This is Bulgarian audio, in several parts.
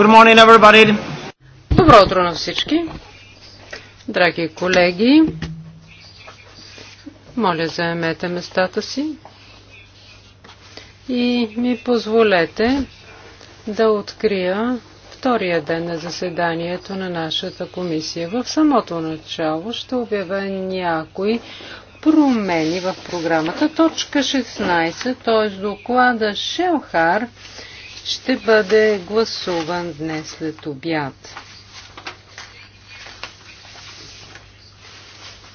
Good morning, everybody. Добро утро на всички. Драги колеги, моля заемете местата си и ми позволете да открия втория ден на заседанието на нашата комисия. В самото начало ще обявя някои промени в програмата. Точка 16, т.е. доклада Шелхар ще бъде гласуван днес след обяд.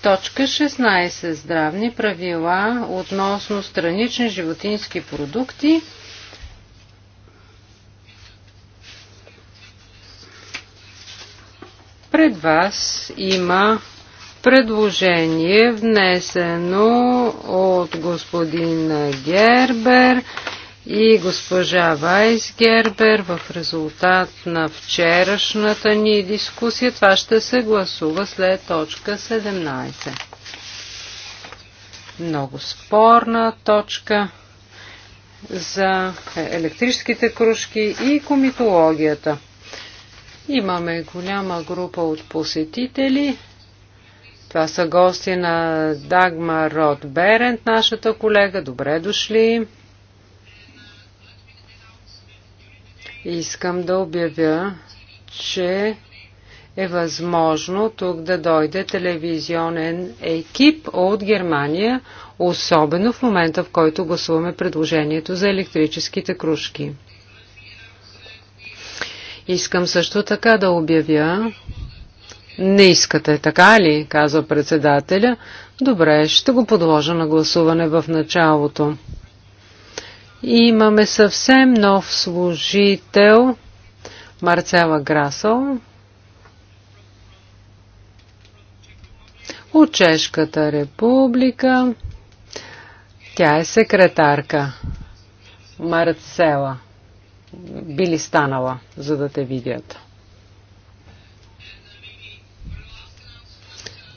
Точка 16. Здравни правила относно странични животински продукти. Пред вас има предложение, внесено от господин Гербер и госпожа Вайсгербер в резултат на вчерашната ни дискусия. Това ще се гласува след точка 17. Много спорна точка за електрическите кружки и комитологията. Имаме голяма група от посетители. Това са гости на Дагма Род Берент, нашата колега. Добре дошли! Искам да обявя, че е възможно тук да дойде телевизионен екип от Германия, особено в момента, в който гласуваме предложението за електрическите кружки. Искам също така да обявя. Не искате, така ли? казва председателя. Добре, ще го подложа на гласуване в началото. Имаме съвсем нов служител, Марцела Грасъл, от Чешката република. Тя е секретарка. Марцела. Били станала, за да те видят.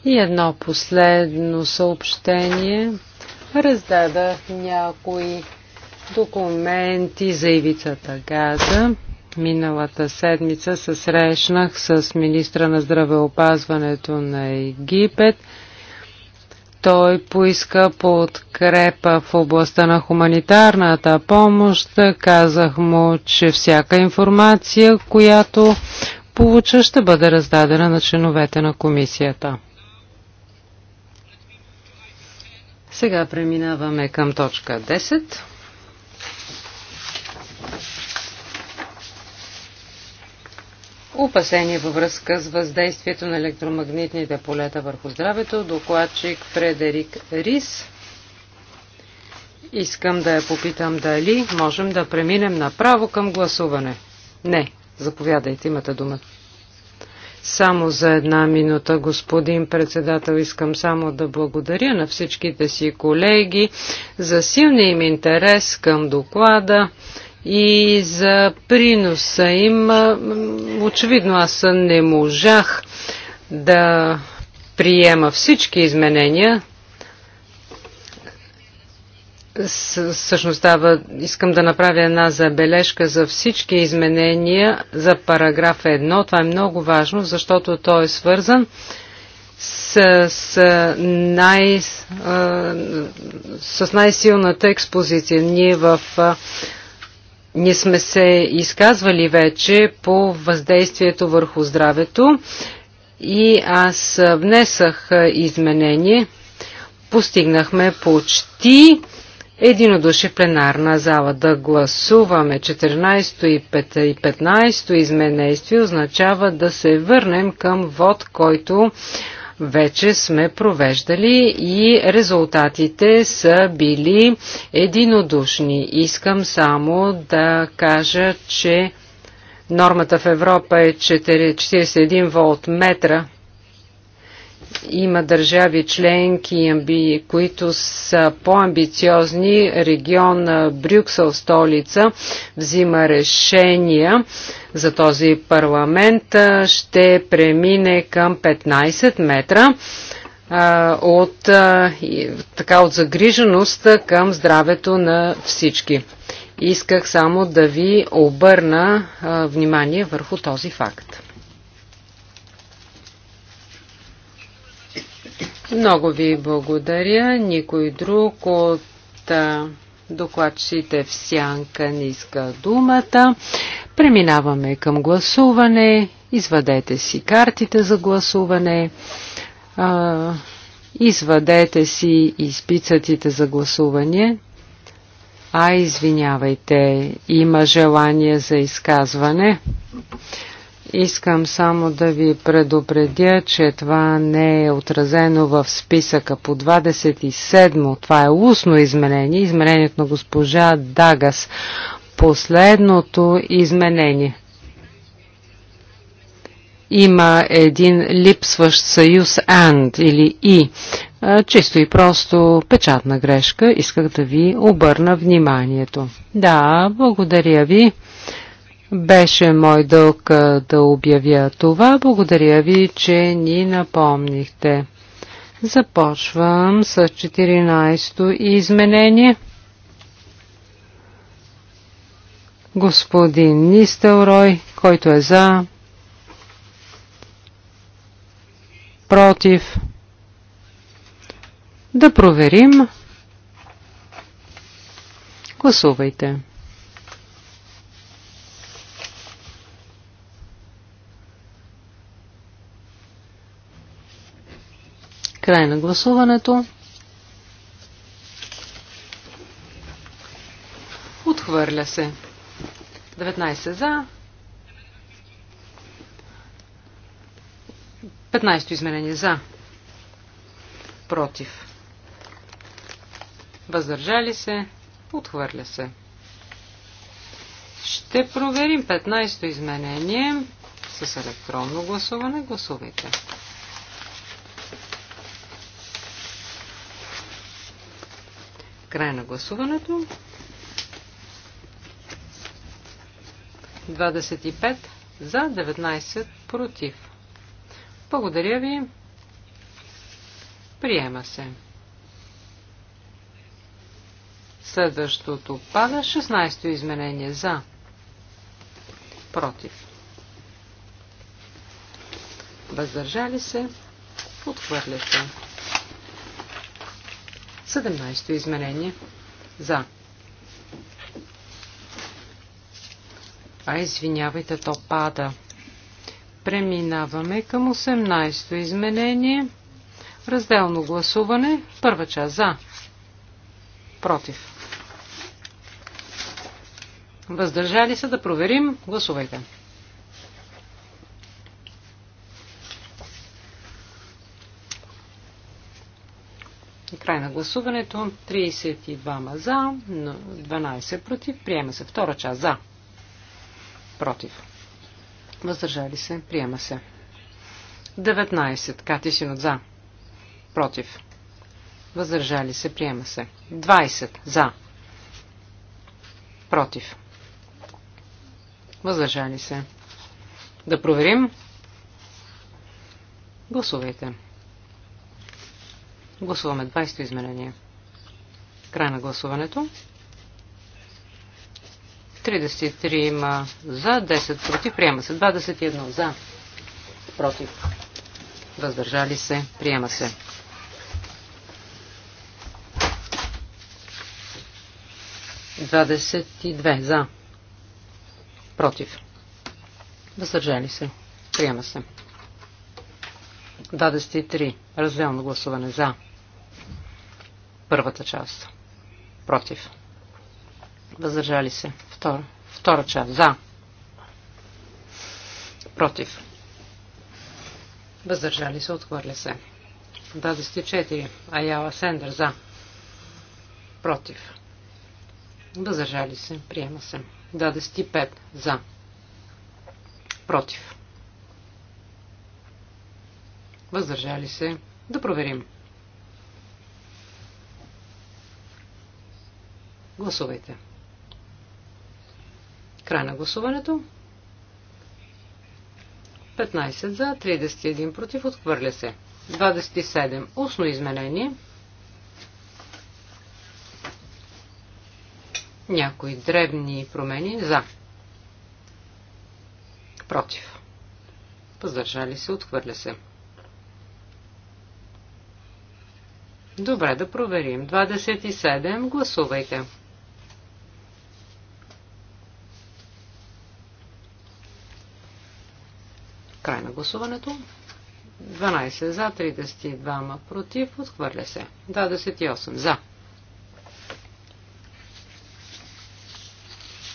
И едно последно съобщение. Раздадах някои Документи за ивицата Газа. Миналата седмица се срещнах с министра на здравеопазването на Египет. Той поиска подкрепа в областта на хуманитарната помощ. Казах му, че всяка информация, която получа, ще бъде раздадена на членовете на комисията. Сега преминаваме към точка 10. Опасение във връзка с въздействието на електромагнитните полета върху здравето. Докладчик Фредерик Рис. Искам да я попитам дали можем да преминем направо към гласуване. Не, заповядайте, имате думата. Само за една минута, господин председател, искам само да благодаря на всичките си колеги за силния им интерес към доклада и за приноса им. Очевидно аз не можах да приема всички изменения. Същност става, искам да направя една забележка за всички изменения за параграф 1. Това е много важно, защото той е свързан с, с, най, с най-силната експозиция. Ние в ние сме се изказвали вече по въздействието върху здравето и аз внесах изменение. Постигнахме почти единодушие в пленарна зала да гласуваме 14 и 15 изменение означава да се върнем към вод, който вече сме провеждали и резултатите са били единодушни. Искам само да кажа, че нормата в Европа е 41 волт метра има държави членки, които са по-амбициозни. Регион Брюксел, столица, взима решения за този парламент. Ще премине към 15 метра от, така, от загриженост към здравето на всички. Исках само да ви обърна внимание върху този факт. Много ви благодаря. Никой друг от докладчите в сянка не иска думата. Преминаваме към гласуване. Извадете си картите за гласуване. извадете си и спицатите за гласуване. А, извинявайте, има желание за изказване. Искам само да ви предупредя, че това не е отразено в списъка по 27. Това е устно изменение, изменението на госпожа Дагас. Последното изменение. Има един липсващ съюз and или и. Чисто и просто печатна грешка. Исках да ви обърна вниманието. Да, благодаря ви. Беше мой дълг да обявя това. Благодаря ви, че ни напомнихте. Започвам с 14-то изменение. Господин Нистелрой, който е за, против. Да проверим. Гласувайте. Край на гласуването. Отхвърля се. 19 за. 15 изменение за. Против. Въздържали се. Отхвърля се. Ще проверим 15-то изменение с електронно гласуване. Гласувайте. края на гласуването. 25 за 19 против. Благодаря ви. Приема се. Следващото пада 16-то изменение за против. Въздържали се, отхвърляте. се. 17-то изменение за. А, извинявайте, то пада. Преминаваме към 18-то изменение. Разделно гласуване. Първа част за. Против. Въздържали се да проверим. Гласувайте. Край на гласуването. 32 за, 12 против. Приема се. Втора част за. Против. Въздържали се. Приема се. 19. Кати Синот за. Против. Въздържали се. Приема се. 20. За. Против. Въздържали се. Да проверим. Гласувайте. Гласуваме 20-то изменение. Край на гласуването. 33 има за, 10 против. Приема се. 21 за, против. Въздържали се. Приема се. Двадесет и две за. Против. Въздържали се. Приема се. 23. Разделно гласуване за. Първата част. Против. Въздържали се. Втора. Втора част. За. Против. Въздържали се. Отхвърля се. 24. Аяла Сендър. За. Против. Въздържали се. Приема се. 25. За. Против. Въздържали се. Да проверим. Гласувайте. Край на гласуването. 15 за, 31 против, отхвърля се. 27. Устно изменение. Някои дребни промени за. Против. Въздържали се, отхвърля се. Добре, да проверим. 27. Гласувайте. Край на гласуването. 12 за, 32 против, отхвърля се. 28 за.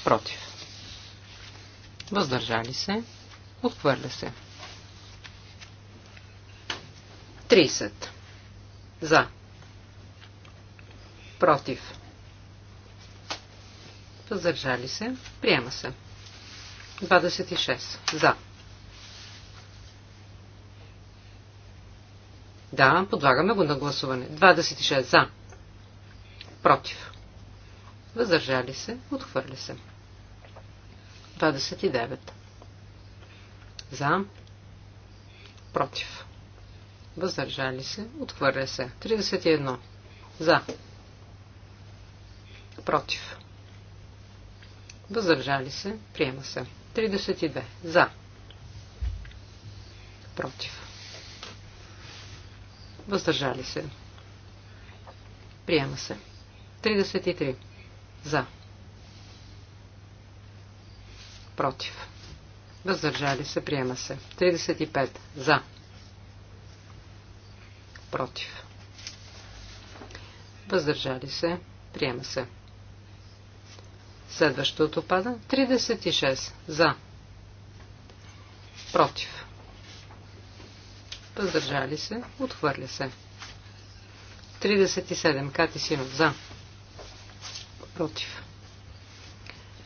Против. Въздържали се. Отхвърля се. 30. За. Против. Въздържали се. Приема се. 26. За. Да, подлагаме го на гласуване. 26 за. Против. Въздържали се. Отхвърли се. 29. За. Против. Въздържали се. Отхвърля се. 31. За. Против. Въздържали се. Приема се. 32. За. Против. Въздържали се. Приема се. 33. За. Против. Въздържали се. Приема се. 35. За. Против. Въздържали се. Приема се. Следващото пада. 36. За. Против. Въздържали се. Отхвърля се. 37. Кати Синов. За. Против.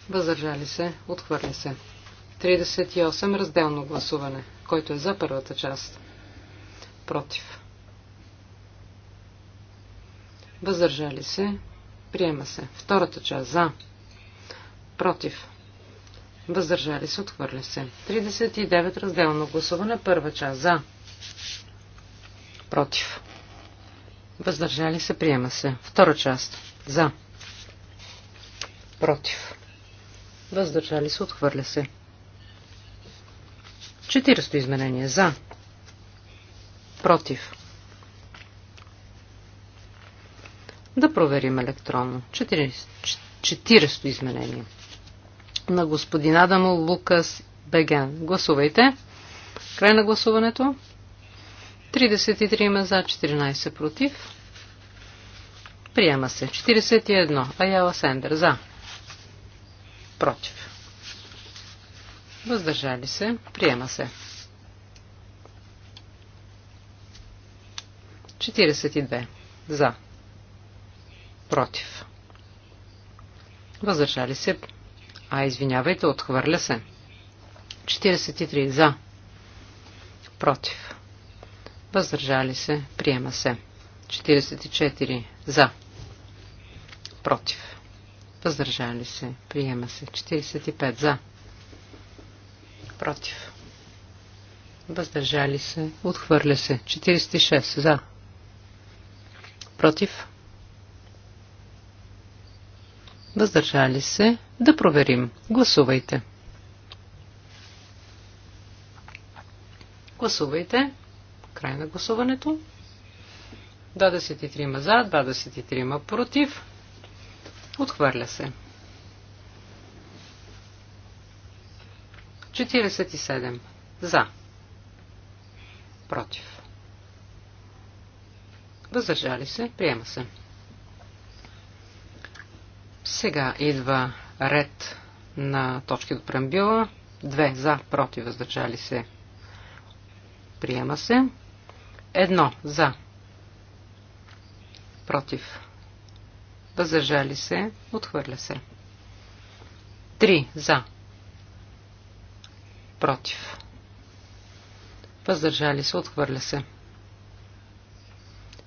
Въздържали се. Отхвърля се. 38. Разделно гласуване. Който е за първата част. Против. Въздържали се. Приема се. Втората част. За. Против. Въздържали се. Отхвърля се. 39. Разделно гласуване. Първа част. За. Против. Въздържали се, приема се. Втора част. За. Против. Въздържали се, отхвърля се. Четиристо изменение. За. Против. Да проверим електронно. Четиристо изменение. На господин Адамо Лукас Беген. Гласувайте. Край на гласуването. 33 за, 14 против. Приема се. 41. Аяла Сендер. За. Против. Въздържали се. Приема се. 42. За. Против. Въздържали се. А, извинявайте, отхвърля се. 43. За. Против. Въздържали се. Приема се. 44. За. Против. Въздържали се. Приема се. 45. За. Против. Въздържали се. Отхвърля се. 46. За. Против. Въздържали се. Да проверим. Гласувайте. Гласувайте. Край на гласуването. 23 за, 23 против. Отхвърля се. 47 за. Против. Въздържали се. Приема се. Сега идва ред на точки до прембила. 2 за, против, въздържали се. Приема се. Едно. За. Против. Въздържали се. Отхвърля се. Три. За. Против. Въздържали се. Отхвърля се.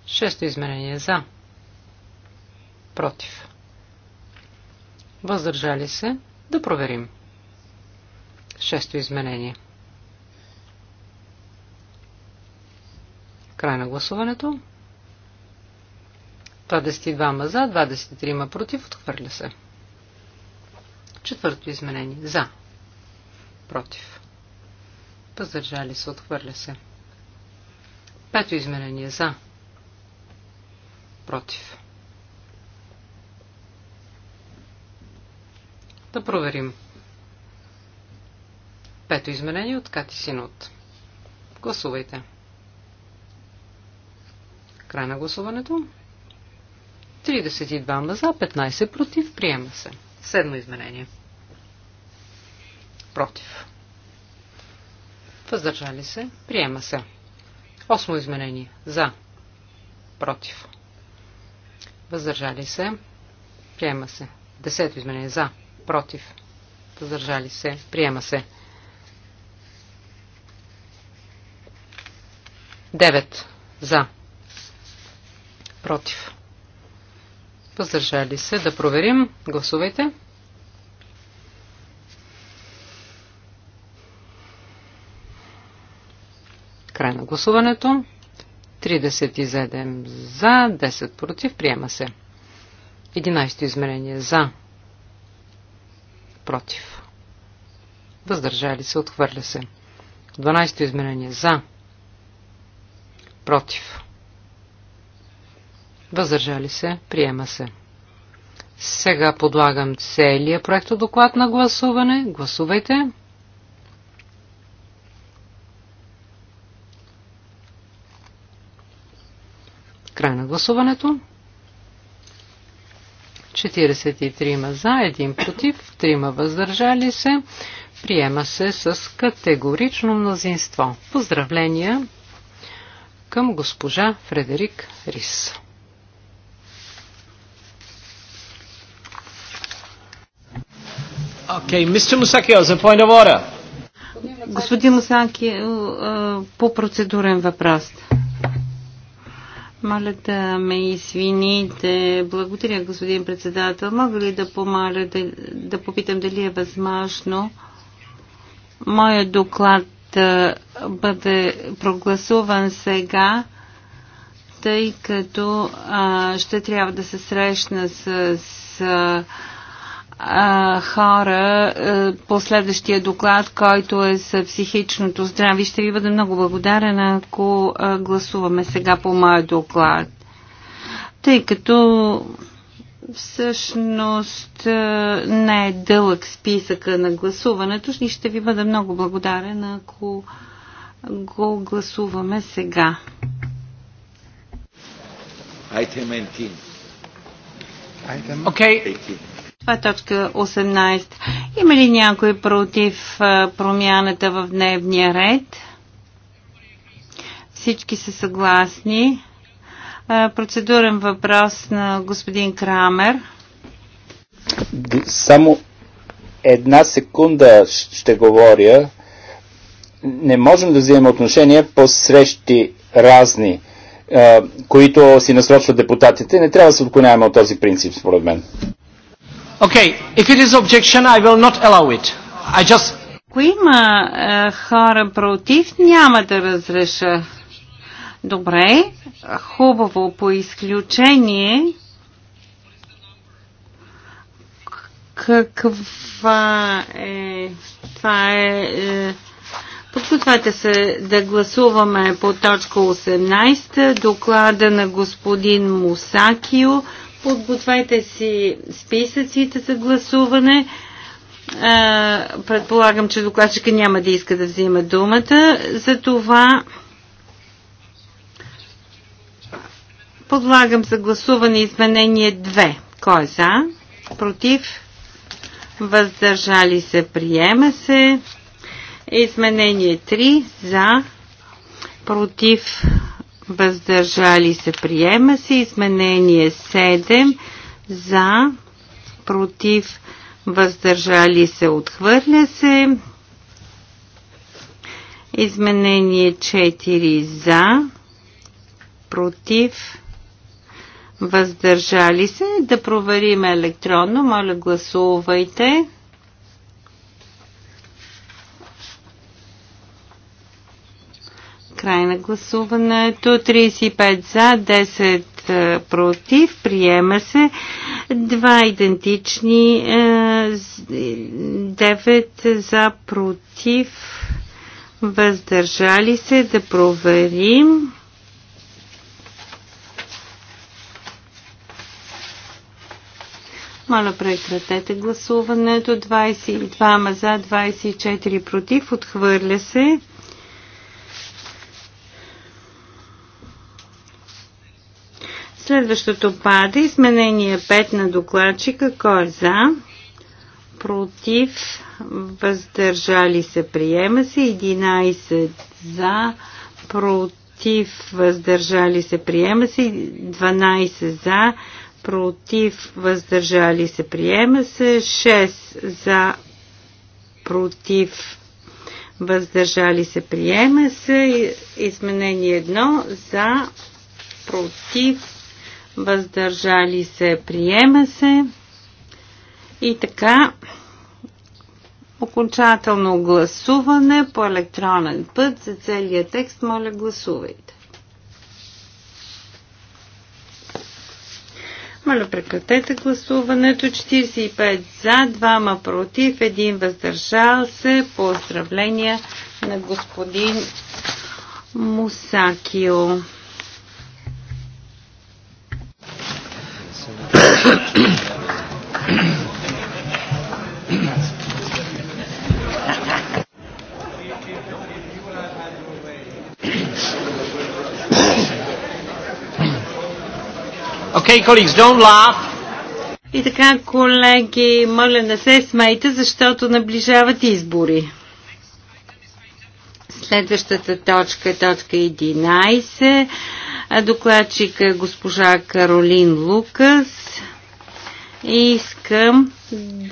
Шесто измерение. За. Против. Въздържали се. Да проверим. Шесто изменение. Край на гласуването. 22 за, 23 против, отхвърля се. Четвърто изменение. За. Против. Въздържали се, отхвърля се. Пето изменение. За. Против. Да проверим. Пето изменение от Кати Синот. Гласувайте. Край на гласуването. 32 за, 15 против. Приема се. Седмо изменение. Против. Въздържали се. Приема се. Осмо изменение. За. Против. Въздържали се. Приема се. Десето изменение. За. Против. Въздържали се. Приема се. 9. За против. Въздържали се. Да проверим. Гласувайте. Край на гласуването. 37 за, 10 против. Приема се. 11 измерение за, против. Въздържали се. Отхвърля се. 12 измерение за, против Въздържали се. Приема се. Сега подлагам целия проекто доклад на гласуване. Гласувайте. Край на гласуването. 43 за, 1 против, 3 въздържали се. Приема се с категорично мнозинство. Поздравления към госпожа Фредерик Рис. Okay, Mr. Musaki, as a point of order. Господин Мусанки, е, е, по процедурен въпрос. Моля да ме извините. Благодаря, господин председател. Мога ли да помоля да, да попитам дали е възможно моят доклад да е, бъде прогласуван сега, тъй като а, ще трябва да се срещна с, с а, хора а, по следващия доклад, който е за психичното здраве. Ще ви бъда много благодарен, ако а, гласуваме сега по моя доклад. Тъй като всъщност не е дълъг списъка на гласуването, ще ви бъда много благодарен, ако го гласуваме сега. Item 18. Item 18. Това е точка 18. Има ли някой против промяната в дневния ред? Всички са съгласни. Процедурен въпрос на господин Крамер. Само една секунда ще говоря. Не можем да вземем отношение по срещи разни, които си насрочват депутатите. Не трябва да се отклоняваме от този принцип, според мен. Okay, if it is objection, I will not allow it. I just... Ако има е, хора против, няма да разреша. Добре, хубаво по изключение. Каква е... Това е... Подготвайте Подгответе се да гласуваме по точка 18, доклада на господин Мусакио, подгответе си списъците за гласуване. Предполагам, че докладчика няма да иска да взима думата. За това. подлагам за гласуване изменение 2. Кой е за? Против? Въздържали се? Приема се. Изменение 3. За? Против? въздържали се, приема се. Изменение 7 за, против, въздържали се, отхвърля се. Изменение 4 за, против, въздържали се. Да проверим електронно. Моля, гласувайте. Край на гласуването. 35 за, 10 е, против, приема се два идентични, 9 е, е, за против, въздържали се да проверим. Моля, прекратете гласуването. 22 за, 24 против. Отхвърля се. Следващото пада. Изменение 5 на докладчика. Кой е за? Против. Въздържали се. Приема се. 11 за. Против. Въздържали се. Приема се. 12 за. Против. Въздържали се. Приема се. 6 за. Против въздържали се приема се изменение 1 за против въздържали се, приема се. И така, окончателно гласуване по електронен път за целият текст, моля гласувайте. Моля, прекратете гласуването. 45 за, 2 против, 1 въздържал се. Поздравления на господин Мусакио. Okay, colleagues, don't laugh. И така, колеги, моля не се смейте, защото наближават избори. Следващата точка е точка 11. Докладчик е госпожа Каролин Лукас. Искам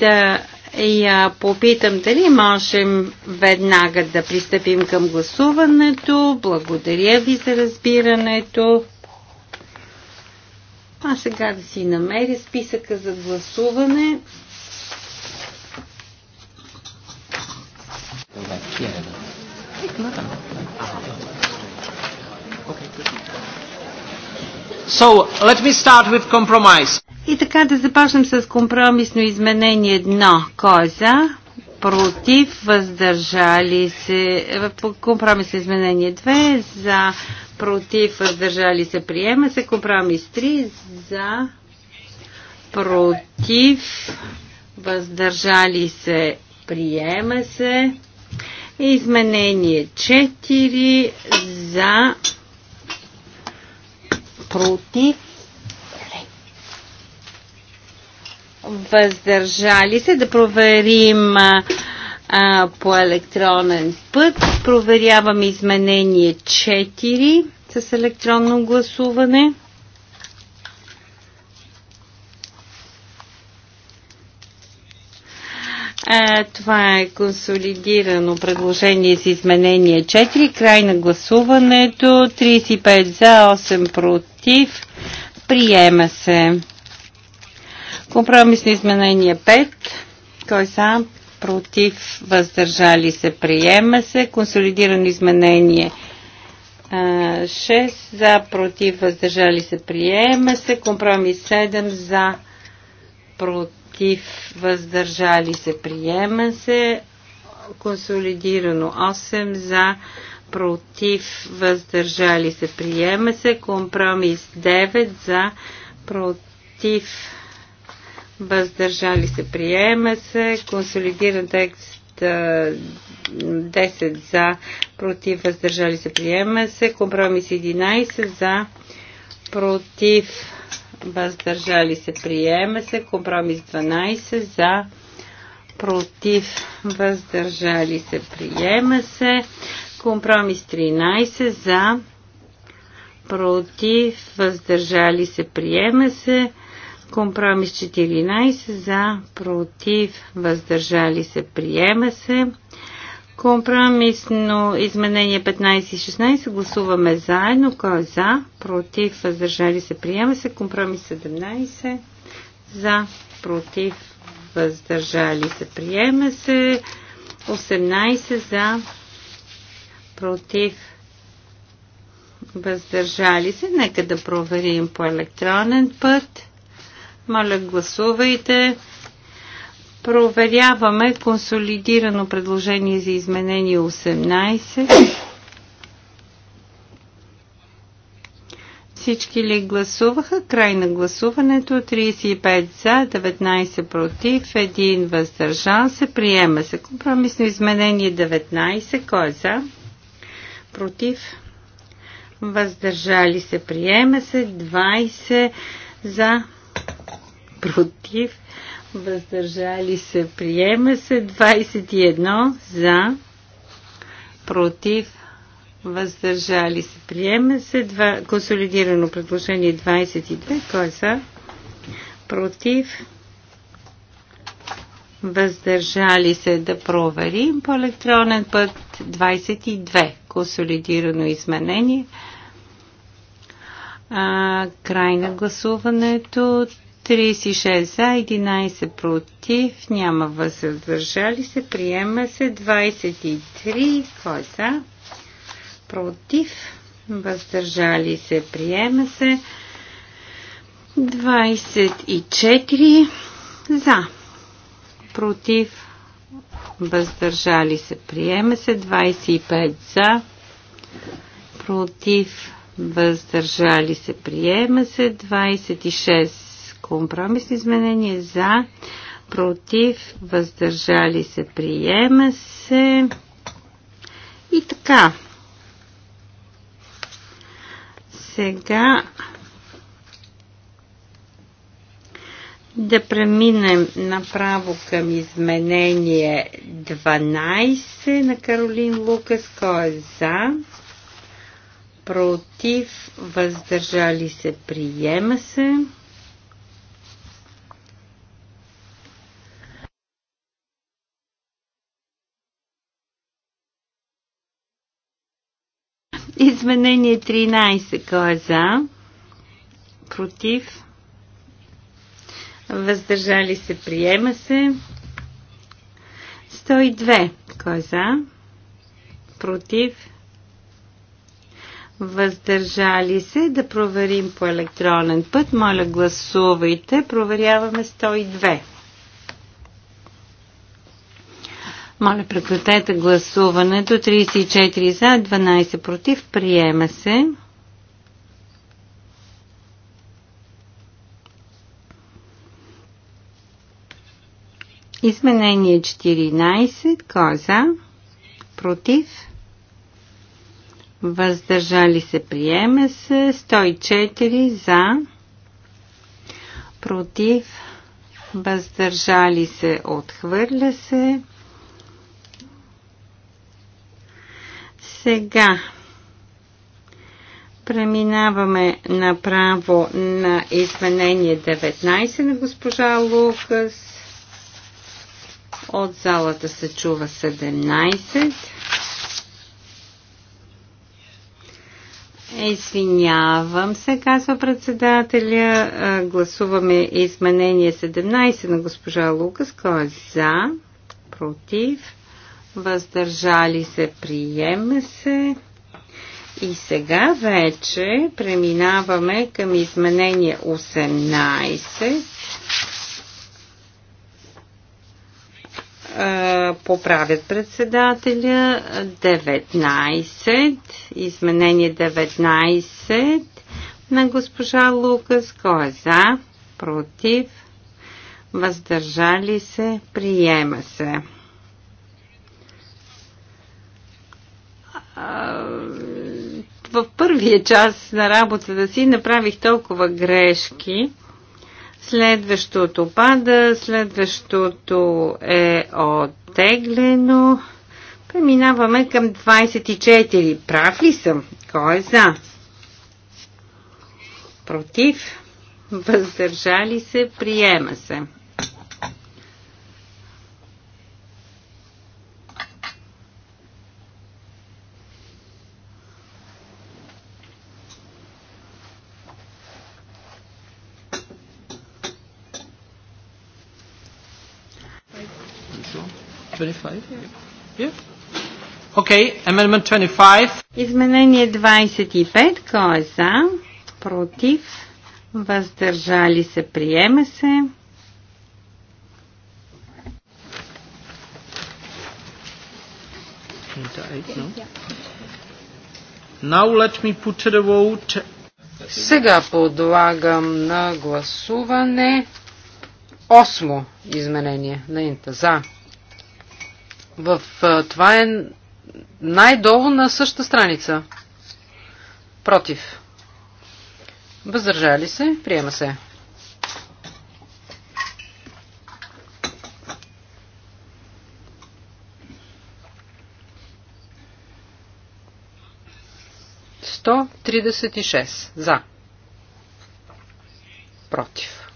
да я попитам дали можем веднага да пристъпим към гласуването. Благодаря ви за разбирането. А сега да си намеря списъка за гласуване. Това е So, let me start with compromise. И така да започнем с компромисно изменение 1. Кой е за? Против, въздържали се. Компромисно изменение 2. За, против, въздържали се. Приема се. Компромис 3. За, против, въздържали се. Приема се. Изменение 4. За, против, въздържали се да проверим а, а, по електронен път. Проверявам изменение 4 с електронно гласуване. А, това е консолидирано предложение с изменение 4. Край на гласуването. 35 за, 8 против против, приема се. Компромисно изменение 5, кой са, против, въздържали се, приема се. Консолидирано изменение 6, за, против, въздържали се, приема се. Компромис 7, за, против, въздържали се, приема се. Консолидирано 8, за, против, против, въздържали се, приема се. Компромис 9 за, против, въздържали се, приема се. Консолидиран текст 10 за, против, въздържали се, приема се. Компромис 11 за, против, въздържали се, приема се. Компромис 12 за, против, въздържали се, приема се. Компромис 13 за, против, въздържали се, приема се. Компромис 14 за, против, въздържали се, приема се. Компромисно изменение 15 и 16 гласуваме заедно. Кой е за? Против, въздържали се, приема се. Компромис 17 за, против, въздържали се, приема се. 18 за, против, въздържали се. Нека да проверим по електронен път. Моля, гласувайте. Проверяваме консолидирано предложение за изменение 18. Всички ли гласуваха? Край на гласуването 35 за, 19 против, 1 въздържан се. Приема се компромисно изменение 19. Кой е за? против, въздържали се, приема се, 20 за, против, въздържали се, приема се, 21 за, против, въздържали се, приема се, консолидирано предложение 22, кой са, е за, против, въздържали се да проверим по електронен път 22 консолидирано изменение. А, край на гласуването. 36 за, 11 против, няма въздържали се, приема се 23, кой е за? Против, въздържали се, приема се 24 за, против, въздържали се, приема се, 25 за, против, въздържали се, приема се, 26 компромисни изменения за, против, въздържали се, приема се и така. Сега да преминем направо към изменение 12 на Каролин Лукас, кой е за, против, въздържали се, приема се. Изменение 13, кой е за, против, въздържали се, приема се. 102. Кой е за? Против? Въздържали се да проверим по електронен път. Моля, гласувайте. Проверяваме 102. Моля, прекратете гласуването. 34 за, 12 против. Приема се. Изменение 14. коза, е за? Против? Въздържали се приема се. 104 за. Против? Въздържали се отхвърля се. Сега преминаваме направо на изменение 19 на госпожа Лукас от залата се чува 17. Извинявам се, казва председателя. Гласуваме изменение 17 на госпожа Лукас, кой е за, против, въздържали се, приема се. И сега вече преминаваме към изменение 18 поправят председателя. 19. Изменение 19 на госпожа Лукас. Кой е за? Против? Въздържали се? Приема се. В първия час на работата си направих толкова грешки, Следващото пада, следващото е оттеглено. Преминаваме към 24. Прав ли съм? Кой е за? Против? Въздържали се? Приема се. 25? Okay, amendment 25. Изменение 25. Кой е за? Против? Въздържали се? Приема се. Now let me put the vote. Сега подлагам на гласуване осмо изменение на инта за в, това е най-долу на същата страница. Против. Въздържали се. Приема се. Сто тридесет и шест. За. Против.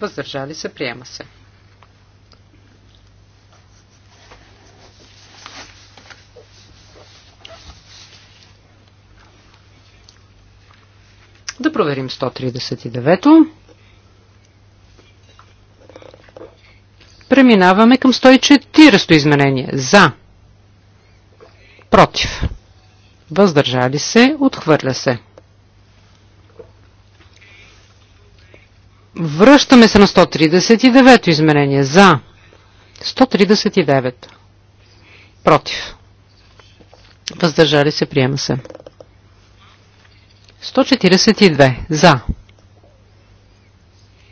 Въздържали се. Приема се. Да проверим 139-то. Преминаваме към 140-то изменение. За. Против. Въздържали се. Отхвърля се. Връщаме се на 139-то изменение. За. 139. Против. Въздържали се. Приема се. 142 за.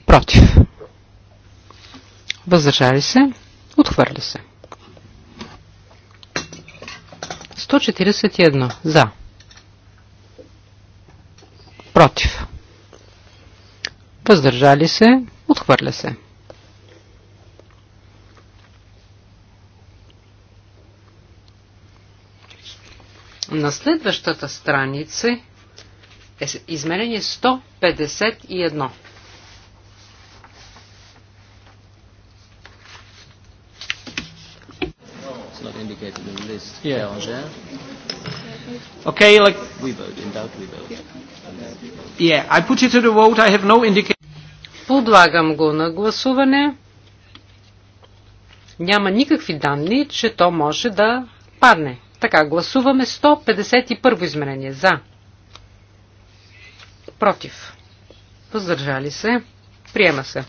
Против. Въздържали се. Отхвърля се. 141 за. Против. Въздържали се. Отхвърля се. На следващата страница е измерение 151. Okay, Подлагам го на гласуване. Няма никакви данни, че то може да падне. Така, гласуваме 151 измерение. За. Против. Въздържали се. Приема се.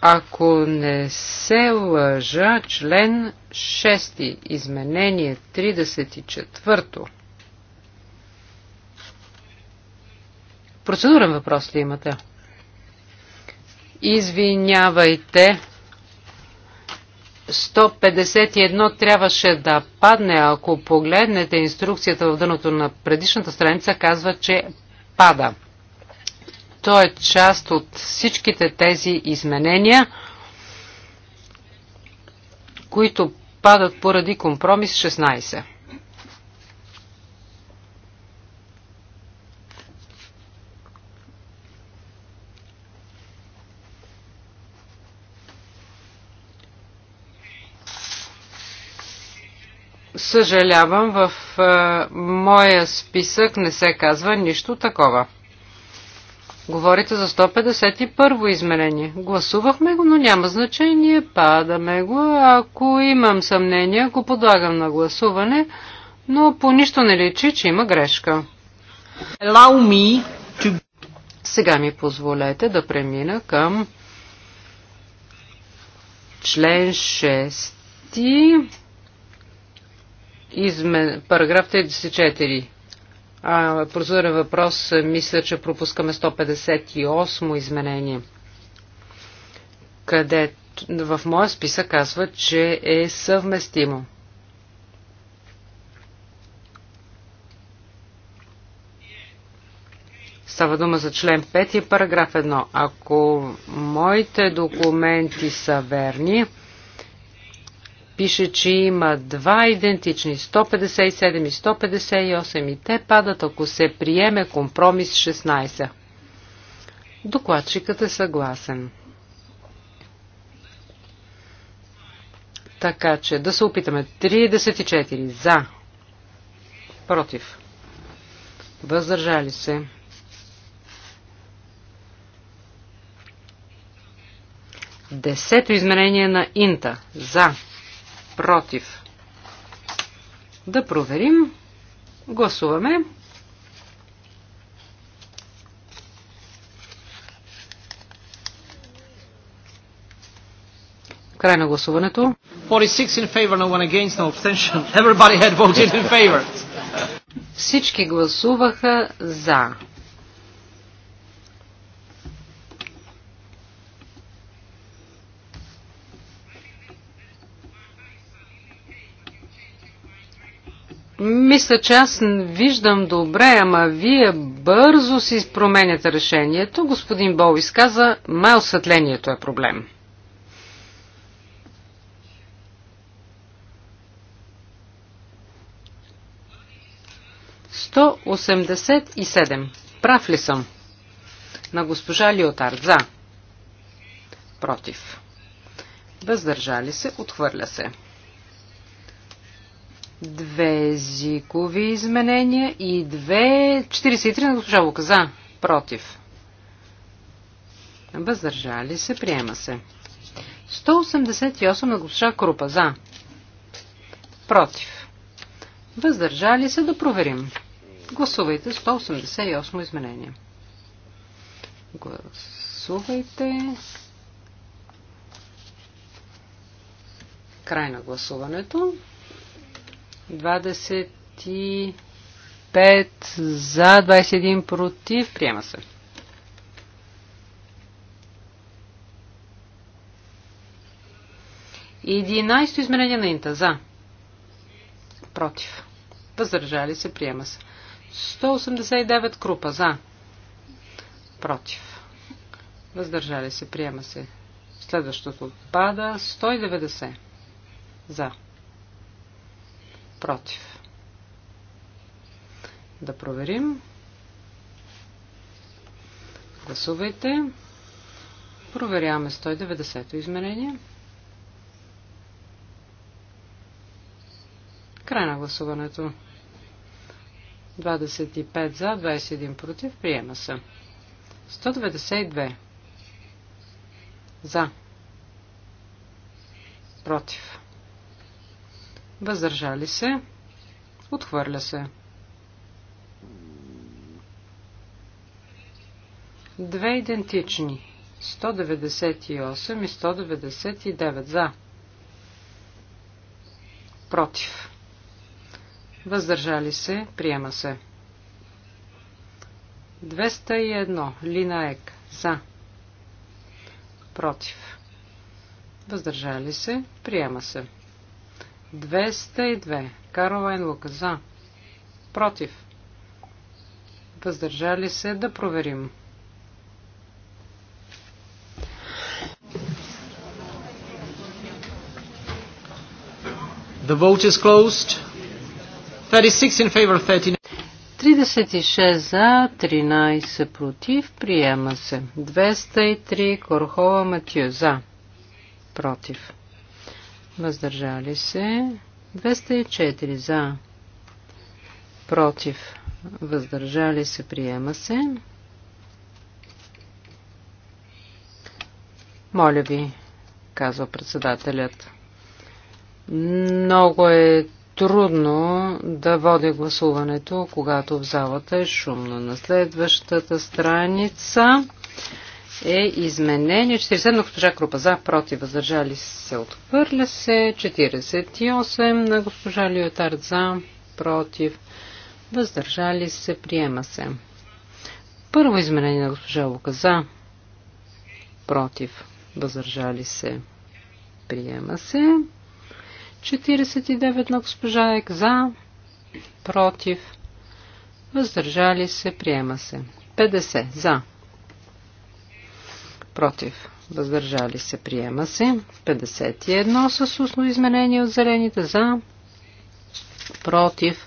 Ако не се лъжа, член 6, изменение 34. Процедурен въпрос ли имате? Извинявайте. 151 трябваше да падне. Ако погледнете инструкцията в дъното на предишната страница, казва, че пада. То е част от всичките тези изменения, които падат поради компромис 16. Съжалявам, в е, моя списък не се казва нищо такова. Говорите за 151 во измерение. Гласувахме го, но няма значение, падаме го. Ако имам съмнение, го подлагам на гласуване, но по нищо не личи, че има грешка. To... Сега ми позволете да премина към член 6. Измен... Параграф 34. А, прозорен въпрос. Е, мисля, че пропускаме 158 изменение. Къде в моя списък казва, че е съвместимо. Става дума за член 5 и параграф 1. Ако моите документи са верни, пише, че има два идентични 157 и 158 и те падат, ако се приеме компромис 16. Докладчикът е съгласен. Така че да се опитаме. 34 за. Против. Въздържали се. Десето изменение на Инта. За против. Да проверим. Гласуваме. Край на гласуването. 46 in favor, no one against, no abstention. Everybody had voted in favor. Всички гласуваха за. Мисля, че аз виждам добре, ама вие бързо си променяте решението. Господин Бол изказа, май осветлението е проблем. Сто осемдесет и седем. Прав ли съм? На госпожа Лиотард. За. Против. Въздържали се. Отхвърля се. Две езикови изменения и две... 43 на госпожа Лука. За. Против. Въздържали се. Приема се. 188 на госпожа Крупа. За. Против. Въздържали се да проверим. Гласувайте 188 изменение. Гласувайте. Край на гласуването. 25 за, 21 против. Приема се. Единайсто измерение на инта. За. Против. Въздържали се. Приема се. 189 крупа. За. Против. Въздържали се. Приема се. Следващото отпада. 190. За против. Да проверим. Гласувайте. Проверяваме 190-то измерение. Край на гласуването. 25 за, 21 против. Приема се. 192. За. Против. Въздържали се. Отхвърля се. 2 идентични. 198 и 199 за. Против. Въздържали се. Приема се. 201. Лина Ек. За. Против. Въздържали се. Приема се. 202. Каролайн Лука за. Против. Въздържали се да проверим. The vote is closed. 36 in favor, 39. 36 за, 13 против. Приема се. 203 Корхова Матюза. за. Против въздържали се. 204 за, против, въздържали се, приема се. Моля ви, казва председателят. Много е трудно да водя гласуването, когато в залата е шумно. На следващата страница е изменение 40 на госпожа Крупа за, против, въздържали се, отхвърля се, 48 на госпожа Лиотард за, против, въздържали се, приема се. Първо изменение на госпожа Лука за, против, въздържали се, приема се. 49 на госпожа Ек за, против, въздържали се, приема се. 50 за, против, въздържали се, приема се. 51 с устно изменение от зелените за, против,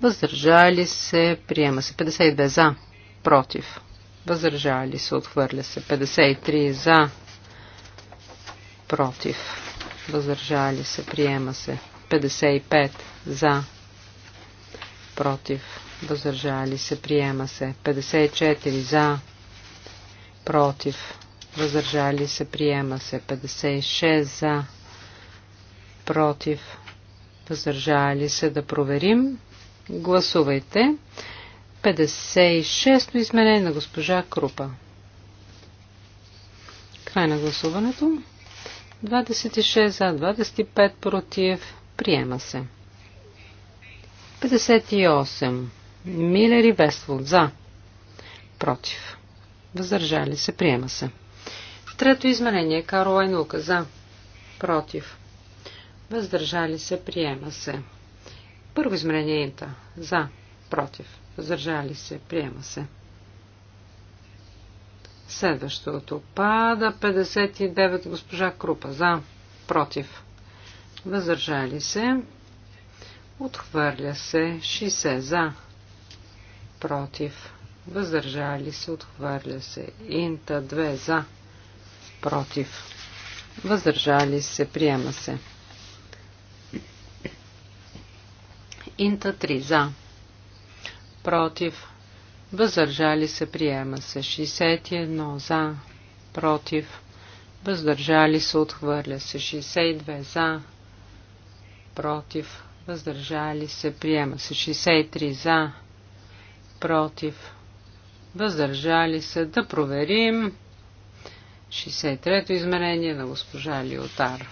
въздържали се, приема се. 52 за, против, въздържали се, отхвърля се. 53 за, против, въздържали се, приема се. 55 за, против, въздържали се, приема се. 54 за, против, въздържали се, приема се. 56 за, против, въздържали се, да проверим. Гласувайте. 56-то изменение на госпожа Крупа. Край на гласуването. 26 за, 25 против. Приема се. 58. Милери Вествуд за. Против. Въздържали се. Приема се. Трето изменение. Каро Айнука. За. Против. Въздържали се. Приема се. Първо изменение е Инта. За. Против. Въздържали се. Приема се. Следващото. Пада 59. Госпожа Крупа. За. Против. Въздържали се. Отхвърля се. 60. За. Против. Въздържали се. Отхвърля се. Инта 2. За против, въздържали се, приема се. Инта 3 за, против, въздържали се, приема се. 61 за, против, въздържали се, отхвърля се. 62 за, против, въздържали се, приема се. 63 за, против, въздържали се, да проверим. 63-то измерение на госпожа Лиотар.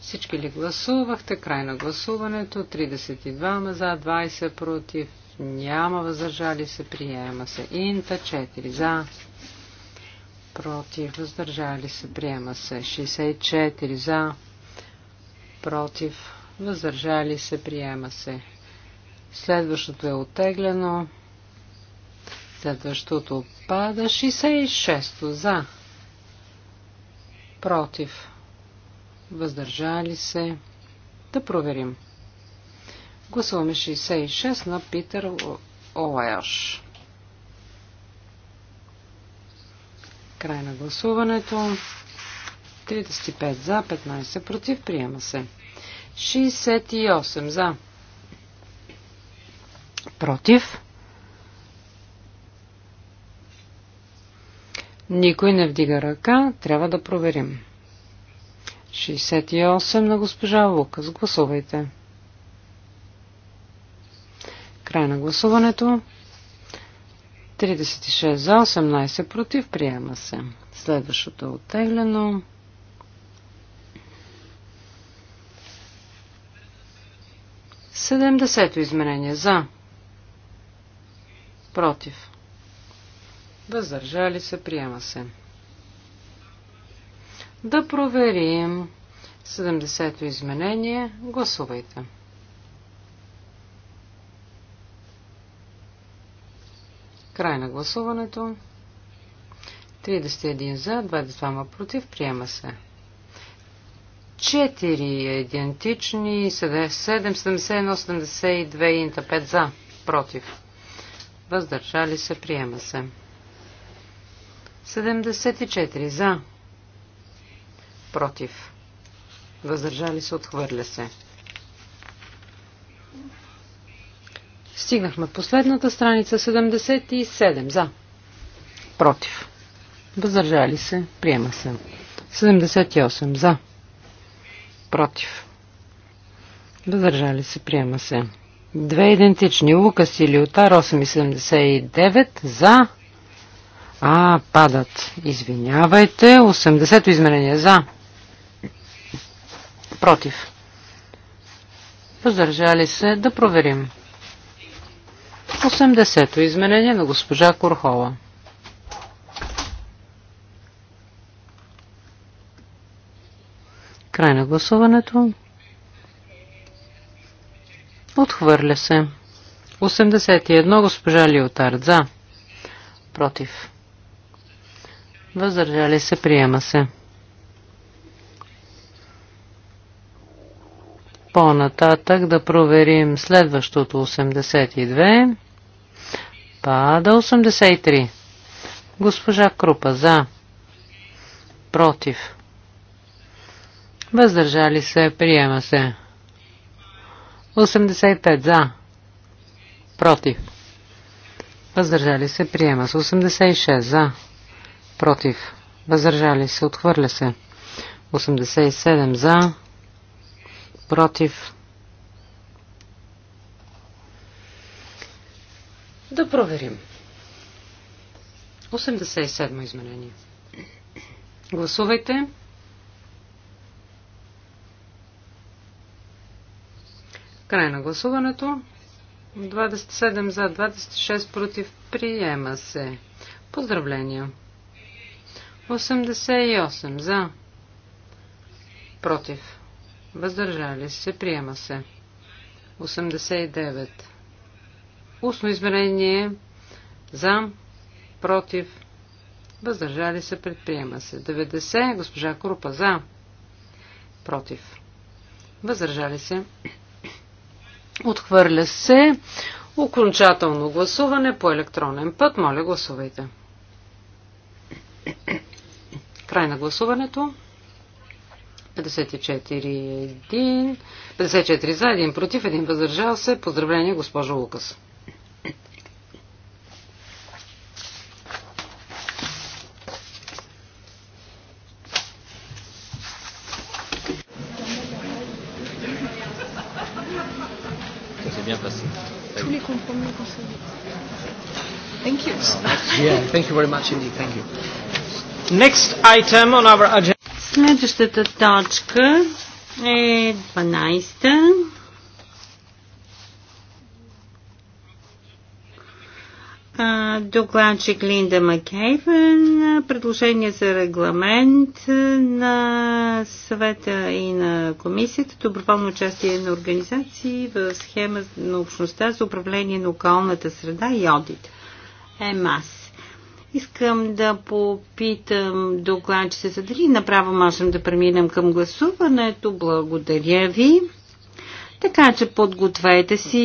Всички ли гласувахте? Край на гласуването. 32 за, 20 против. Няма въздържали се. Приема се. Инта 4 за. Против. Въздържали се. Приема се. 64 за. Против. Въздържали се. Приема се. Следващото е оттеглено. Следващото пада 66 за. Против. Въздържали се. Да проверим. Гласуваме 66 на Питър Олайош. Край на гласуването. 35 за, 15 против. Приема се. 68 за. Против. Никой не вдига ръка. Трябва да проверим. 68 на госпожа Лукас. Гласувайте. Край на гласуването. 36 за, 18 против. Приема се. Следващото е оттеглено. Седемдесето изменение за. Против. Въздържали се, приема се. Да проверим 70-то изменение. Гласувайте. Край на гласуването. 31 за, 22 против, приема се. 4 идентични, 7, 71, 72 и 5 за, против. Въздържали се, приема се. 74 за. Против. Въздържали се, отхвърля се. Стигнахме последната страница 77 за. Против. Въздържали се, приема се. 78 за. Против. Въздържали се, приема се. Две идентични лукаси и Лютар 8,79 за а, падат. Извинявайте. 80-то изменение за. Против. Въздържали се да проверим. 80-то изменение на госпожа Корхола. Край на гласуването. Отхвърля се. 81 госпожа Лиотард за. Против. Въздържали се, приема се. По-нататък да проверим следващото 82. Пада 83. Госпожа Крупа за. Против. Въздържали се, приема се. 85 за. Против. Въздържали се, приема се. 86 за против, въздържали се, отхвърля се. 87 за, против. Да проверим. 87 изменение. Гласувайте. Край на гласуването. 27 за, 26 против. Приема се. Поздравления! 88 за. Против. Въздържали се. Приема се. 89. Устно измерение за. Против. Въздържали се. Предприема се. 90. Госпожа Крупа за. Против. Въздържали се. Отхвърля се. Окончателно гласуване по електронен път. Моля, гласувайте. Край на гласуването. 54, за, 1 против, 1 въздържал се. Поздравление, госпожо Лукас. Thank you. Yeah, thank you very much indeed. Thank you. Next item on our agenda. Следващата точка е 12-та. Докладчик Линда Макейвен, предложение за регламент на съвета и на комисията, доброволно участие на организации в схема на общността за управление на околната среда и одит. ЕМАС. Искам да попитам се дали направо можем да преминем към гласуването. Благодаря ви. Така че подгответе си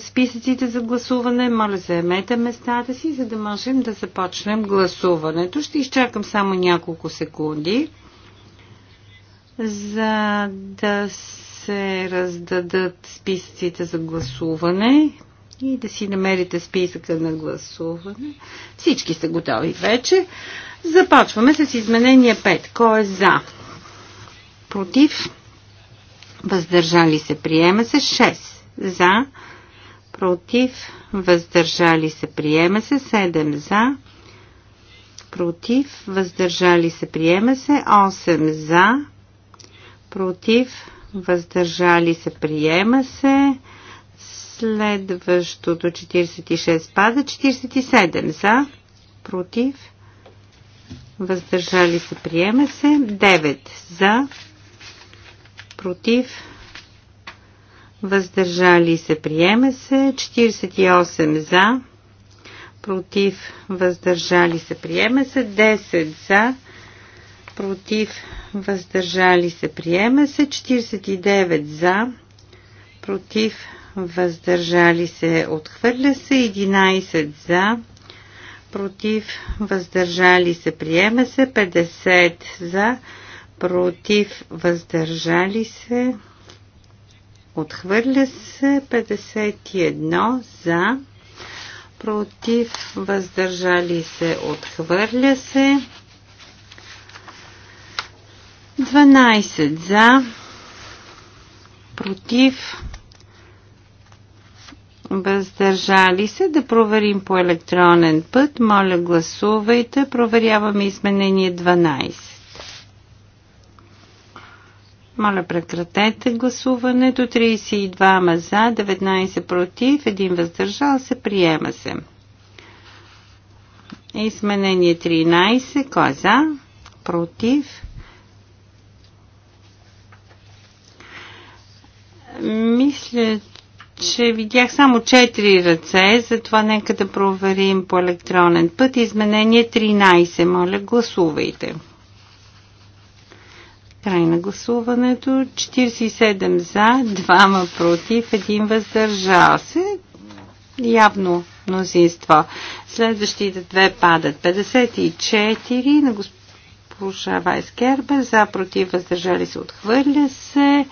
списъците за гласуване, моля заемете местата си, за да можем да започнем гласуването. Ще изчакам само няколко секунди, за да се раздадат списъците за гласуване и да си намерите списъка на гласуване. Всички са готови вече. Започваме с изменение 5. Кой е за? Против? Въздържали се. Приема се 6. За? Против? Въздържали се. Приема се 7. За? Против? Въздържали се. Приема се 8. За? Против? Въздържали се. Приема се Следващото 46 пада. 47 за. Против. Въздържали се. Приема се. 9 за. Против. Въздържали се. Приема се. 48 за. Против. Въздържали се. Приема се. 10 за против, въздържали се, приема се, 49 за, против, въздържали се, отхвърля се, 11 за, против, въздържали се, приема се, 50 за, против, въздържали се, отхвърля се, 51 за, против, въздържали се, отхвърля се, 12 за, против, въздържали се да проверим по електронен път. Моля гласувайте. Проверяваме изменение 12. Моля прекратете гласуването. 32 ма за, 19 против, 1 въздържал се. Приема се. Изменение 13. Кой е за? Против. Мисля, че видях само 4 ръце, затова нека да проверим по електронен път. Изменение 13. Моля, гласувайте. Край на гласуването. 47 за, 2 против, 1 въздържал се. Явно мнозинство. Следващите две падат. 54 на госпожа Вайс Гербер. За, против, въздържали се, отхвърля се.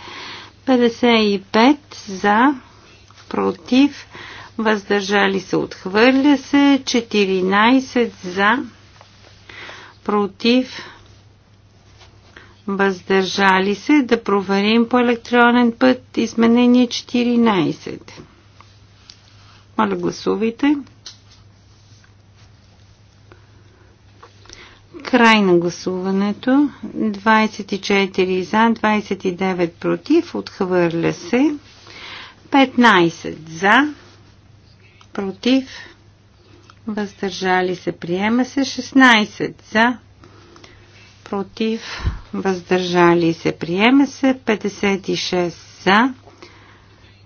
55 за, против, въздържали се, отхвърля се, 14 за, против, въздържали се, да проверим по електронен път изменение 14. Моля, гласувайте. Край на гласуването. 24 за, 29 против. Отхвърля се. 15 за, против, въздържали се, приема се 16 за, против, въздържали се, приема се 56 за,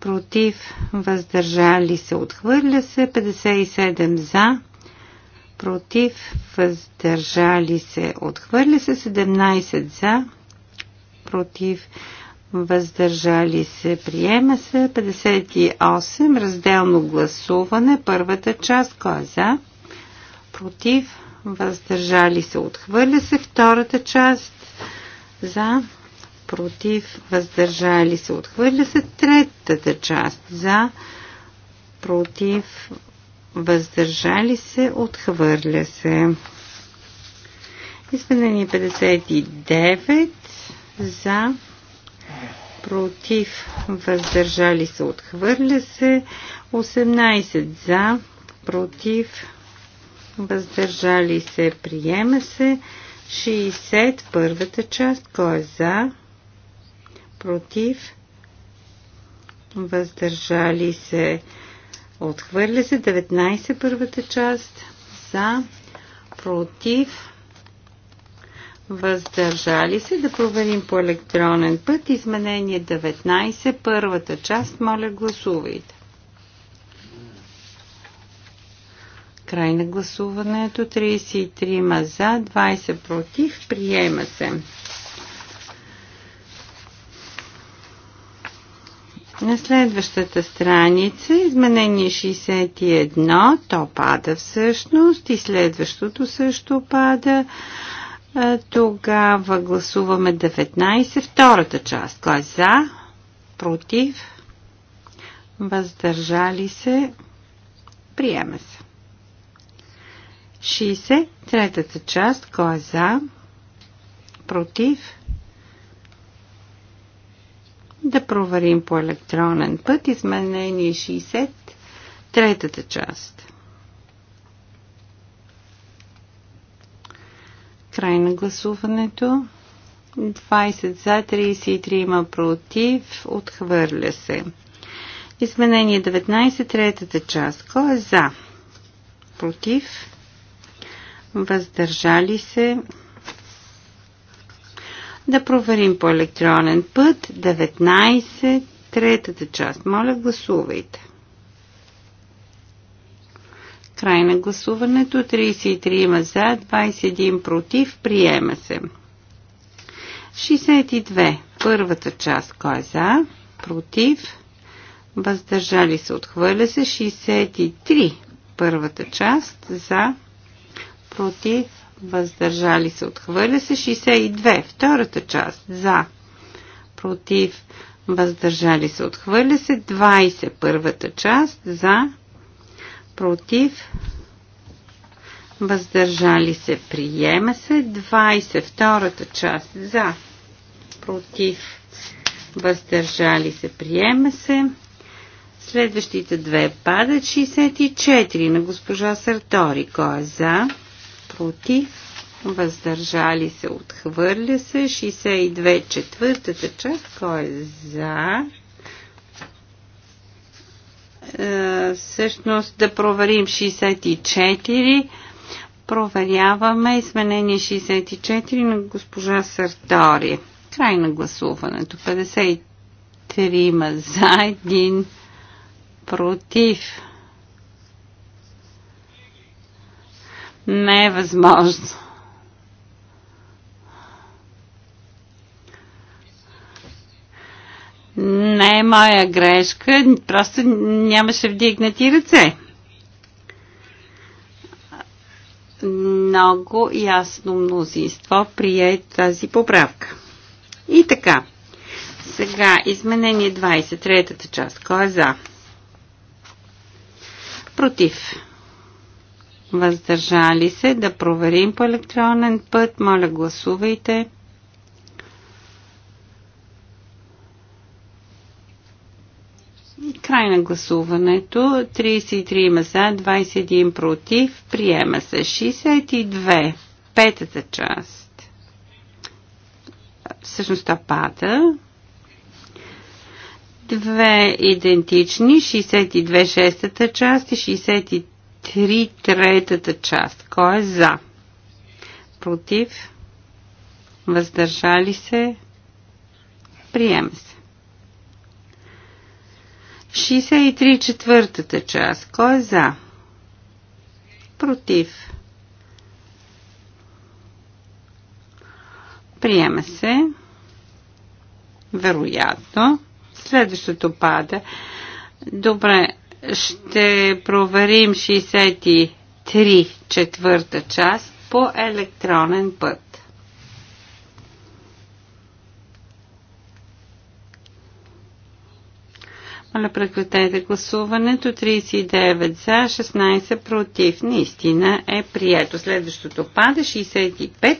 против, въздържали се, отхвърля се 57 за, против, въздържали се, отхвърля се 17 за, против, въздържали се, въздържали се, приема се. 58, разделно гласуване, първата част, кой е за, против, въздържали се, отхвърля се, втората част, за, против, въздържали се, отхвърля се, третата част, за, против, въздържали се, отхвърля се. Изменение 59 за против, въздържали се, отхвърля се. 18 за, против, въздържали се, приема се. 60 първата част, кой е за, против, въздържали се, отхвърля се. 19 първата част, за, против, въздържали се да проверим по електронен път. Изменение 19, първата част, моля гласувайте. Край на гласуването 33 ма за, 20 против, приема се. На следващата страница, изменение 61, то пада всъщност и следващото също пада. Тогава гласуваме 19, втората част. Кой е за? Против? Въздържали се? Приема се. 60, третата част. Кой е за? Против? Да проверим по електронен път. Изменение 60, третата част. Край на гласуването. 20 за, 33 има против. Отхвърля се. Изменение 19, третата част. Кой е за? Против? Въздържали се? Да проверим по електронен път. 19, третата част. Моля, гласувайте. Край на гласуването. 33 има за, 21 против. Приема се. 62. Първата част. Кой е за? Против. Въздържали се. Отхвърля се. 63. Първата част. За. Против. Въздържали се. Отхвърля се. 62. Втората част. За. Против въздържали се, отхвърля се 20 първата част за, против, въздържали се, приема се. 20, втората част за, против, въздържали се, приема се. Следващите две падат 64 на госпожа Сартори. Кой е за? Против? Въздържали се? Отхвърля се. 62 четвъртата част. Кой е за? Е, всъщност да проверим 64. Проверяваме изменение 64 на госпожа Сартори. Край на гласуването. 53 за, 1 против. Не е възможно. Не е моя грешка, просто нямаше вдигнати ръце. Много ясно мнозинство прие тази поправка. И така. Сега изменение 23-та част. Кой е за? Против. Въздържали се да проверим по електронен път. Моля гласувайте. Край на гласуването. 33 има за, 21 против. Приема се 62. Петата част. Всъщност това пада. Две идентични. 62 шестата част и 63 третата част. Кой е за? Против? Въздържали се? Приема се. 63 четвъртата част. Кой е за? Против. Приема се. Вероятно. Следващото пада. Добре, ще проверим 63 четвърта част по електронен път. Моля, прекратете гласуването. 39 за, 16 против. Наистина е прието. Следващото пада 65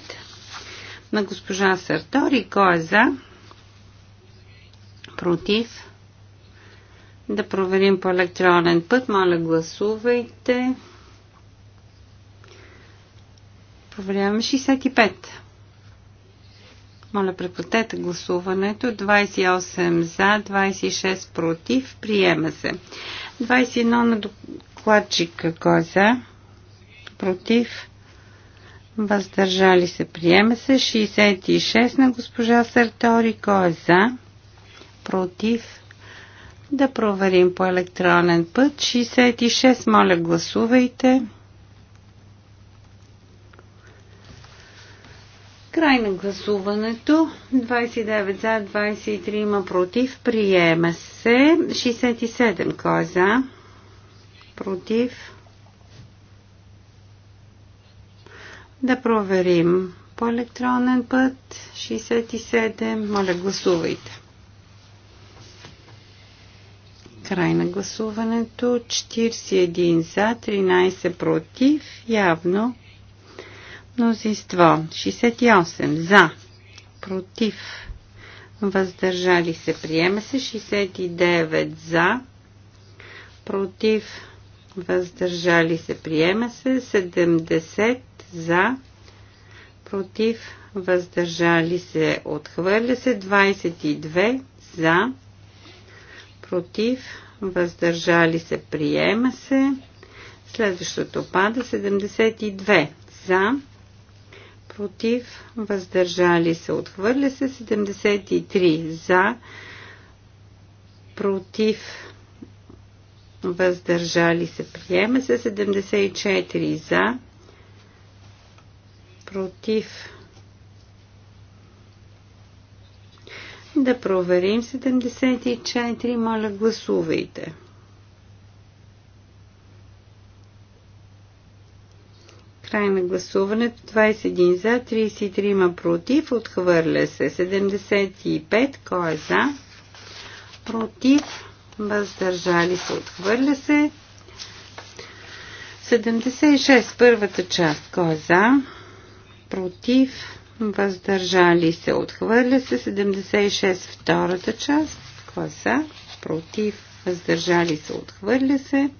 на госпожа Сартори. Кой е за? Против. Да проверим по електронен път. Моля, гласувайте. Проверяваме 65. Моля, прекратете гласуването. 28 за, 26 против. Приема се. 21 на докладчика кой е за? Против. Въздържали се. Приема се. 66 на госпожа Сартори. Кой е за? Против. Да проверим по електронен път. 66. Моля, гласувайте. Гласувайте. Край на гласуването. 29 за, 23 има против. Приема се. 67 кой е за? Против. Да проверим по електронен път. 67. Моля, гласувайте. Край на гласуването. 41 за, 13 против. Явно Мнозинство. 68 за. Против. Въздържали се. Приема се. 69 за. Против. Въздържали се. Приема се. 70 за. Против. Въздържали се. Отхвърля се. 22 за. Против. Въздържали се. Приема се. Следващото пада. 72 за против, въздържали се, отхвърля се 73 за, против, въздържали се, приема се 74 за, против. Да проверим 74, моля гласувайте. Край на гласуването. 21 за, 33 против. Отхвърля се. 75. Кой е за? Против. Въздържали се. Отхвърля се. 76. Първата част. Кой е за? Против. Въздържали се. Отхвърля се. 76. Втората част. Кой е за? Против. Въздържали се. Отхвърля се.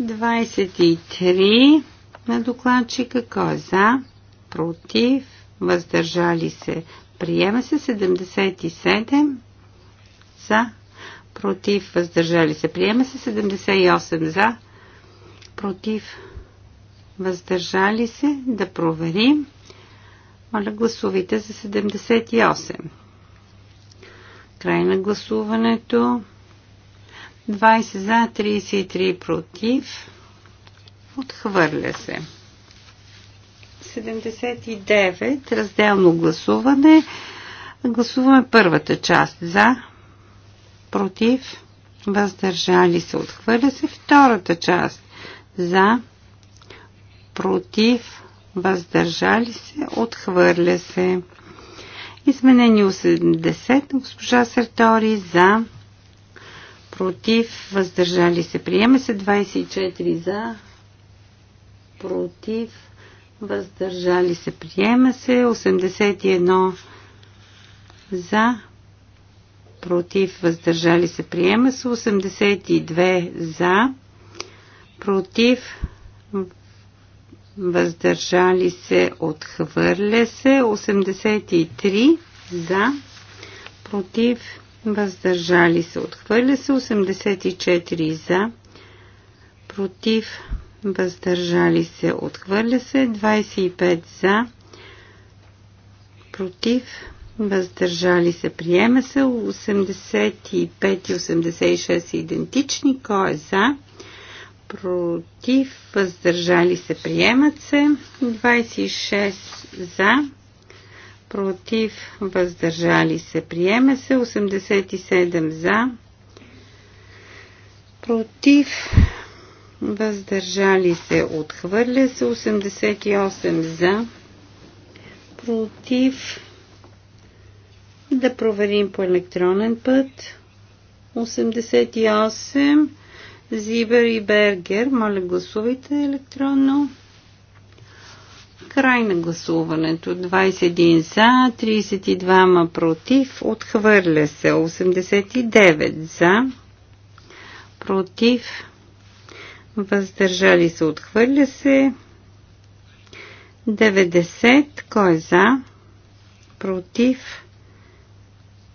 23 на докладчика. Кой е за? Против? Въздържали се? Приема се 77 за. Против? Въздържали се? Приема се 78 за. Против? Въздържали се? Да проверим. Моля, гласовите за 78. Край на гласуването. 20 за, 33 против. Отхвърля се. 79. Разделно гласуване. Гласуваме първата част за, против, въздържали се. Отхвърля се втората част за, против, въздържали се. Отхвърля се. Изменени 80. Госпожа Сертори. за, против, въздържали се. Приема се 24 за, против, въздържали се. Приема се 81 за, против, въздържали се. Приема се 82 за, против, въздържали се. Отхвърля се 83 за, против, въздържали се въздържали се, отхвърля се 84 за, против, въздържали се, отхвърля се 25 за, против, въздържали се, приема се 85 и 86 са идентични, кой е за, против, въздържали се, приемат се 26 за, против, въздържали се, приема се, 87 за, против, въздържали се, отхвърля се, 88 за, против, да проверим по електронен път, 88, Зибер и Бергер, моля гласувайте електронно. Край на гласуването. 21 за, 32 ма против. Отхвърля се. 89 за, против. Въздържали се. Отхвърля се. 90. Кой е за? Против.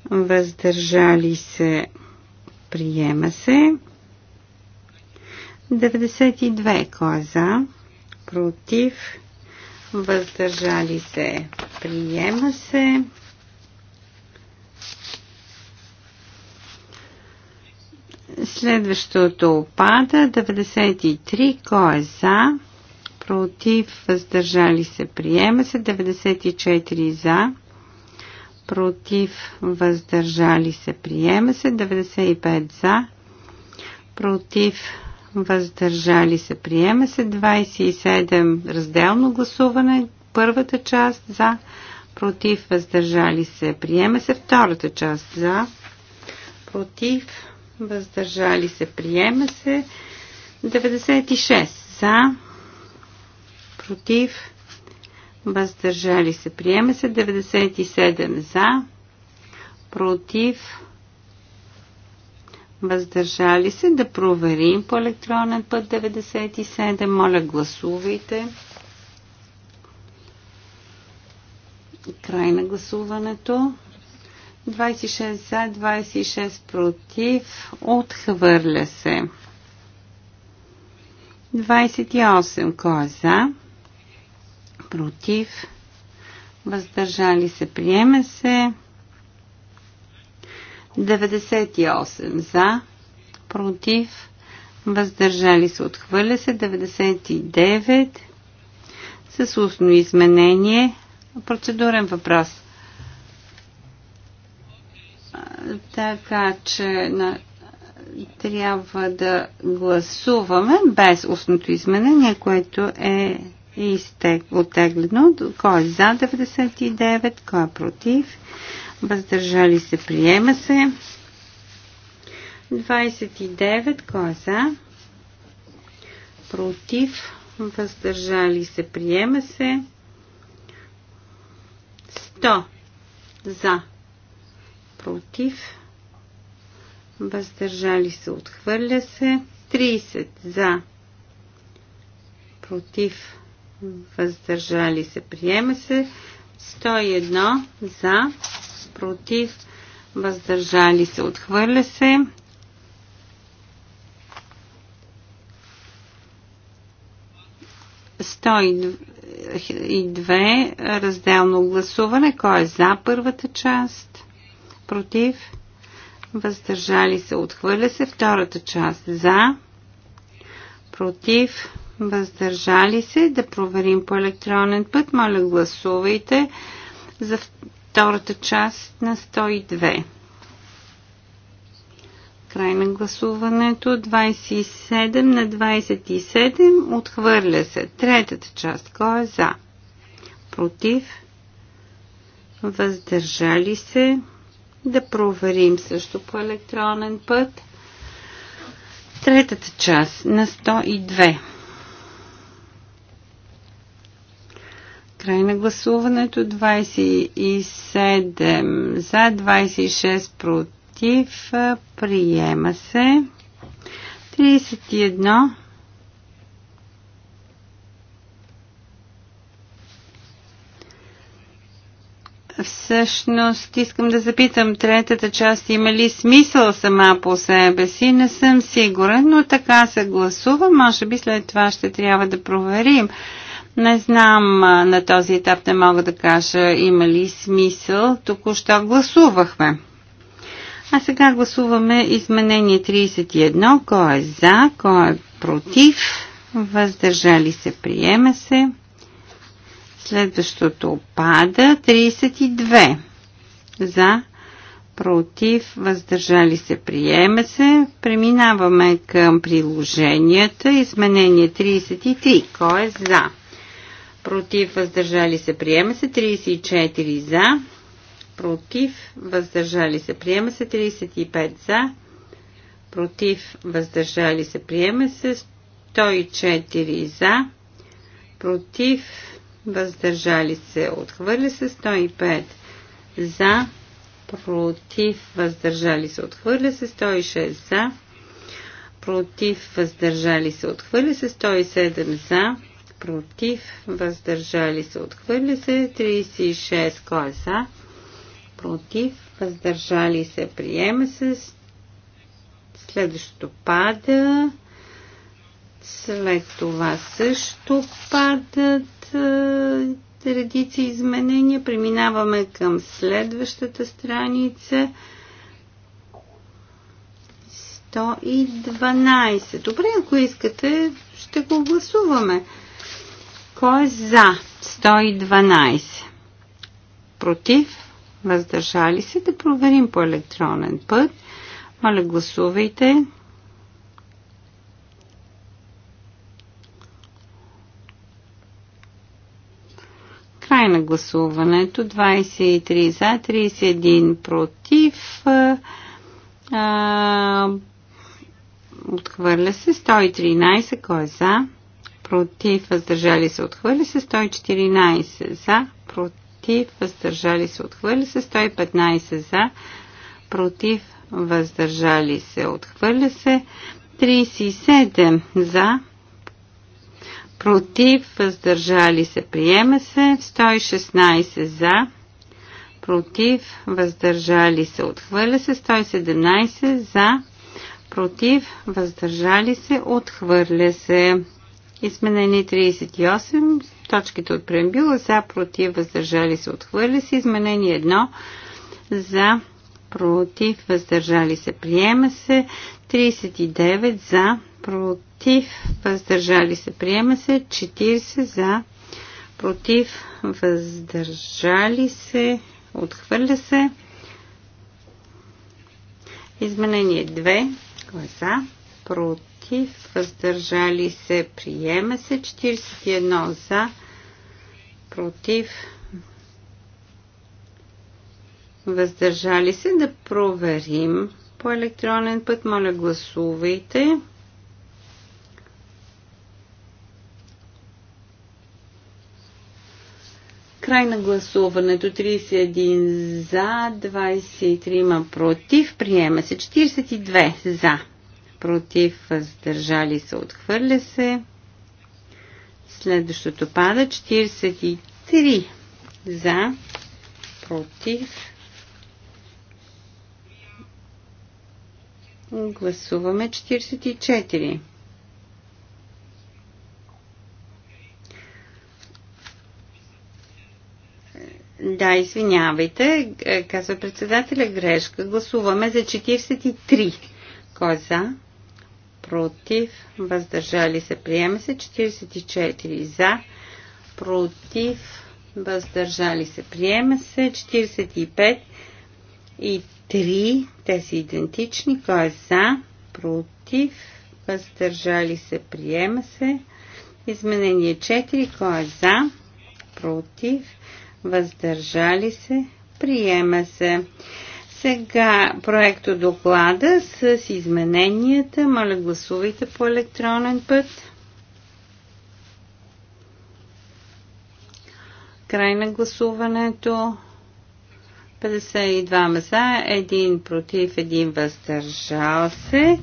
Въздържали се. Приема се. 92. Кой е за? Против въздържали се, приема се. Следващото опада 93. Кой е за? Против, въздържали се, приема се. 94 за. Против, въздържали се, приема се. 95 за. Против, въздържали се, приема се 27 разделно гласуване, първата част за, против, въздържали се, приема се втората част за, против, въздържали се, приема се 96 за, против, въздържали се, приема се 97 за, против, въздържали се да проверим по електронен път 97. Моля, гласувайте. Край на гласуването. 26 за, 26 против. Отхвърля се. 28. Кой е за? Против. Въздържали се. Приема се. 98 за, против, въздържали се, отхвърля се 99 с устно изменение. Процедурен въпрос. Така че на, трябва да гласуваме без устното изменение, което е изтег, Кой е за 99, кой е против? въздържали се, приема се. 29, кой е за? Против, въздържали се, приема се. 100 за, против, въздържали се, отхвърля се. 30 за, против, въздържали се, приема се. 101 за, против, въздържали се, отхвърля се. Сто и две разделно гласуване. Кой е за първата част? Против? Въздържали се, отхвърля се. Втората част за. Против? въздържали се, да проверим по електронен път. Моля, гласувайте за втората част на 102. Край на гласуването 27 на 27 отхвърля се. Третата част. Кой е за? Против? Въздържали се? Да проверим също по електронен път. Третата част на 102. Край на гласуването 27 за 26 против. Приема се. 31 Всъщност искам да запитам третата част има ли смисъл сама по себе си. Не съм сигурен, но така се гласува. Може би след това ще трябва да проверим. Не знам на този етап, не мога да кажа има ли смисъл. Току-що гласувахме. А сега гласуваме изменение 31. Кой е за, кой е против, въздържали се, приема се. Следващото пада 32. За, против, въздържали се, приема се. Преминаваме към приложенията. Изменение 33. Кой е за? против, въздържали се, приема се 34 за, против, въздържали се, приема се 35 за, против, въздържали се, приема се 104 за, против, въздържали се, отхвърля се 105 за, против, въздържали се, отхвърля се 106 за, против, въздържали се, отхвърля се 107 за, против, въздържали се, отхвърля се. 36 кой е за, против, въздържали се, приема се. Следващото пада. След това също падат редици изменения. Преминаваме към следващата страница. 112. Добре, ако искате, ще го гласуваме. Кой е за 112? Против? Въздържали се да проверим по електронен път. Моля, гласувайте. Край на гласуването. 23 за, 31 против. А, отхвърля се. 113. Кой е за? против, въздържали се, отхвърли се 114 за, против, въздържали се, отхвърли се 115 за, против, въздържали се, отхвърля се 37 за, против, въздържали се, приема се 116 за, против, въздържали се, отхвърля се 117 за, против, въздържали се, отхвърля се. Изменение 38, точките от преамбюла за, против, въздържали се, отхвърля се. Изменение 1 за, против, въздържали се, приема се. 39 за, против, въздържали се, приема се. 40 за, против, въздържали се, отхвърля се. Изменение 2, е за против против, въздържали се, приема се. 41 за, против, въздържали се. Да проверим по електронен път. Моля, гласувайте. Край на гласуването 31 за, 23 против, приема се 42 за против, въздържали се, отхвърля се. Следващото пада 43 за, против. Гласуваме 44. Да, извинявайте, е, казва председателя грешка. Гласуваме за 43. Кой е за? против, въздържали се, приема се 44 за, против, въздържали се, приема се 45 и 3, те са идентични, кой е за, против, въздържали се, приема се. Изменение 4, кой е за, против, въздържали се, приема се. Сега проекто доклада с измененията. Моля гласувайте по електронен път. Край на гласуването. 52 за, 1 против, 1 въздържал се.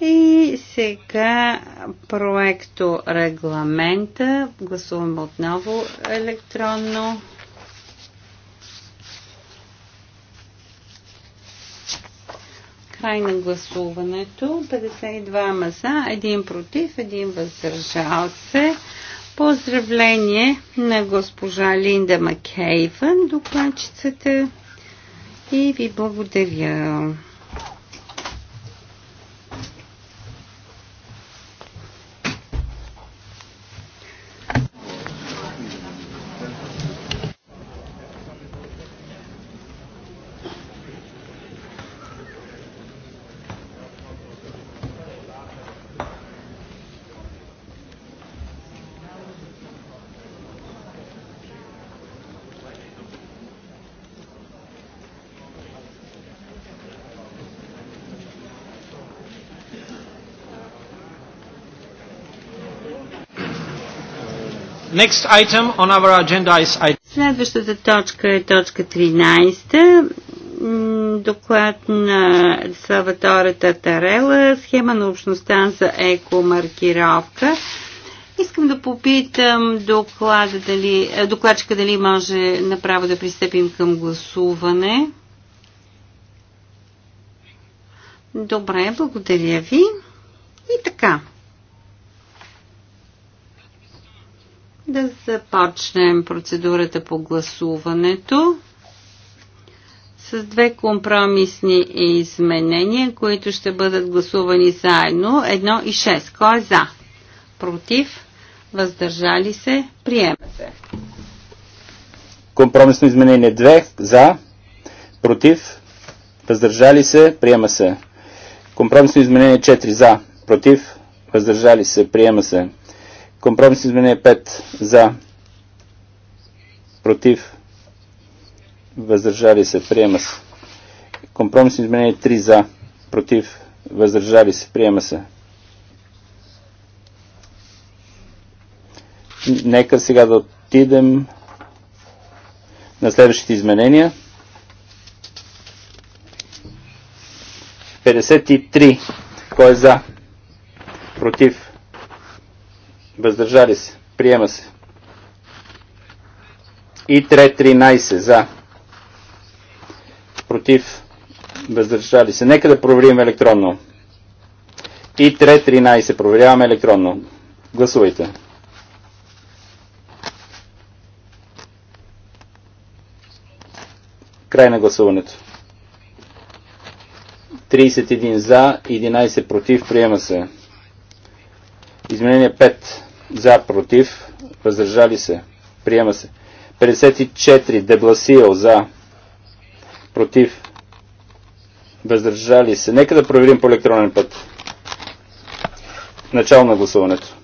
И сега проекто регламента. Гласуваме отново електронно. Край на гласуването. 52 маса, 1 против, 1 въздържал се. Поздравление на госпожа Линда Макейвън, докладчицата. И ви благодаря. Next item on our agenda is... Следващата точка е точка 13. Доклад на Саватора Татарела, схема на общността за екомаркировка. Искам да попитам доклада дали, е, докладчика дали може направо да пристъпим към гласуване. Добре, благодаря ви. И така. Да започнем процедурата по гласуването с две компромисни изменения, които ще бъдат гласувани заедно. Едно и 6. Кой е за? Против? Въздържали се? Приема се. Компромисно изменение 2. За? Против? Въздържали се? Приема се. Компромисно изменение 4. За? Против? Въздържали се? Приема се. Компромис изменение 5 за, против, въздържали се, приема се. Компромис изменение 3 за, против, въздържали се, приема се. Нека сега да отидем на следващите изменения. 53. Кой е за? Против? Въздържали се. Приема се. И 3.13 за. Против. Въздържали се. Нека да проверим електронно. И 3.13. Проверяваме електронно. Гласувайте. Край на гласуването. 31 за, 11 против, приема се. Изменение 5 за, против, въздържали се, приема се. 54 Дебласио за, против, въздържали се. Нека да проверим по електронен път. Начало на гласуването.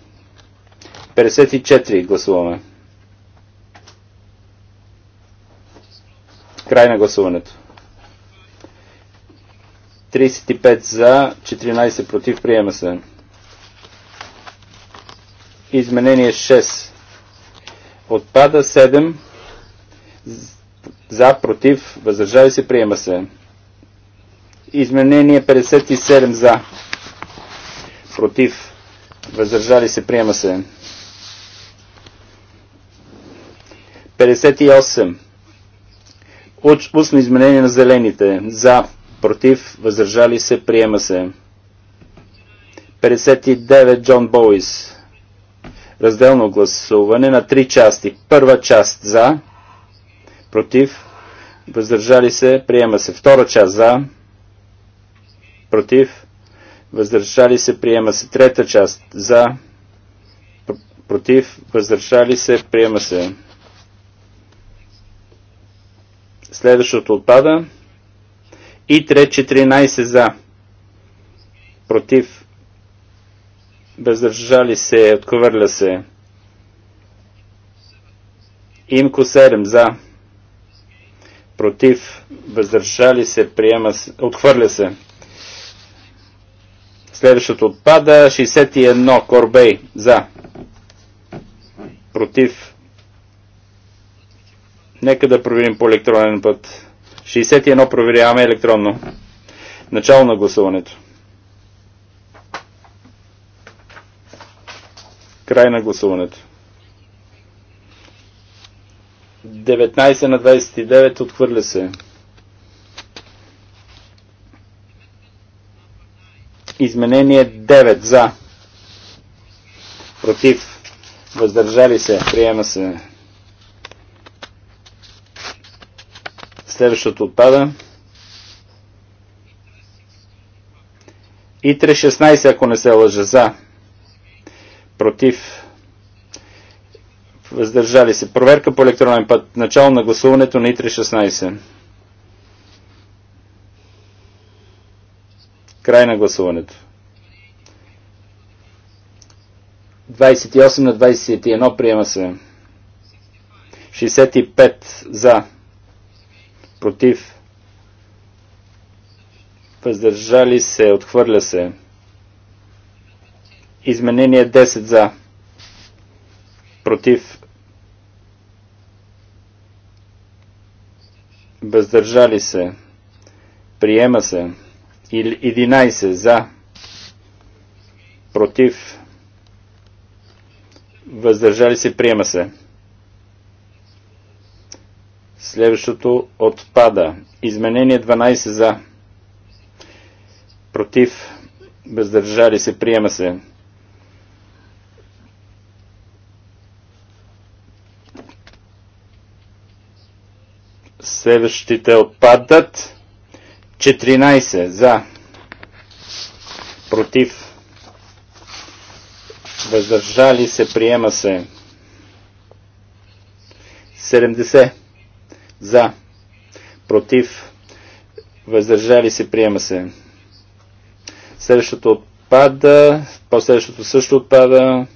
54 гласуваме. Край на гласуването. 35 за, 14 против, приема се. Изменение 6. Отпада 7. За, против, въздържали се, приема се. Изменение 57 за. Против. Въздържали се, приема се. 58. Устно изменение на зелените. За. Против. Въздържали се, приема се. 59. Джон Боуис разделно гласуване на три части. Първа част за, против, въздържали се, приема се. Втора част за, против, въздържали се, приема се. Трета част за, против, въздържали се, приема се. Следващото отпада. И 3, 14 за. Против въздържали се, отхвърля се. Имко 7 за, против, въздържали се, приема се, отхвърля се. Следващото отпада, 61, Корбей, за, против. Нека да проверим по електронен път. 61 проверяваме електронно. Начало на гласуването. Край на гласуването. 19 на 29 отхвърля се. Изменение 9 за. Против. Въздържали се. Приема се. Следващото отпада. Итре 16, ако не се лъжа. За против, въздържали се. Проверка по електронен път. Начало на гласуването на ИТРЕ 16. Край на гласуването. 28 на 21 приема се. 65 за. Против. Въздържали се. Отхвърля се. Изменение 10 за. Против. Въздържали се. Приема се. 11 за. Против. Въздържали се. Приема се. Следващото отпада. Изменение 12 за. Против. Въздържали се. Приема се. Следващите отпадат. 14 за. Против. Въздържали се. Приема се. 70 за. Против. Въздържали се. Приема се. Следващото отпада. Последващото също отпада.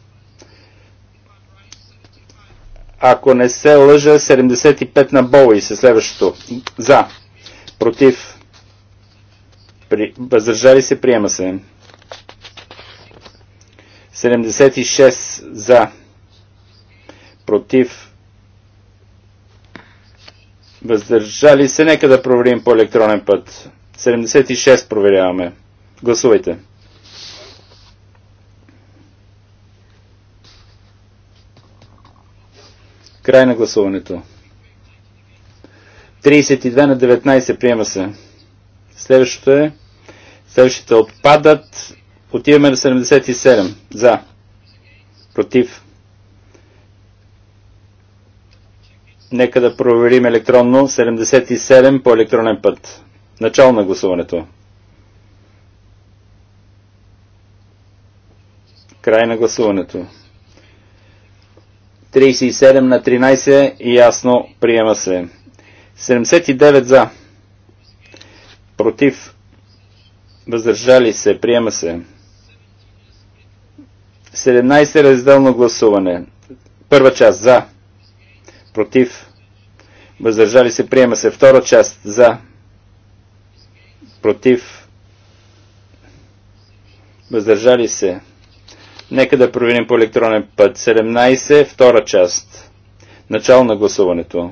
Ако не се лъжа, 75 на Боуи се следващото. За. Против. При... Въздържали се, приема се. 76 за. Против. Въздържали се, нека да проверим по електронен път. 76 проверяваме. Гласувайте. Край на гласуването. 32 на 19 приема се. Следващото е. Следващите отпадат. Отиваме на 77. За. Против. Нека да проверим електронно 77 по електронен път. Начало на гласуването. Край на гласуването. 37 на 13 ясно приема се. 79 за. Против. Въздържали се. Приема се. 17 е разделно гласуване. Първа част за. Против. Въздържали се. Приема се. Втора част за. Против. Въздържали се. Нека да проверим по електронен път. 17, втора част. Начало на гласуването.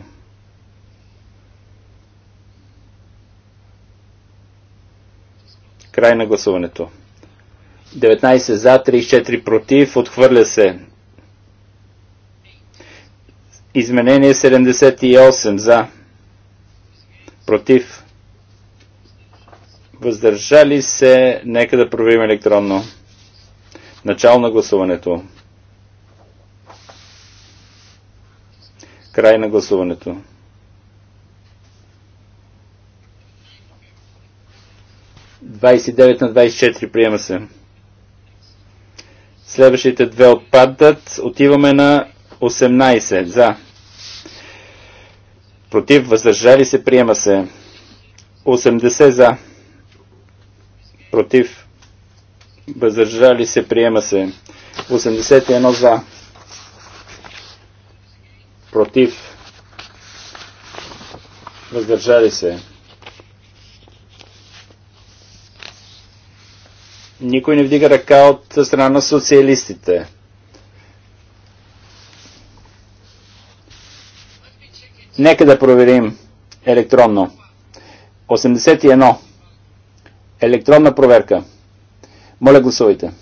Край на гласуването. 19 за, 34 против, отхвърля се. Изменение 78 за, против, въздържали се, нека да проверим електронно. Начало на гласуването. Край на гласуването. Двадесет на 24 приема се. Следващите две отпадат. Отиваме на 18 за. Против въздържали се приема се. 80 за. Против въздържали се, приема се. 81 за, против, въздържали се. Никой не вдига ръка от страна на социалистите. Нека да проверим електронно. 81. Електронна проверка. Моля, гласувайте.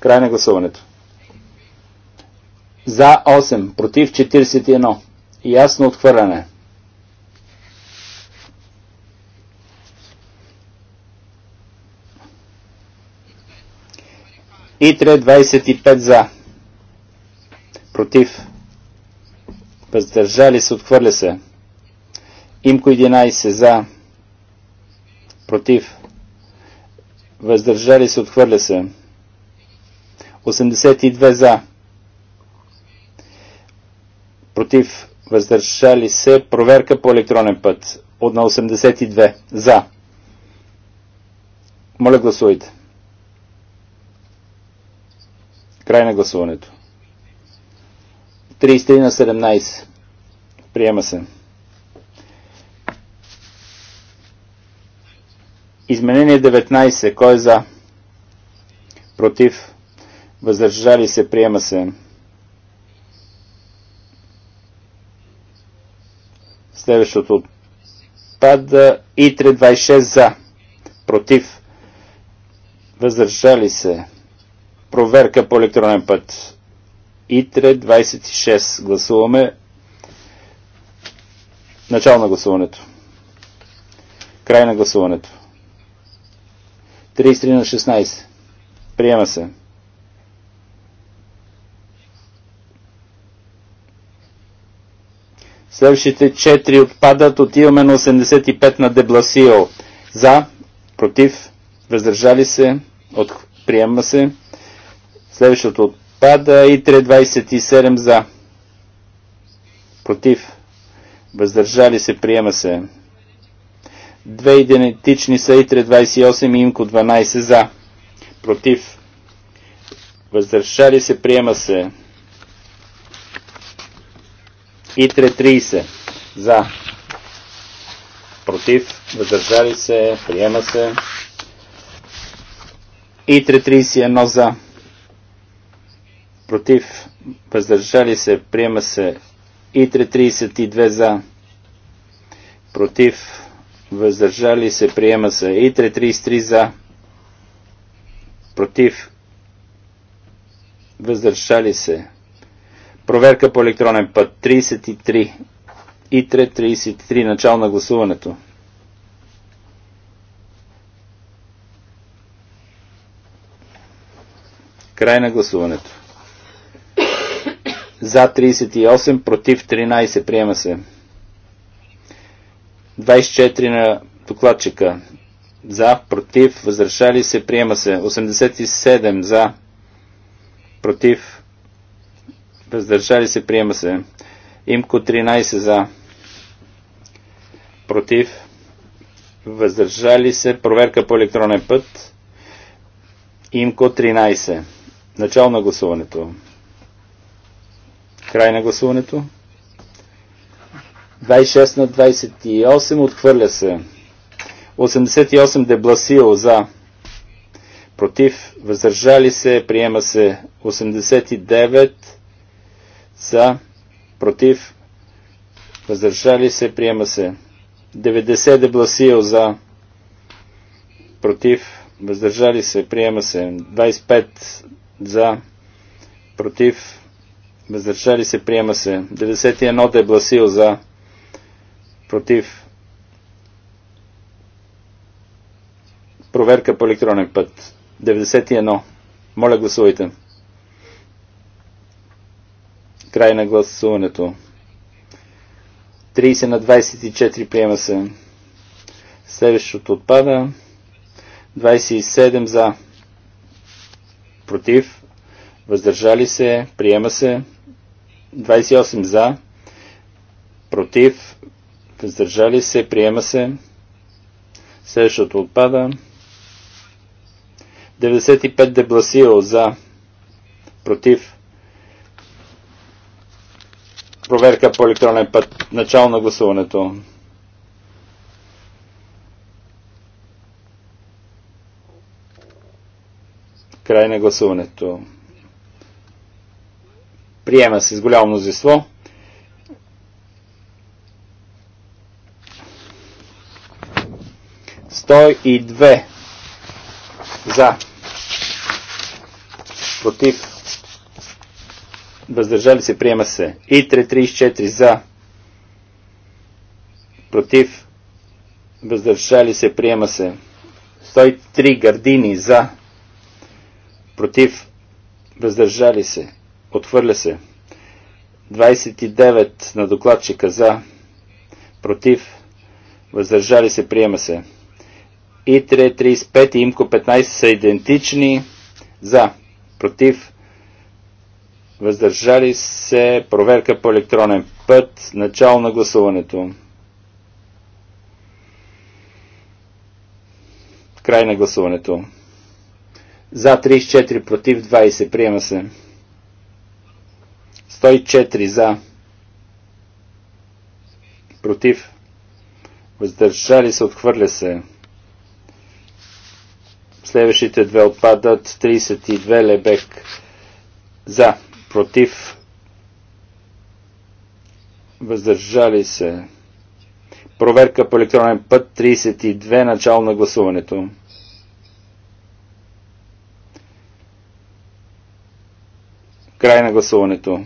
Край на гласуването. За 8, против 41. Ясно отхвърляне. Итре 25 за. Против. Въздържали се, отхвърля се. Имко 11 за. Против въздържали се, отхвърля се. 82 за, против, въздържали се, проверка по електронен път. От на 82 за. Моля гласувайте. Край на гласуването. 33 на 17. Приема се. Изменение 19. Кой е за? Против. Въздържали се. Приема се. Следващото отпада. Итре 26 за. Против. Въздържали се. Проверка по електронен път. Итре 26. Гласуваме. Начало на гласуването. Край на гласуването. 33 на 16. Приема се. Следващите 4 отпадат. Отиваме на 85 на Дебласио. За, против, въздържали се, от, приема се. Следващото отпада и 327 за. Против. Въздържали се, приема се. Две идентични са ИТРЕ 28 и ИМКО 12 за. Против. Въздържали се, приема се. ИТРЕ 30 за. Против. Въздържали се, приема се. ИТРЕ 31 за. Против. Въздържали се, приема се. ИТРЕ 32 за. Против въздържали се, приема се. Итре 33 за, против, въздържали се. Проверка по електронен път 33. Итре 33, начало на гласуването. Край на гласуването. За 38, против 13, приема се. 24 на докладчика. За, против, възрешали се, приема се. 87 за, против, въздържали се, приема се. Имко 13 за, против, въздържали се, проверка по електронен път. Имко 13. Начало на гласуването. Край на гласуването. 26 на 28 отхвърля се. 88 Дебласио за. Против. Въздържали се. Приема се. 89 за. Против. Въздържали се. Приема се. 90 Дебласио за. Против. Въздържали се. Приема се. 25 за. Против. Въздържали се. Приема се. 91 Дебласио за. Против Против. Проверка по електронен път. 91. Моля гласувайте. Край на гласуването. 30 на 24 приема се. Следващото отпада. 27 за. Против. Въздържали се. Приема се. 28 за. Против въздържали се, приема се. Следващото отпада. 95 дебласио за, против. Проверка по електронен път. Начало на гласуването. Край на гласуването. Приема се с голямо мнозинство. 102 за, против, въздържали се, приема се. И 334 за, против, въздържали се, приема се. 103 гардини за, против, въздържали се, отхвърля се. 29 на докладчика за, против, въздържали се, приема се и 35 и ИМКО 15 са идентични. За, против, въздържали се, проверка по електронен път, начало на гласуването. Край на гласуването. За 34, против 20, приема се. 104 за. Против. Въздържали се, отхвърля се. Следващите две отпадат. 32 Лебек за, против, въздържали се. Проверка по електронен път 32, начало на гласуването. Край на гласуването.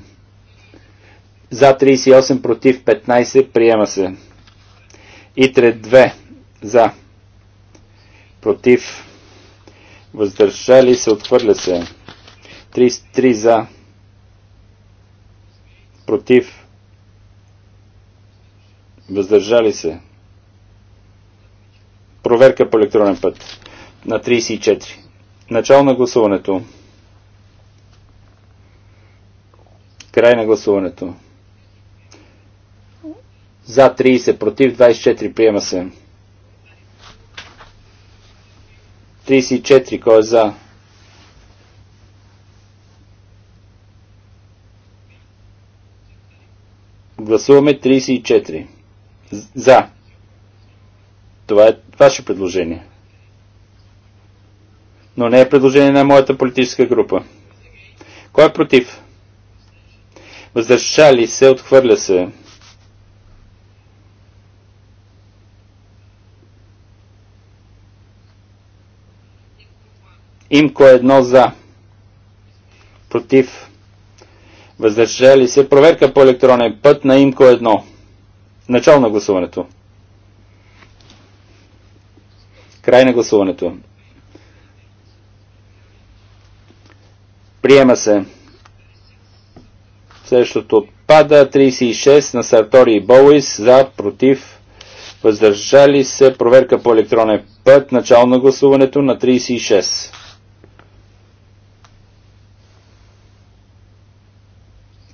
За 38, против 15, приема се. Итре 2, за, против, въздържали се, отхвърля се. 33 за, против, въздържали се. Проверка по електронен път на 34. Начало на гласуването. Край на гласуването. За 30, против 24, приема се. 34, кой е за? Гласуваме 34. За. Това е ваше предложение. Но не е предложение на моята политическа група. Кой е против? Въздържали се, отхвърля се. Имко едно за. Против. Въздържали се. Проверка по електронен път на Имко едно. Начало на гласуването. Край на гласуването. Приема се. Следващото отпада. 36 на Сартори и Боуис. За, против. Въздържали се. Проверка по електронен път. Начало на гласуването на 36.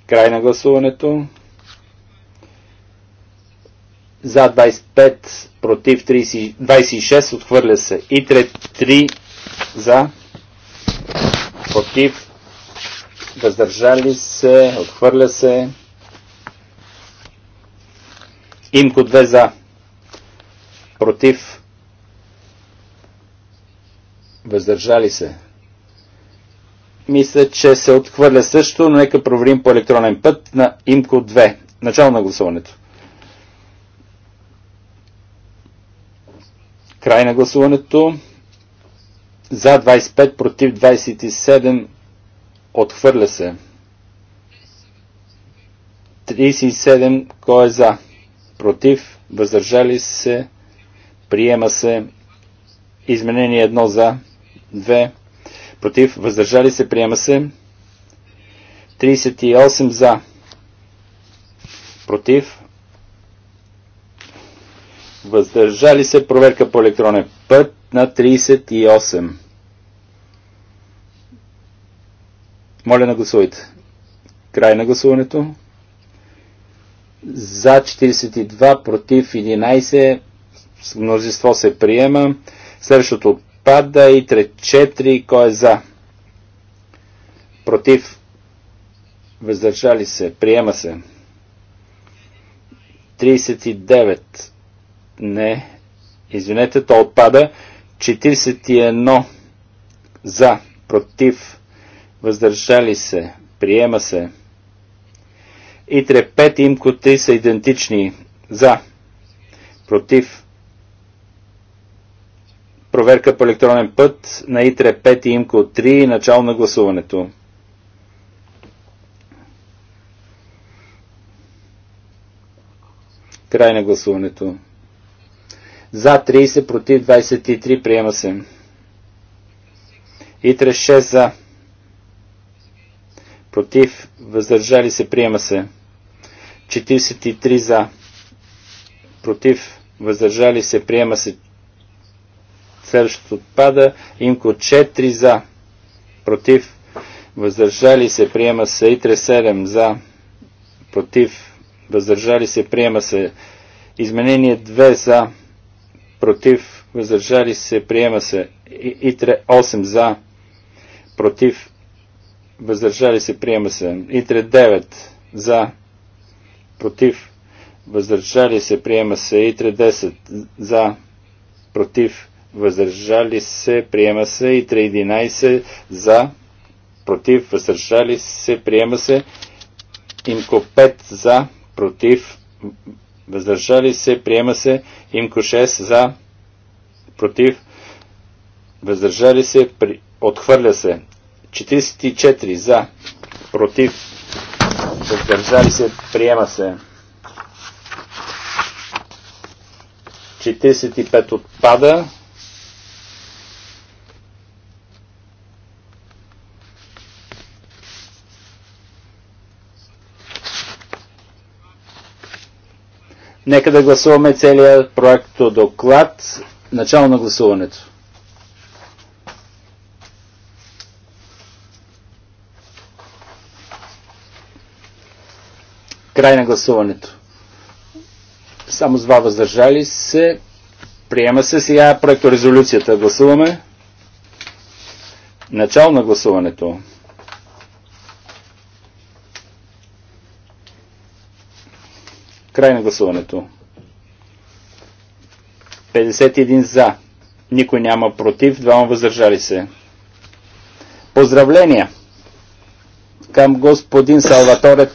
Край на гласуването. За 25, против 30, 26, отхвърля се. И 3, 3 за, против, въздържали се, отхвърля се. Имко 2 за, против, въздържали се. Мисля, че се отхвърля също, но нека проверим по електронен път на имко 2. Начало на гласуването. Край на гласуването. За 25, против 27. Отхвърля се. 37. Кой е за? Против. Въздържали се. Приема се. Изменение 1 за. 2 против, въздържали се, приема се. 38 за, против, въздържали се, проверка по електронен път на 38. Моля на гласувайте. Край на гласуването. За 42, против 11, множество се приема. Следващото Отпада и 3-4. Кой е за? Против. Въздържали се. Приема се. 39. Не. Извинете, то отпада. 41. За. Против. Въздържали се. Приема се. И 3-5 имко 3 са идентични. За. Против Проверка по електронен път на ИТРЕ 5 и ИМКО 3 и начало на гласуването. Край на гласуването. За 30, против 23, приема се. ИТРЕ 6 за. Против, въздържали се, приема се. 43 за. Против, въздържали се, приема се. Следващото отпада. Имко 4 за. Против. Въздържали се. Приема се. Итре 7 за. Против. Въздържали се. Приема се. Изменение 2 за. Против. Въздържали се. Приема се. Итре 8 за. Против. Въздържали се. Приема се. Итре 9 за. Против. Въздържали се. Приема се. Итре 10 за. Против въздържали се, приема се и 311 за, против, въздържали се, приема се. Имко 5 за, против, въздържали се, приема се. Имко 6 за, против, въздържали се, при... отхвърля се. 44 за, против, въздържали се, приема се. 45 отпада, Нека да гласуваме целият проекто доклад. Начало на гласуването. Край на гласуването. Само с два въздържали се. Приема се сега резолюцията. Гласуваме. Начало на гласуването. Край на гласуването. 51 за. Никой няма против, двама въздържали се. Поздравления към господин Салваторе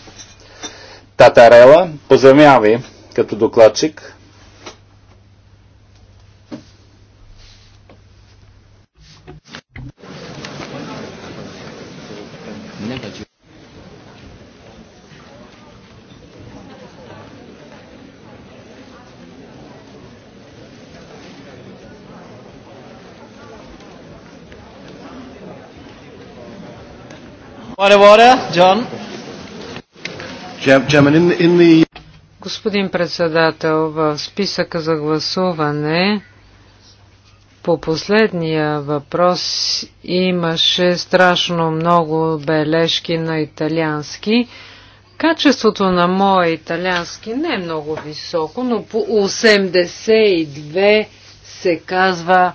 Татарела. Поздравявам ви като докладчик. Point of John. Chairman, in, in the... Господин председател, в списъка за гласуване по последния въпрос имаше страшно много бележки на италиански. Качеството на моя италиански не е много високо, но по 82 се казва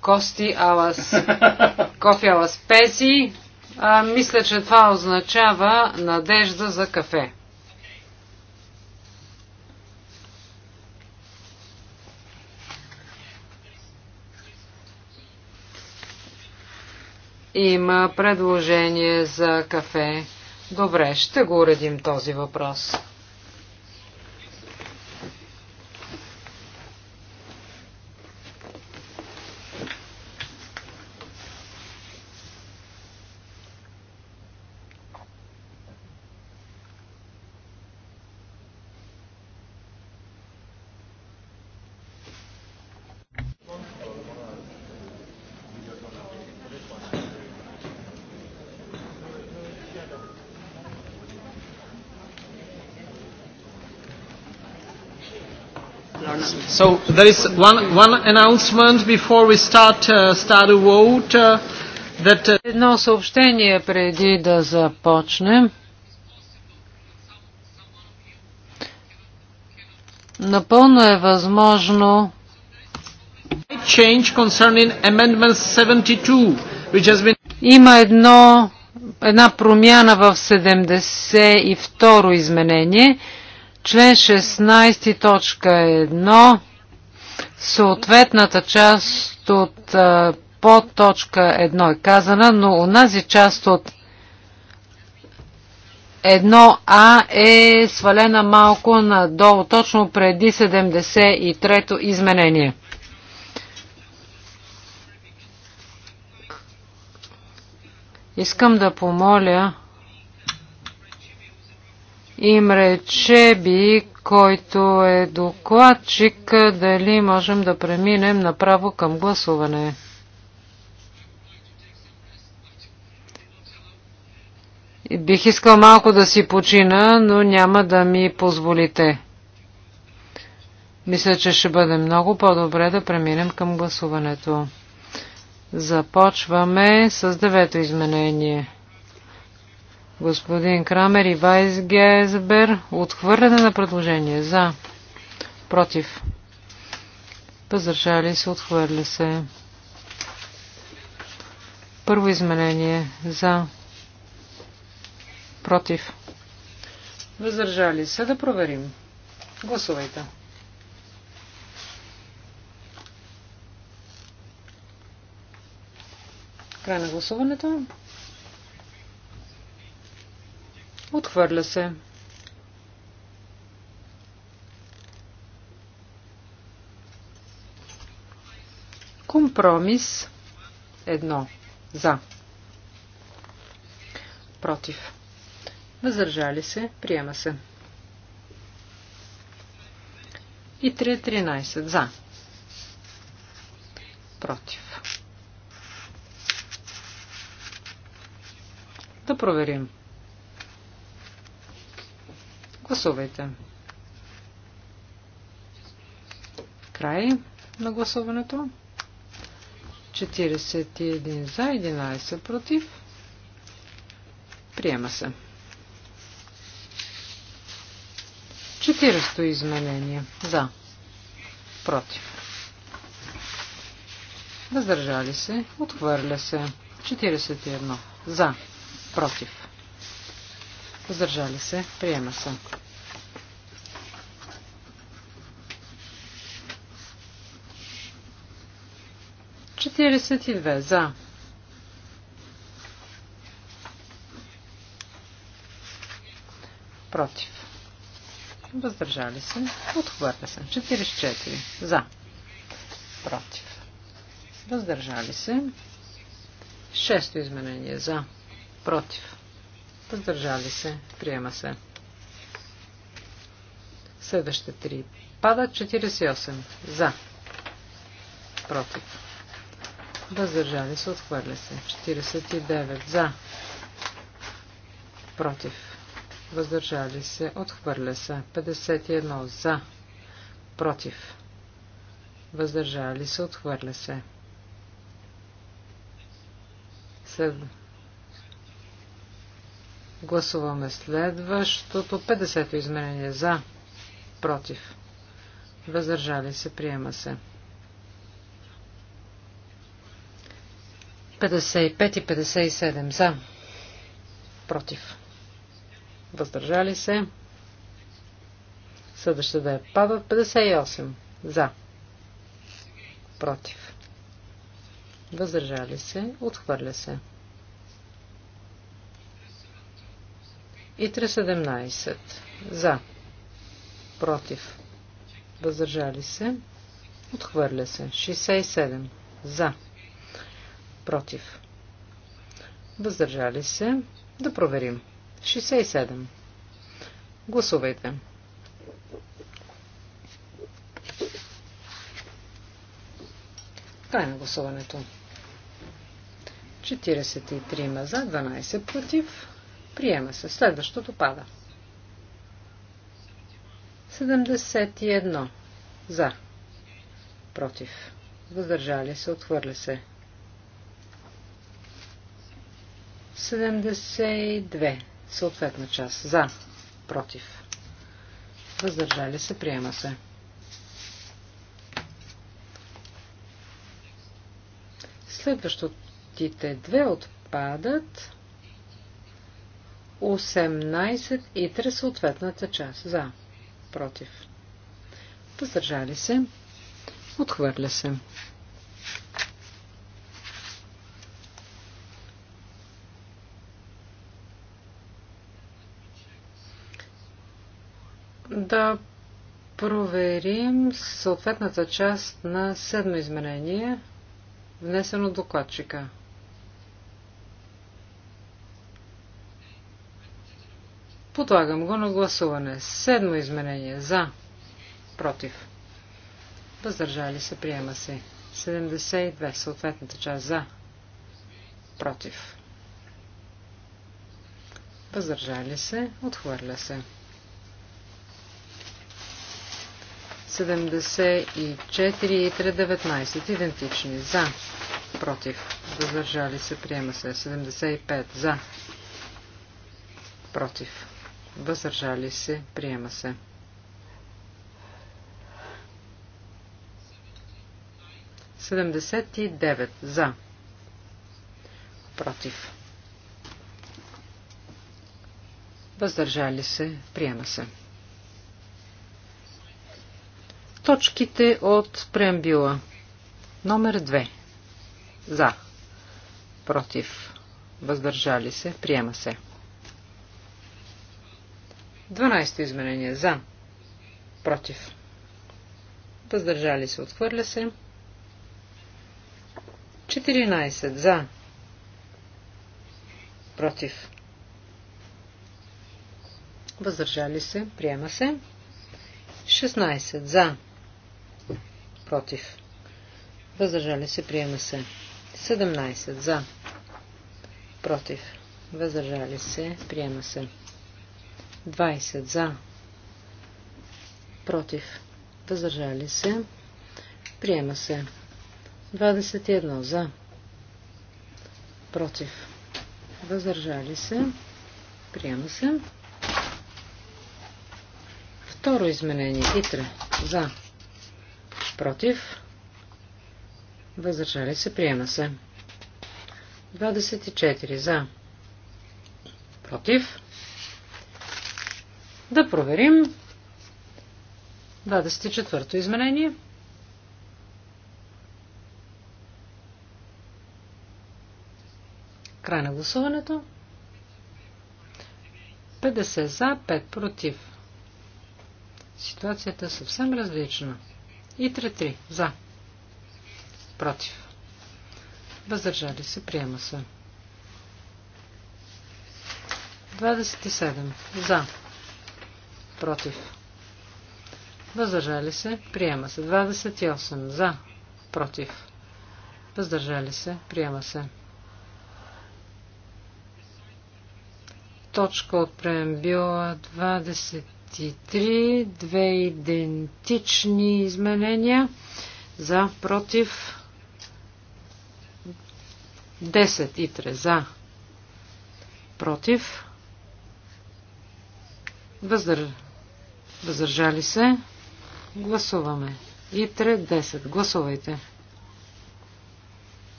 Кости Алас, Кофи Алас Песи, а, мисля, че това означава надежда за кафе. Има предложение за кафе. Добре, ще го уредим този въпрос. So there is one, one announcement before we start, uh, start a vote. Uh, that, uh... Едно съобщение преди да започнем. Напълно е възможно change concerning amendment 72, which has been... Има едно, една промяна в 72 изменение Член 16 точка 1 съответната част от подточка точка 1 е казана, но унази част от 1А е свалена малко надолу, точно преди 73-то изменение. Искам да помоля рече би, който е докладчик, дали можем да преминем направо към гласуване. Бих искал малко да си почина, но няма да ми позволите. Мисля, че ще бъде много по-добре да преминем към гласуването. Започваме с девето изменение. Господин Крамер и Вайс Гезбер. Отхвърляне на предложение. За. Против. Въздържали се. Отхвърля се. Първо изменение. За. Против. Въздържали се. Да проверим. Гласувайте. Край на гласуването. Отхвърля се. Компромис едно. За. Против. Въздържали се. Приема се. И 3.13. За. Против. Да проверим. 3.13. Гласувайте. Край на гласуването. 41 за, 11 против. Приема се. 40 изменение. За. Против. Въздържали се. Отхвърля се. 41. За. Против. Въздържали се. Приема се. 42 за. Против. Въздържали се. Отхвърля се. 44 за. Против. Въздържали се. Шесто изменение за. Против. Въздържали се. Приема се. Следващите три. Пада 48. За. Против. Въздържали се. Отхвърля се. 49 за. Против. Въздържали се. Отхвърля се. 51 за. Против. Въздържали се. Отхвърля се. 7. Гласуваме следващото 50 изменение за, против, въздържали се, приема се. 55 и 57 за. Против. Въздържали се. Съдъща да е пада 58 за. Против. Въздържали се. Отхвърля се. И 317 за. Против. Въздържали се. Отхвърля се. 67 за. Против. Въздържали се. Да проверим. 67. Гласувайте. Край на гласуването. 43 за, 12 против. Приема се. Следващото пада. 71 за. Против. Въздържали се. Отхвърля се. 72. Съответна част. За. Против. Въздържали се. Приема се. Следващите две отпадат. 18 и 3 съответната част. За. Против. Въздържали се. Отхвърля се. да проверим съответната част на седмо изменение, внесено от докладчика. Подлагам го на гласуване. Седмо изменение. За. Против. Въздържали се. Приема се. 72. Съответната част. За. Против. Въздържали се. Отхвърля се. 74 и 19. идентични. За. Против. Въздържали се. Приема се. 75. За. Против. Въздържали се. Приема се. 79. За. Против. Въздържали се. Приема се точките от преамбюла. Номер 2. За. Против. Въздържали се. Приема се. 12 изменение. За. Против. Въздържали се. Отхвърля се. 14. За. Против. Въздържали се. Приема се. 16. За против. Въздържали се, приема се. 17 за, против. Въздържали се, приема се. 20 за, против. Въздържали се, приема се. 21 за, против. Въздържали се, приема се. Второ изменение. Итре. За против, въздържали се, приема се. 24 за, против. Да проверим 24-то изменение. Край на гласуването. 50 за, 5 против. Ситуацията е съвсем различна. И 3 За. Против. Въздържали се. Приема се. 27. За. Против. Въздържали се. Приема се. 28. За. Против. Въздържали се. Приема се. Точка от преембила 20. 23, две идентични изменения за, против, 10 и 3 за, против, въздър, въздържали се, гласуваме. И 3, 10, гласувайте.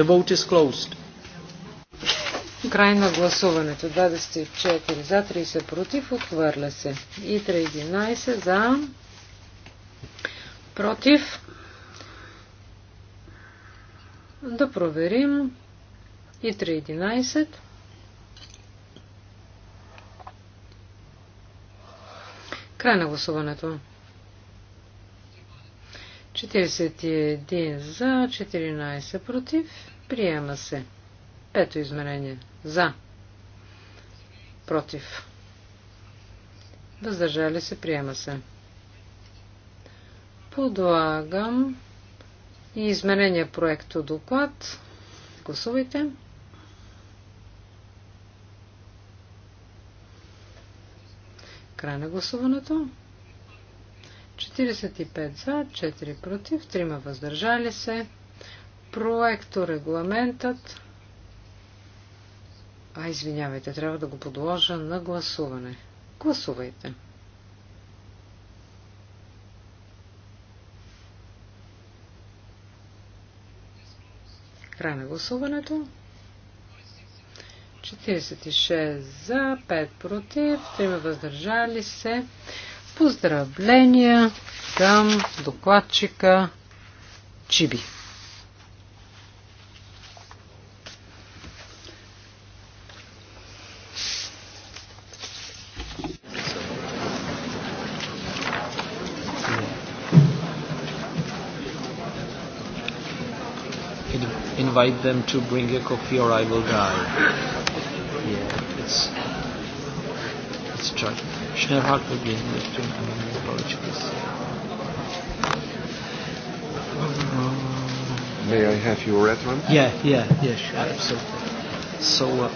The vote is closed. Край на гласуването. 24 за, 30 против. Отхвърля се. И 13 за. Против. Да проверим. И 3.11. Край на гласуването. 41 за, 14 против. Приема се. Пето измерение. За. Против. Въздържали се, приема се. Подлагам и изменения проекто доклад. Гласувайте. Край на гласуването. 45 за, 4 против, 3 въздържали се. Проекто регламентът а, извинявайте, трябва да го подложа на гласуване. Гласувайте. Край на гласуването. 46 за, 5 против, 3 въздържали се. Поздравления към докладчика Чиби. invite them to bring a coffee or I will die. Yeah, it's it's tragic. Schnellhardt will be in the I May I have your red one? Yeah, yeah, yeah, sure, absolutely. So. Uh,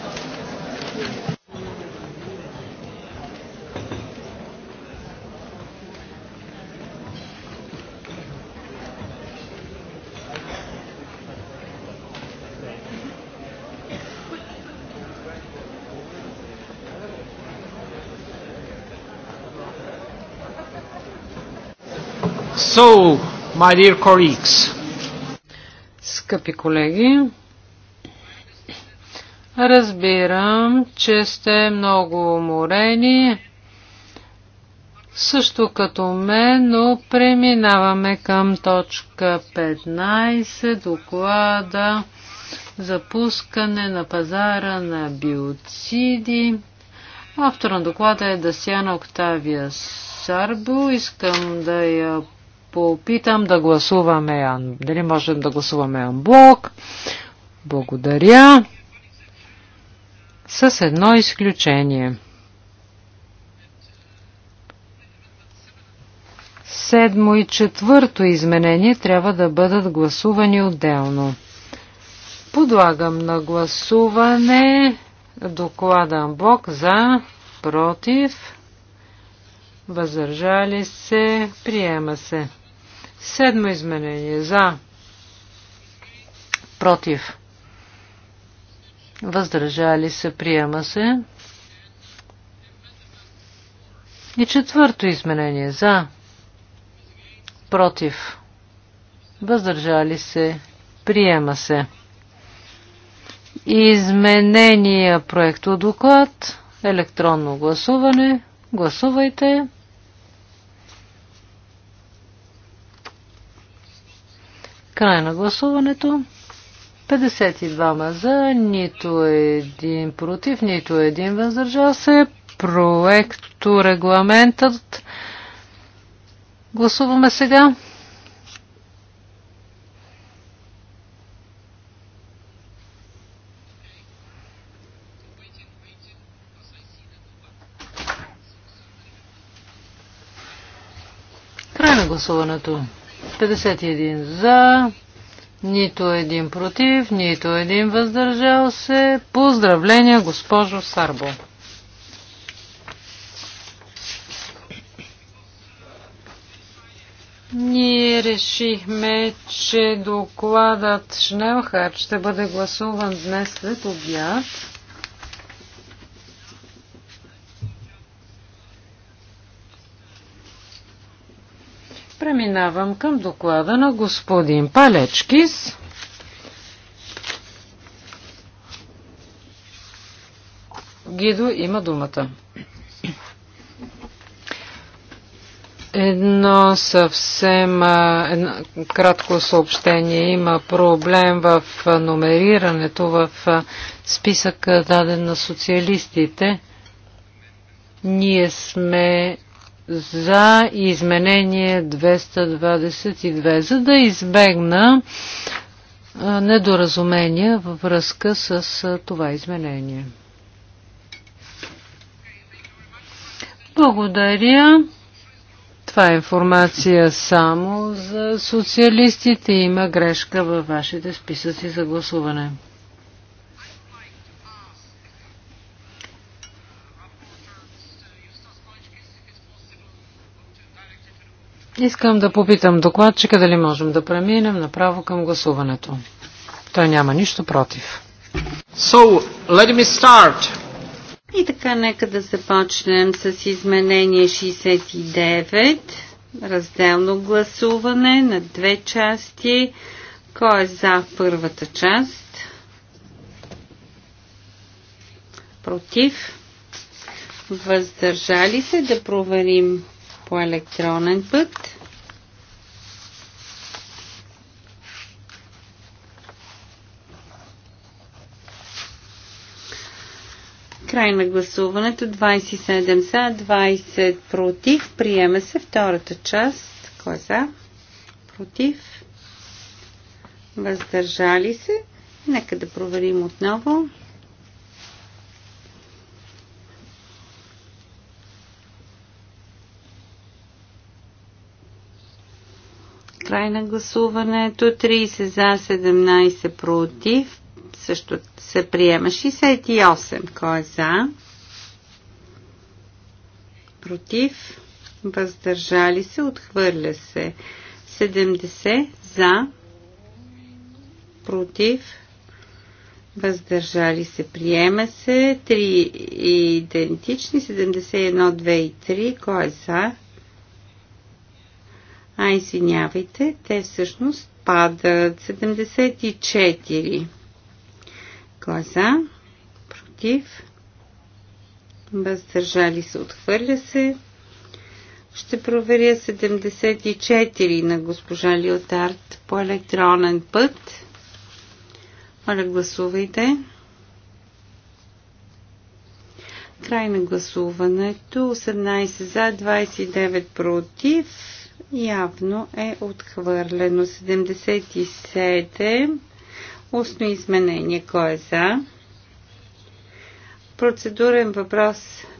So, my dear colleagues. Скъпи колеги, разбирам, че сте много уморени, също като мен, но преминаваме към точка 15, доклада за пускане на пазара на биоциди. Автор на доклада е Дасяна Октавия Сарбо. Искам да я попитам да гласуваме, дали можем да гласуваме анблок. Благодаря. С едно изключение. Седмо и четвърто изменение трябва да бъдат гласувани отделно. Подлагам на гласуване доклада блок за, против, въздържали се, приема се. Седмо изменение. За. Против. Въздържали се. Приема се. И четвърто изменение. За. Против. Въздържали се. Приема се. Изменения проекто доклад. Електронно гласуване. Гласувайте. Край на гласуването. 52 за, нито един против, нито един въздържал се. Проекто регламентът. Гласуваме сега. Край на гласуването. 51 за, нито един против, нито един въздържал се. Поздравления, госпожо Сарбо! Ние решихме, че докладът Шнелхард ще бъде гласуван днес след обяд. Преминавам към доклада на господин Палечкис. Гидо има думата. Едно съвсем едно, кратко съобщение. Има проблем в номерирането в списъка даден на социалистите. Ние сме за изменение 222, за да избегна недоразумения във връзка с това изменение. Благодаря. Това е информация само за социалистите. Има грешка във вашите списъци за гласуване. Искам да попитам докладчика дали можем да преминем направо към гласуването. Той няма нищо против. So, let me start. И така, нека да започнем с изменение 69, разделно гласуване на две части. Кой е за първата част? Против? Въздържали се да проверим по електронен път. Край на гласуването 27 за, 20 против. Приема се втората част. Кой е за? Против. Въздържали се. Нека да проверим отново. Край на гласуването. 30 за, 17 против. Също се приема 68. Кой е за? Против. Въздържали се. Отхвърля се. 70 за. Против въздържали се. Приема се 3 идентични, 71, 2 и 3. Кой е за? А, извинявайте, те всъщност падат. 74. Глаза. Е против. Въздържали се. Отхвърля се. Ще проверя 74 на госпожа Лиотард по електронен път. Моля, гласувайте. Край на гласуването. 18 за, 29 против. Явно е отхвърлено. 77. Устно изменение. Кой е за? Процедурен въпрос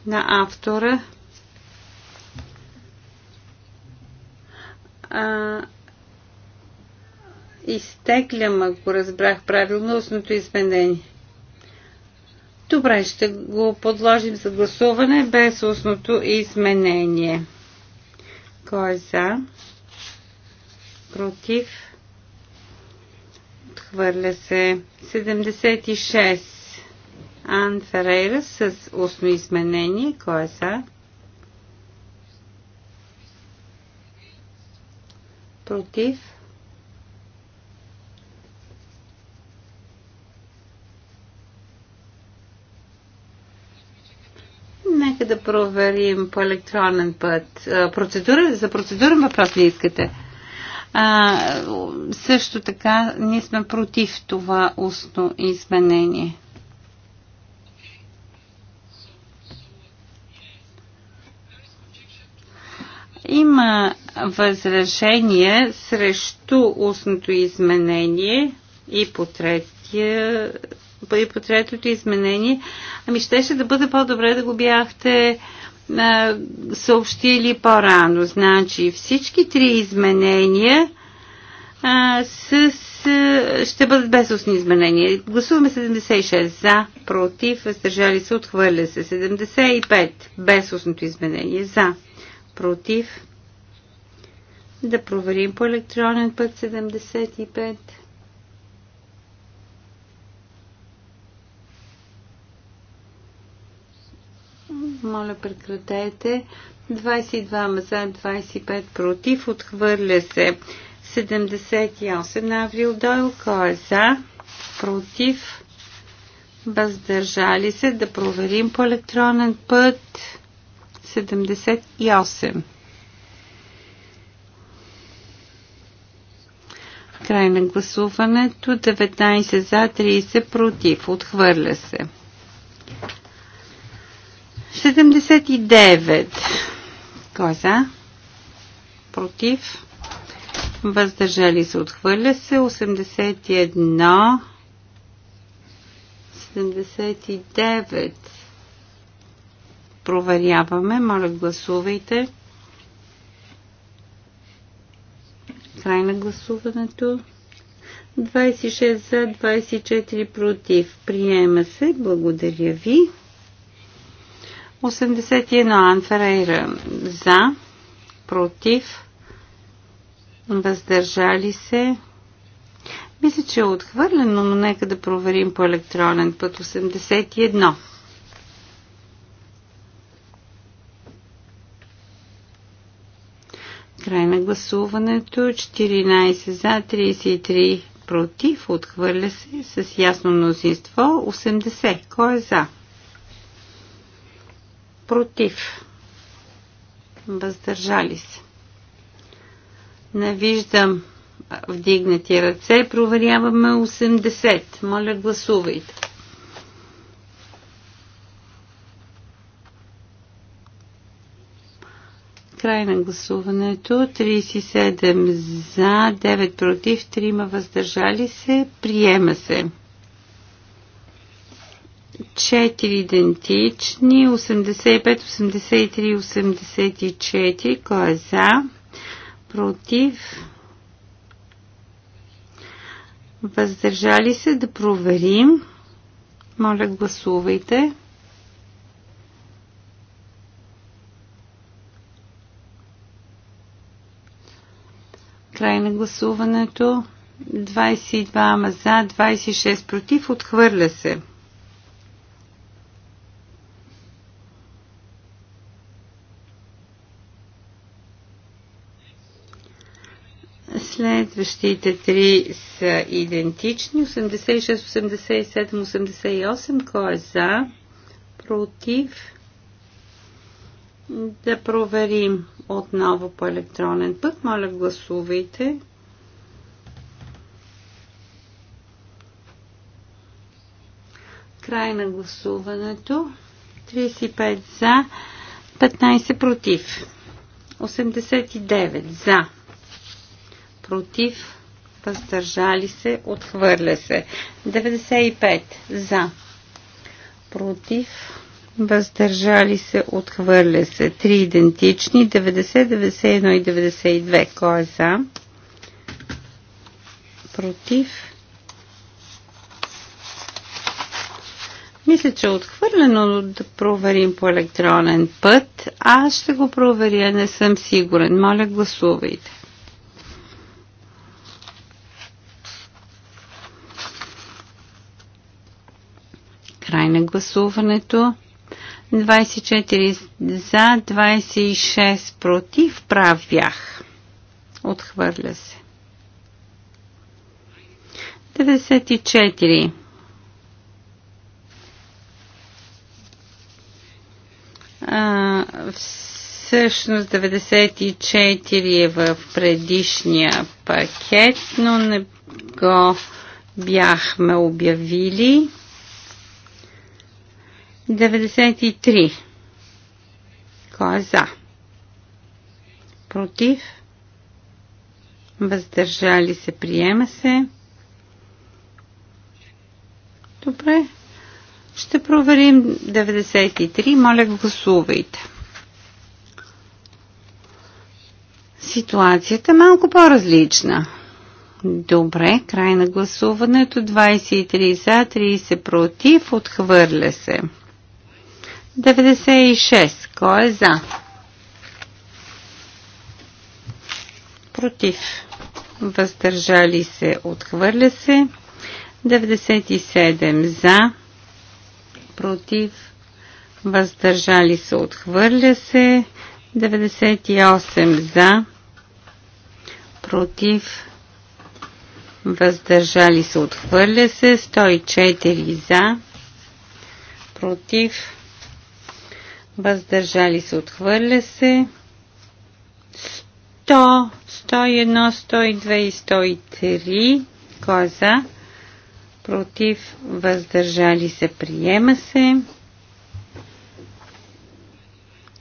на автора. А, изтеглям, ако разбрах правилно, устното изменение. Добре, ще го подложим за гласуване без устното изменение. Кой е за? Против? Отхвърля се. 76. Ан Ферейра с устно изменение. Кой е за? Против? Нека да проверим по електронен път. Процедура, за процедурен въпрос ли искате? А, също така, ние сме против това устно изменение. Има възражение срещу устното изменение и по третия и по третото изменение. Ами щеше да бъде по-добре да го бяхте а, съобщили по-рано. Значи всички три изменения а, с, а, ще бъдат без устни изменения. Гласуваме 76 за, против, въздържали се, отхвърля се. 75 без устното изменение за, против. Да проверим по електронен път 75. Моля, прекратете. 22 маза, 25 против. Отхвърля се. 78 на Аврил Дойл. Кой е за? Против? Въздържали се да проверим по електронен път. 78. Край на гласуването. 19 за, 30 против. Отхвърля се. 79. Кой е за? Против. Въздържали се. Отхвърля се. 81. 79. Проверяваме. Моля, гласувайте. Край на гласуването. 26 за, 24 против. Приема се. Благодаря ви. 81 Анферейра за, против, въздържали се. Мисля, че е отхвърлено, но нека да проверим по електронен път 81. Край на гласуването 14 за 33 против, отхвърля се с ясно мнозинство 80. Кой е за? против, въздържали се. Не виждам вдигнати ръце. Проверяваме 80. Моля, гласувайте. Край на гласуването. 37 за, 9 против, 3 въздържали се. Приема се. 4 идентични, 85, 83, 84, кой е за, против, въздържали се да проверим. Моля, гласувайте. Край на гласуването. 22 за, 26 против. Отхвърля се. Следващите три са идентични. 86, 87, 88. Кой е за? Против? Да проверим отново по електронен път. Моля, гласувайте. Край на гласуването. 35 за, 15 против. 89 за против, въздържали се, отхвърля се. 95 за, против, въздържали се, отхвърля се. Три идентични, 90, 91 и 92. Кой е за? Против. Мисля, че е отхвърлено да проверим по електронен път. Аз ще го проверя, не съм сигурен. Моля, гласувайте. гласуването. 24 за, 26 против, прав бях. Отхвърля се. 94. А, всъщност 94 е в предишния пакет, но не го бяхме обявили. 93. Кой е за? Против? Въздържали се, приема се. Добре. Ще проверим 93. Моля, гласувайте. Ситуацията е малко по-различна. Добре, край на гласуването. 23 за, 30 против. Отхвърля се. 96. Кой е за? Против. Въздържали се. Отхвърля се. 97. За. Против. Въздържали се. Отхвърля се. 98. За. Против. Въздържали се. Отхвърля се. 104. За. Против въздържали се, отхвърля се. 100, 101, 102 и 103, кой е за? Против, въздържали се, приема се.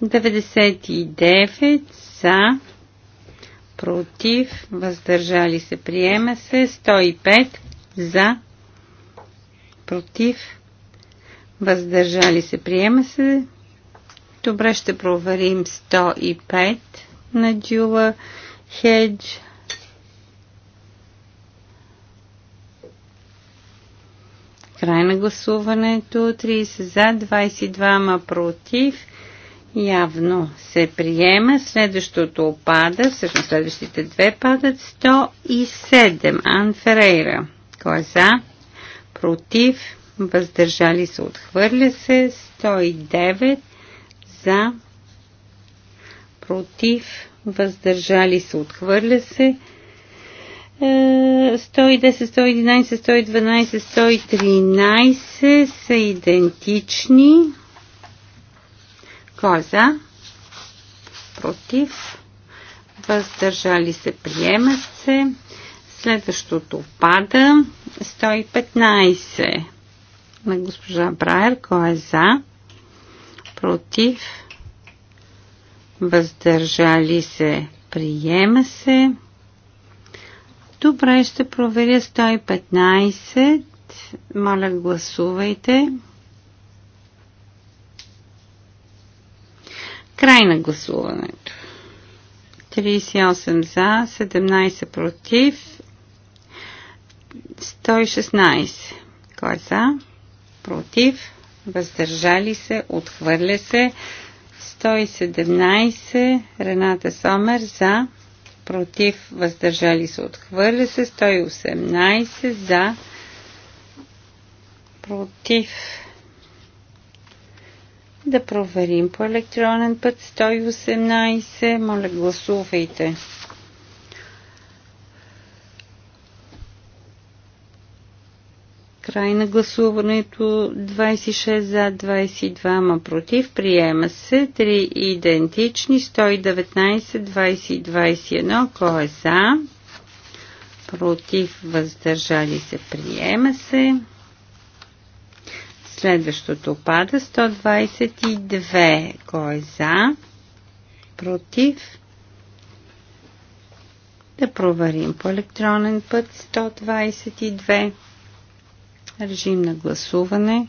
99 за, против, въздържали се, приема се. 105 за, против, въздържали се, приема се. Добре, ще проверим 105 на Джула Хедж. Край на гласуването. 30 за, 22 ма против. Явно се приема. Следващото опада. Всъщност следващите две падат. 107. Ан Ферейра. Кой е за? Против. Въздържали се. Отхвърля се. 109 за, против, въздържали се, отхвърля се. 110, 111, 112, 113 са идентични. Кой е за? Против. Въздържали се, приемат се. Следващото пада. 115 на госпожа Брайер. Кой е за? против, въздържали се, приема се. Добре, ще проверя 115. Моля, гласувайте. Край на гласуването. 38 за, 17 против, 116. Кой е за? Против въздържали се, отхвърля се. 117 Рената Сомер за, против, въздържали се, отхвърля се. 118 за, против. Да проверим по електронен път 118. Моля, гласувайте. Край на гласуването 26 за 22 ма против. Приема се 3 идентични 119, 20 21. Кой е за? Против въздържали се. Приема се. Следващото пада 122. Кой е за? Против. Да проверим по електронен път 122. Режим на гласуване.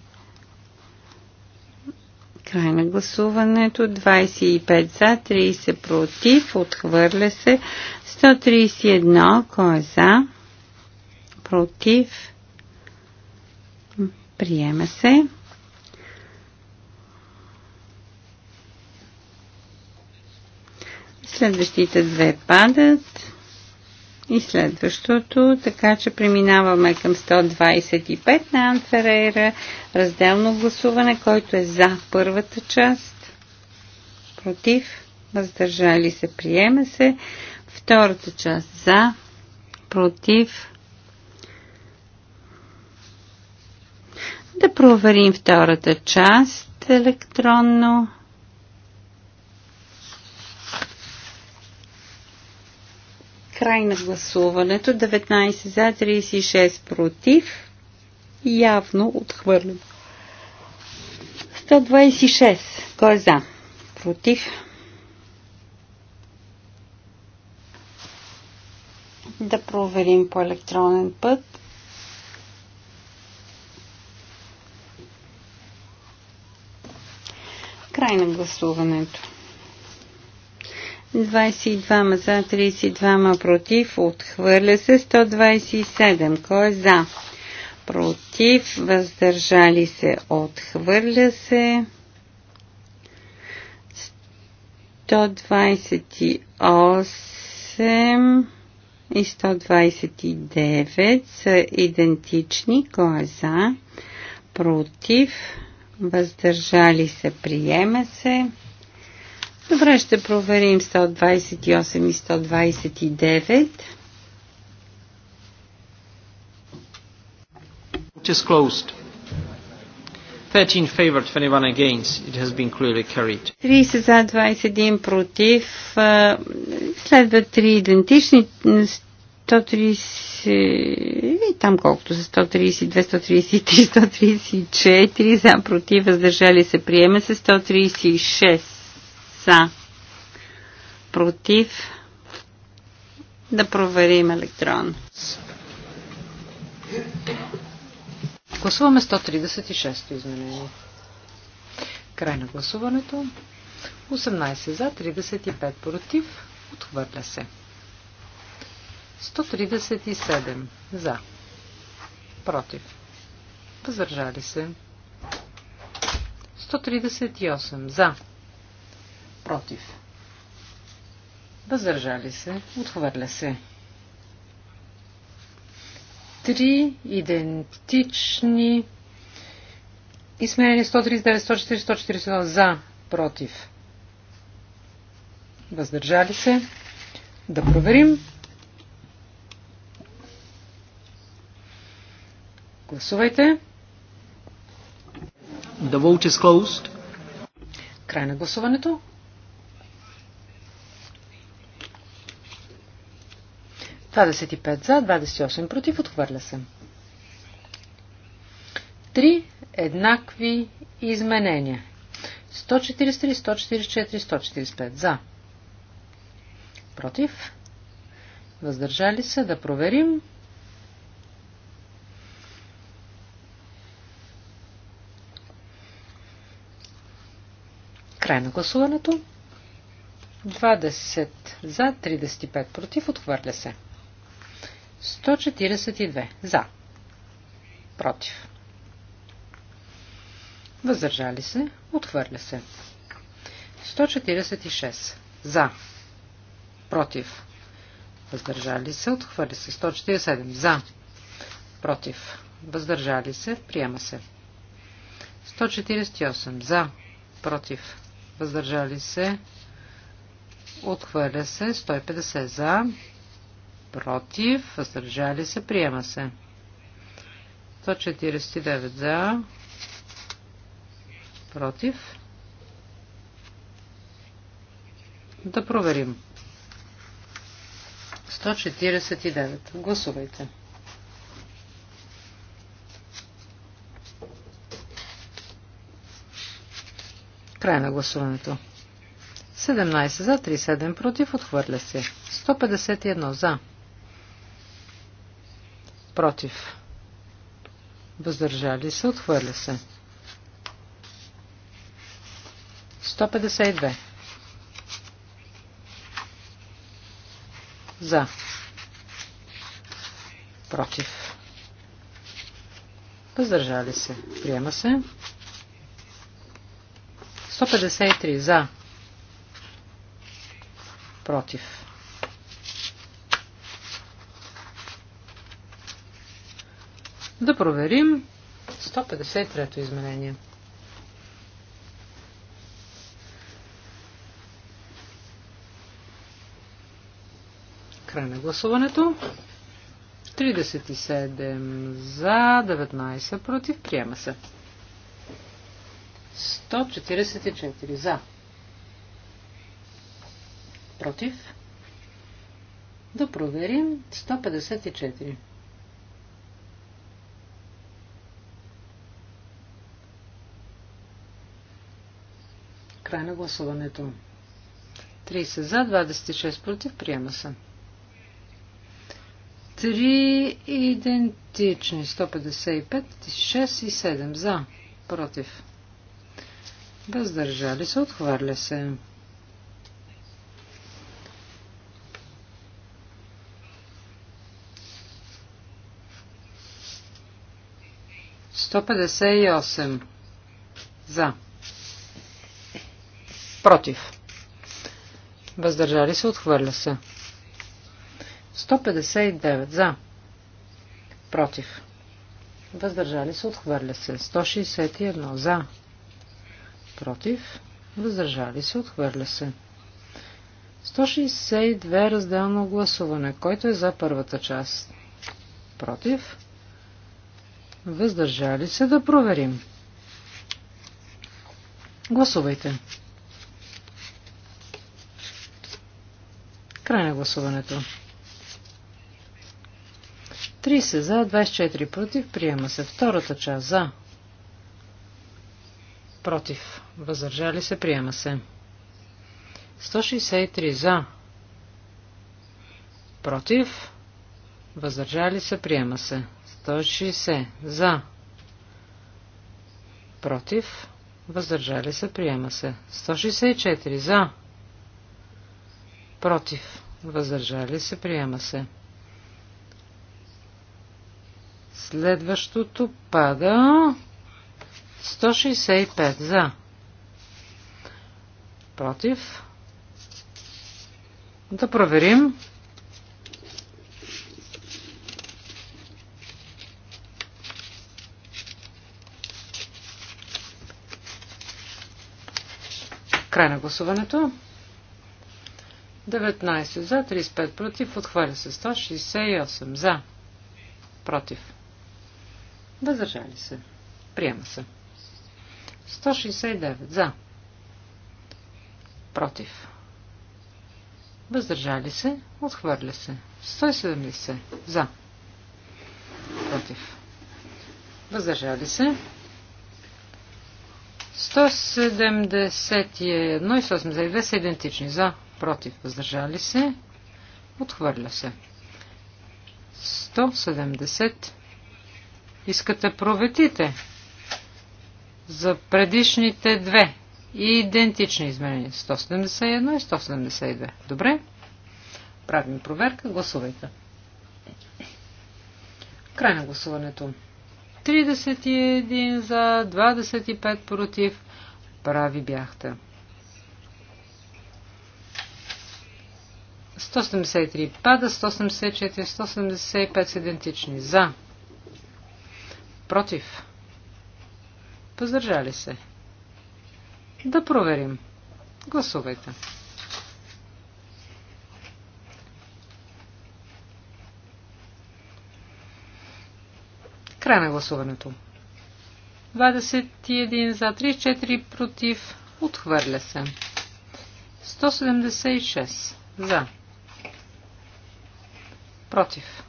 Край на гласуването. 25 за, 30 против. Отхвърля се. 131. Кой е за? Против. Приема се. Следващите две падат и следващото, така че преминаваме към 125 на Анферейра, разделно гласуване, който е за първата част, против, въздържали се, приема се, втората част за, против, да проверим втората част електронно. Край на гласуването. 19 за, 36 против. Явно отхвърлено. 126. Кой е за? Против. Да проверим по електронен път. Край на гласуването. 22 за, 32 против, отхвърля се 127. Кой е за? Против, въздържали се, отхвърля се. 128 и 129 са идентични. Кой е за? Против, въздържали се, приема се. Добре, ще проверим 128 и 129. Which is closed. 13 favored, 21 against. It has been clearly carried. 30 за, 21 против. Следва 3 идентични. 130 и там колкото са 132, 133, 134 за, против, въздържали се, приема се 136 за, против, да проверим електрон. Гласуваме 136 изменение. Край на гласуването. 18 за, 35 против. Отхвърля се. 137 за. Против. Въздържали се. 138 за против. Въздържали се, отхвърля се. Три идентични изменени 139, 140, 141 за, против. Въздържали се. Да проверим. Гласувайте. The vote is closed. Край на гласуването. 25 за, 28 против, отхвърля се. Три еднакви изменения. 143, 144, 145 за. Против. Въздържали се да проверим. Край на гласуването. 20 за, 35 против, отхвърля се. 142. За. Против. Въздържали се. Отхвърля се. 146. За. Против. Въздържали се. Отхвърля се. 147. За. Против. Въздържали се. Приема се. 148. За. Против. Въздържали се. Отхвърля се. 150. За против, въздържали се, приема се. 149 за, против. Да проверим. 149. Гласувайте. Край на гласуването. 17 за, 37 против, отхвърля се. 151 за против, въздържали се, отхвърля се. 152 за, против, въздържали се, приема се. 153 за, против, Да проверим 153-то изменение. Край на гласуването. 37 за, 19 против. Приема се. 144 за. Против. Да проверим. 154. Край на гласуването. 30 за, 26 против. Приема се. Три идентични. 155, 6 и 7 за. Против. Въздържали се. Отхвърля се. Сто пятьдесят и восемь. за. Против. Въздържали се, отхвърля се. 159 за. Против. Въздържали се, отхвърля се. 161 за. Против. Въздържали се, отхвърля се. 162 разделно гласуване. Който е за първата част? Против. Въздържали се да проверим. Гласувайте. Край на гласуването. 30 за, 24 против. Приема се втората част за. Против. Въздържали се. Приема се. 163 за. Против. Въздържали се. Приема се. 160 за. Против. Въздържали се. Приема се. 164 за. Против въздържали се, приема се. Следващото пада 165 за. Против. Да проверим. Край на гласуването. 19 за, 35 против, отхвърля се 168 за, против. Въздържали се. Приема се. 169 за. Против. Въздържали се. Отхвърля се. 170 за. Против. Въздържали се. 171 и 182 са идентични за против, въздържали се, отхвърля се. 170. Искате проветите за предишните две и идентични изменения. 171 и 172. Добре. Правим проверка. Гласувайте. Край на гласуването. 31 за, 25 против. Прави бяхте. 173 пада, 174, 175 са идентични. За. Против. Въздържали се. Да проверим. Гласувайте. Край на гласуването. 21 за 34 против. Отхвърля се. 176 за. Против.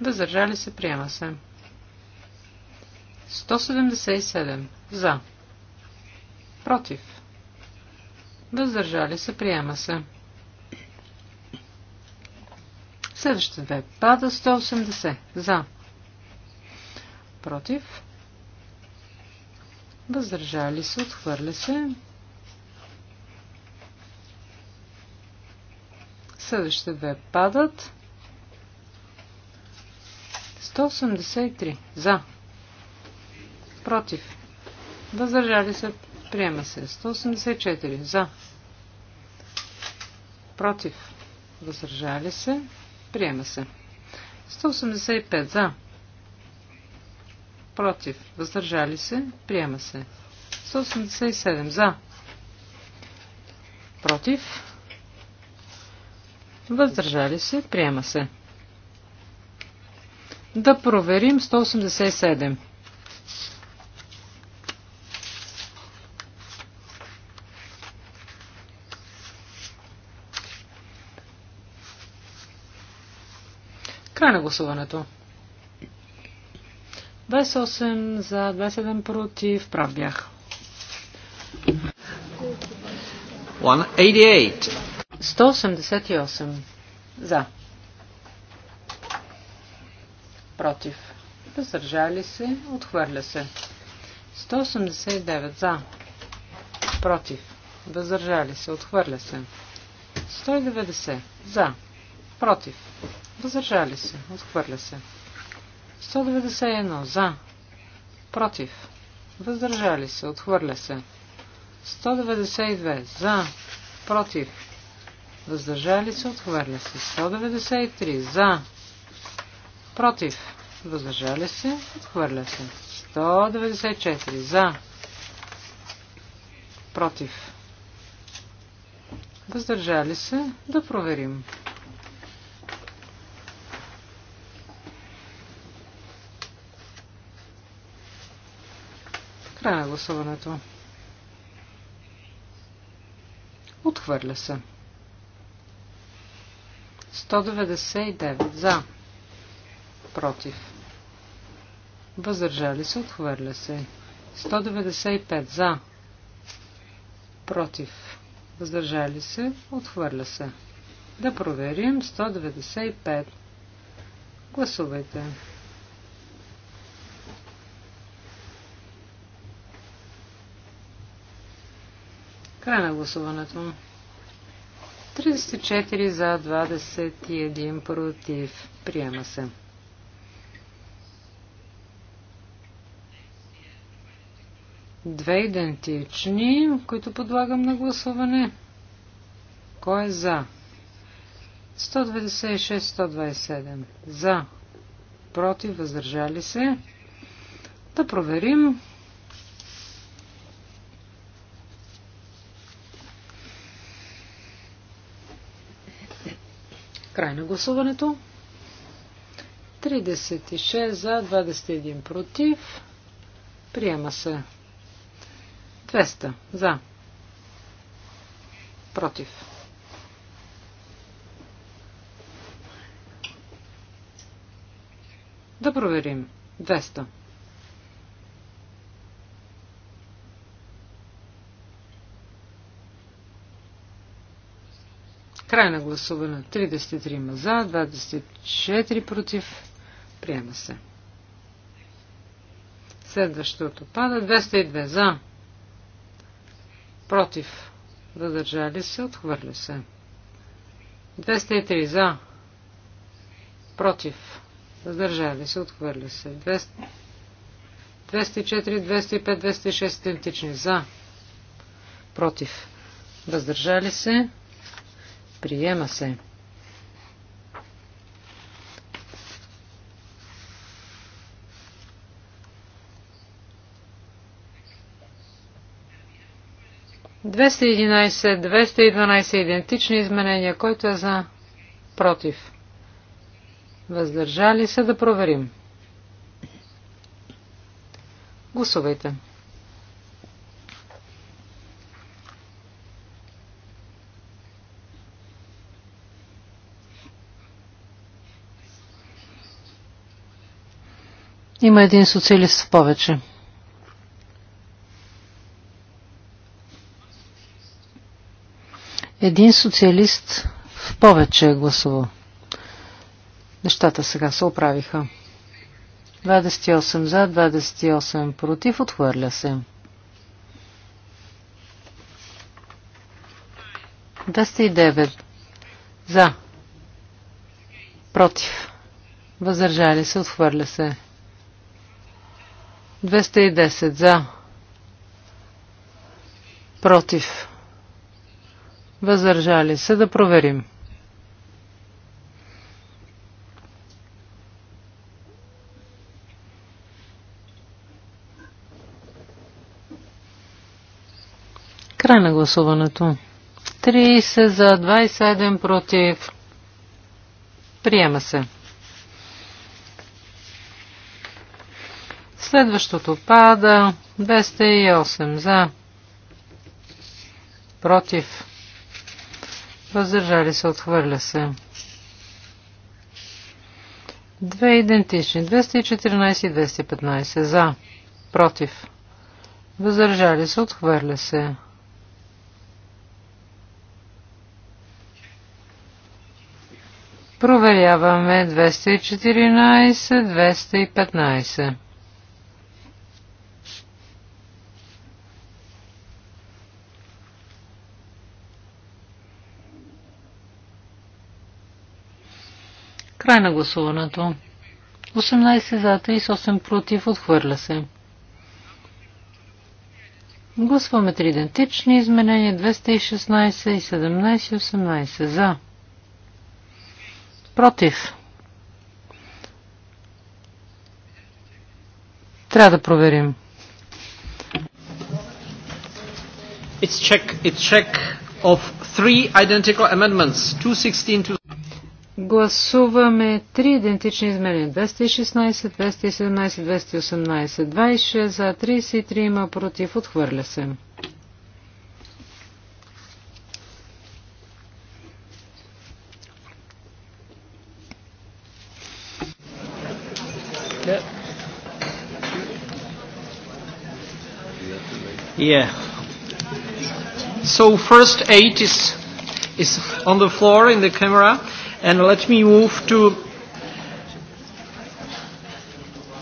Въздържали се, приема се. 177. За. Против. Въздържали се, приема се. Следващите две. Пада 180. За. Против. Въздържали се, отхвърля се. Следващите две падат. 183 за. Против. Въздържали се. Приема се. 184 за. Против. Въздържали се. Приема се. 185 за. Против. Въздържали се. Приема се. 187 за. Против. Въздържали се. Приема се. Да проверим 187. Край на гласуването. 28 за 27 против. Прав бях. 188. 188. За. Против. Въздържали се. Отхвърля се. 189. За. Против. Въздържали се. Отхвърля се. 190. За. Против. Въздържали се. Отхвърля се. 191. За. Против. Въздържали се. Отхвърля се. 192. За. Против. Въздържали се, отхвърля се. 193 за. Против. Въздържали се, отхвърля се. 194 за. Против. Въздържали се, да проверим. Край на гласуването. Отхвърля се. 199 за. Против. Въздържали се, отхвърля се. 195 за. Против. Въздържали се, отхвърля се. Да проверим 195. Гласувайте. Край на гласуването. 34 за 21 против. Приема се. Две идентични, които подлагам на гласуване. Кой е за? 196-127. За. Против. Въздържали се. Да проверим. на гласуването. 36 за, 21 против. Приема се. 200 за. Против. Да проверим. 200. Край на гласуване. 33 за, 24 против. Приема се. Следващото пада. 202 за. Против. Въздържали се. Отхвърля се. 203 за. Против. Въздържали се. Отхвърля се. 204, 205, 206 идентични за. Против. Въздържали се. Приема се. Двеста 212 идентични изменения. Който е за? Против. Въздържали се да проверим. Гласувайте. Има един социалист в повече. Един социалист в повече е гласово. Нещата сега се оправиха. 28 за, 28 против, отхвърля се. 209 за, против, въздържали се, отхвърля се. 210 за. Против. Въздържали се да проверим. Край на гласуването. 30 за 27 против. Приема се. Следващото пада 208 за. Против. Въздържали се, отхвърля се. Две идентични. 214 и 215 за. Против. Въздържали се, отхвърля се. Проверяваме 214, 215. Край на гласуването. 18 за 38 против. Отхвърля се. Гласуваме три идентични изменения 216 и 17 и 18 за. Против. Трябва да проверим. It's check, it's check of three identical amendments, 216 to... Гласуваме три идентични изменения. 216, 217, 218, 26 за 33 има против. Отхвърля се. Yeah. So first eight is is on the floor in the camera. And let me move to,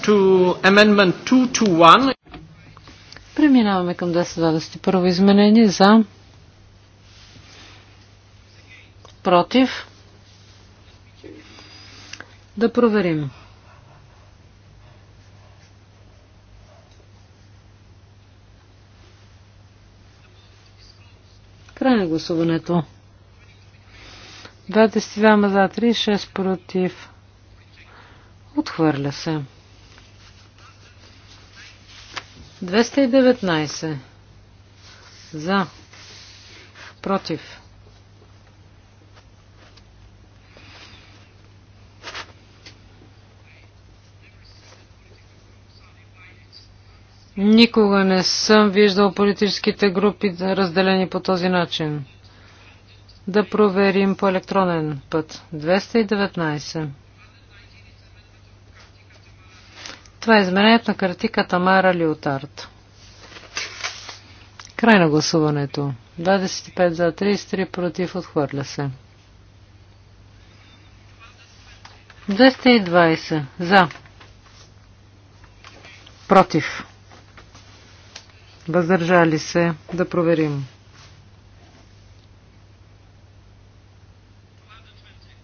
to amendment 221. Преминаваме към 221 изменение за против. Да проверим. Край на гласуването. 22 за 3, 6 против. Отхвърля се. 219 за против. Никога не съм виждал политическите групи разделени по този начин. Да проверим по електронен път. 219. Това е изменението на картиката Мара Лиотард. Край на гласуването. 25 за 33 против отхвърля се. 220 за. Против. Въздържали се. Да проверим.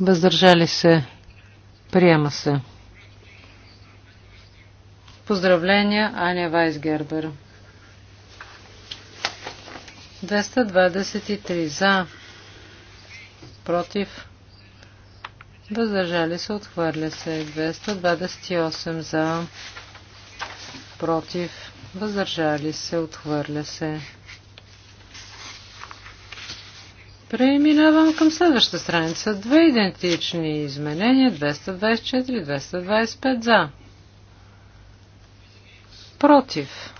Въздържали се. Приема се. Поздравления, Аня Вайсгербер. 223 за. Против. Въздържали се. Отхвърля се. 228 за. Против. Въздържали се. Отхвърля се. Преминавам към следващата страница. Две идентични изменения. 224-225 за. Против.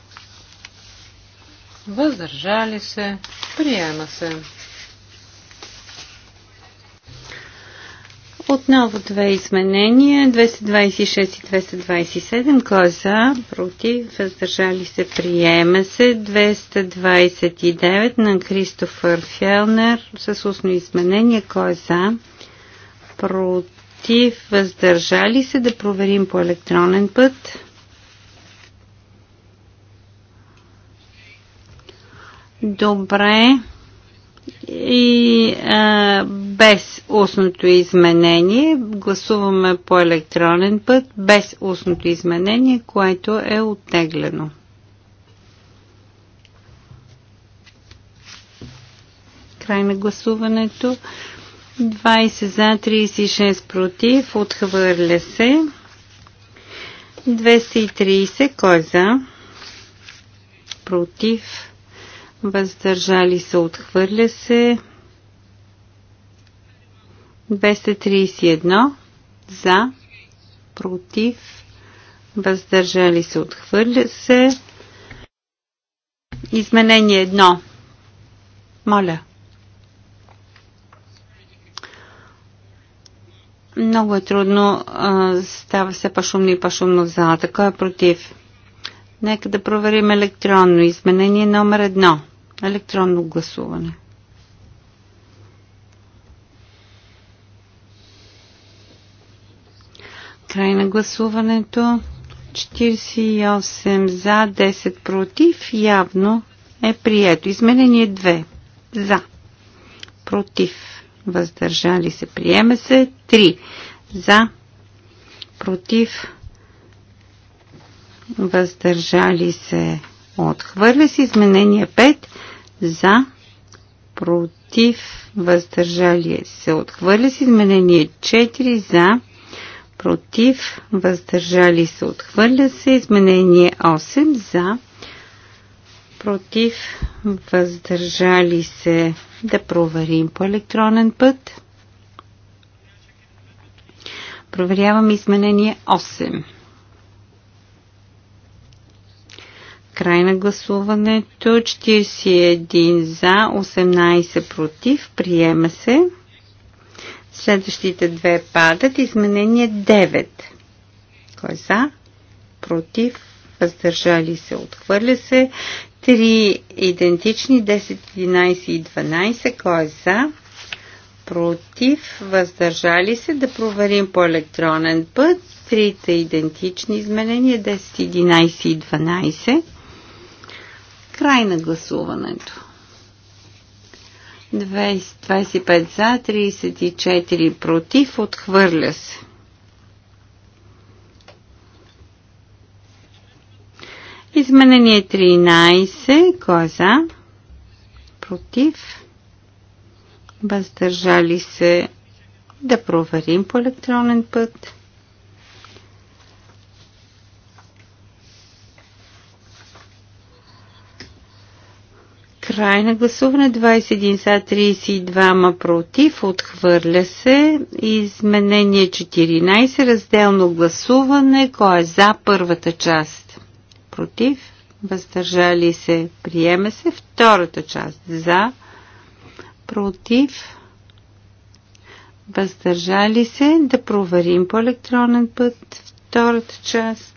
Въздържали се. Приема се. Отново две изменения, 226 и 227, кой е за, против, въздържали се, приема се, 229 на Кристофър Фелнер с устно изменение, кой е за, против, въздържали се, да проверим по електронен път. Добре и а, без устното изменение гласуваме по електронен път, без устното изменение, което е оттеглено. Край на гласуването. 20 за, 36 против, отхвърля се. 230, кой е за? Против въздържали се, отхвърля се. 231 за, против, въздържали се, отхвърля се. Изменение 1. Моля. Много е трудно. Става все по-шумно и по-шумно в залата. Кой е против? Нека да проверим електронно. Изменение номер 1 електронно гласуване. Край на гласуването. 48 за, 10 против. Явно е прието. Изменение 2. За. Против. Въздържали се. Приеме се. 3. За. Против. Въздържали се. Отхвърля се. Изменение 5 за, против, въздържали се. Отхвърля се изменение 4 за, против, въздържали се. Отхвърля се изменение 8 за, против, въздържали се. Да проверим по електронен път. Проверявам изменение 8. Край на гласуването. 41 за, 18 против. Приема се. Следващите две падат. Изменение 9. Кой е за? Против. Въздържали се. Отхвърля се. 3 идентични. 10, 11 и 12. Кой е за? Против. Въздържали се. Да проверим по електронен път. Трите идентични изменения. 10, 11 и 12. Край на гласуването. 25 за, 34 против, отхвърля се. Изменение 13, кой е за? Против. Въздържали се да проверим по електронен път. Край на гласуване 21 са 32 ма против, отхвърля се. Изменение 14, разделно гласуване. Кой е за първата част? Против, въздържали се, приема се. Втората част за, против, въздържали се. Да проверим по електронен път втората част.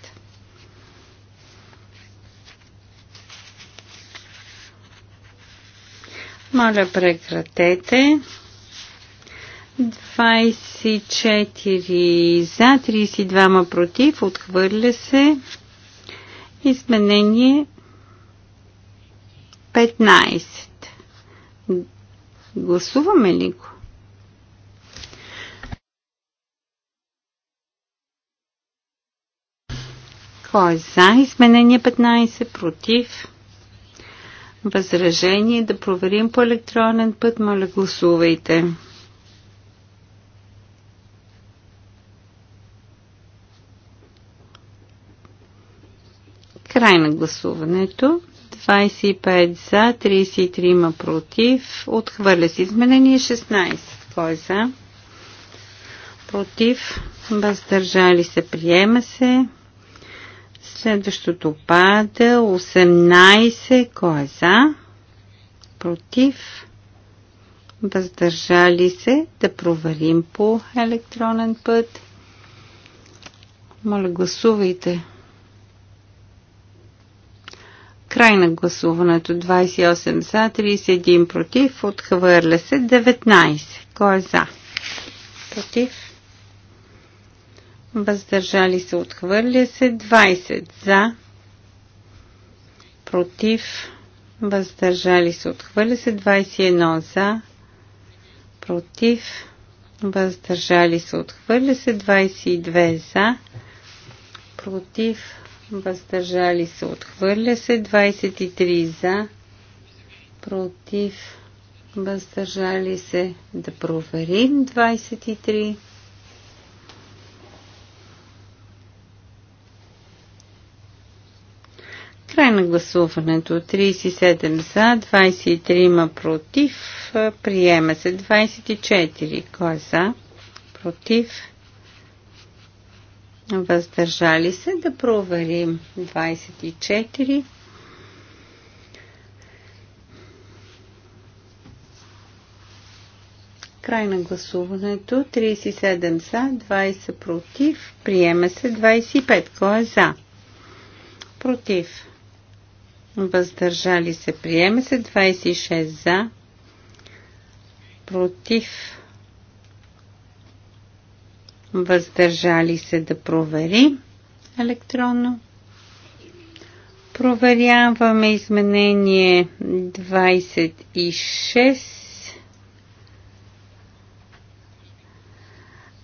Моля, прекратете. 24 за, 32 ма против, отхвърля се. Изменение 15. Гласуваме ли го? Кой е за изменение 15, против? възражение да проверим по електронен път. Моля, гласувайте. Край на гласуването. 25 за, 33 има против. Отхвърля се изменение 16. Кой е за? Против. Въздържали се. Приема се. Следващото пада 18. Кой е за? Против? Въздържали се да проверим по електронен път. Моля, гласувайте. Край на гласуването 28 за, 31 против, отхвърля се 19. Кой е за? Против? въздържали се, отхвърля се, 20 за, против, въздържали се, отхвърля се, 21 за, против, въздържали се, отхвърля се, 22 за, против, въздържали се, отхвърля се, 23 за, против, въздържали се, да проверим, 23 Край на гласуването. 37 за, 23 ма против. Приема се 24. Кой е за? Против. Въздържали се да проверим 24. Край на гласуването. 37 за, 20 против. Приема се 25. Кой е за? Против въздържали се, приема се 26 за, против, въздържали се да провери електронно. Проверяваме изменение 26.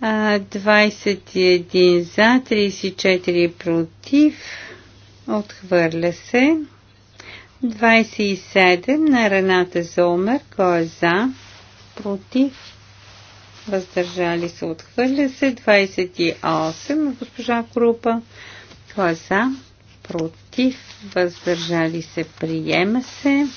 21 за, 34 против. Отхвърля се. 27 на Рената Зомер. Кой е за? Против? Въздържали се. Отхвърля се. 28 на госпожа Крупа. Кой е за? Против? Въздържали се. Приема се.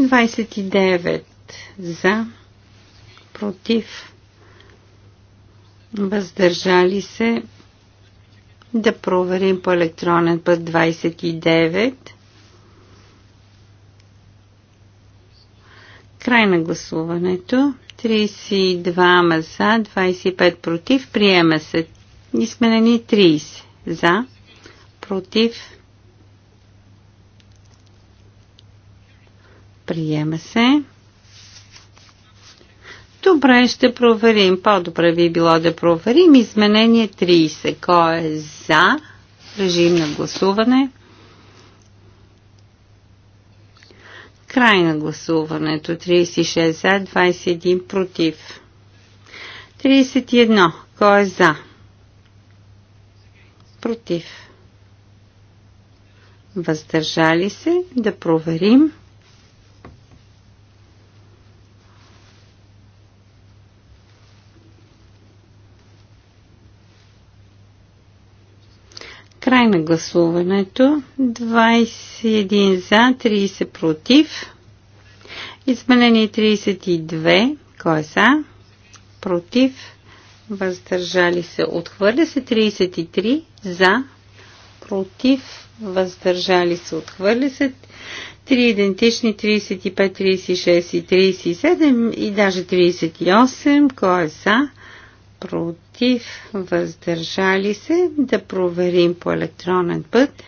29 за, против, въздържали се въздържали се. Да проверим по електронен път 29. Край на гласуването. 32 ма за, 25 против. Приема се. Изменени 30 за, против. Приема се. Добре, ще проверим. По-добре би било да проверим. Изменение 30. Кой е за? Режим на гласуване. Край на гласуването. 36 за, 21 против. 31. Кой е за? Против. Въздържали се да проверим. гласуването. 21 за, 30 против. Изменение 32. Кой е за? Против. Въздържали се. Отхвърля се 33 за. Против. Въздържали се. Отхвърля се. 3 идентични 35, 36 и 37 и даже 38. Кой е за? Против против, въздържали се, да проверим по електронен път.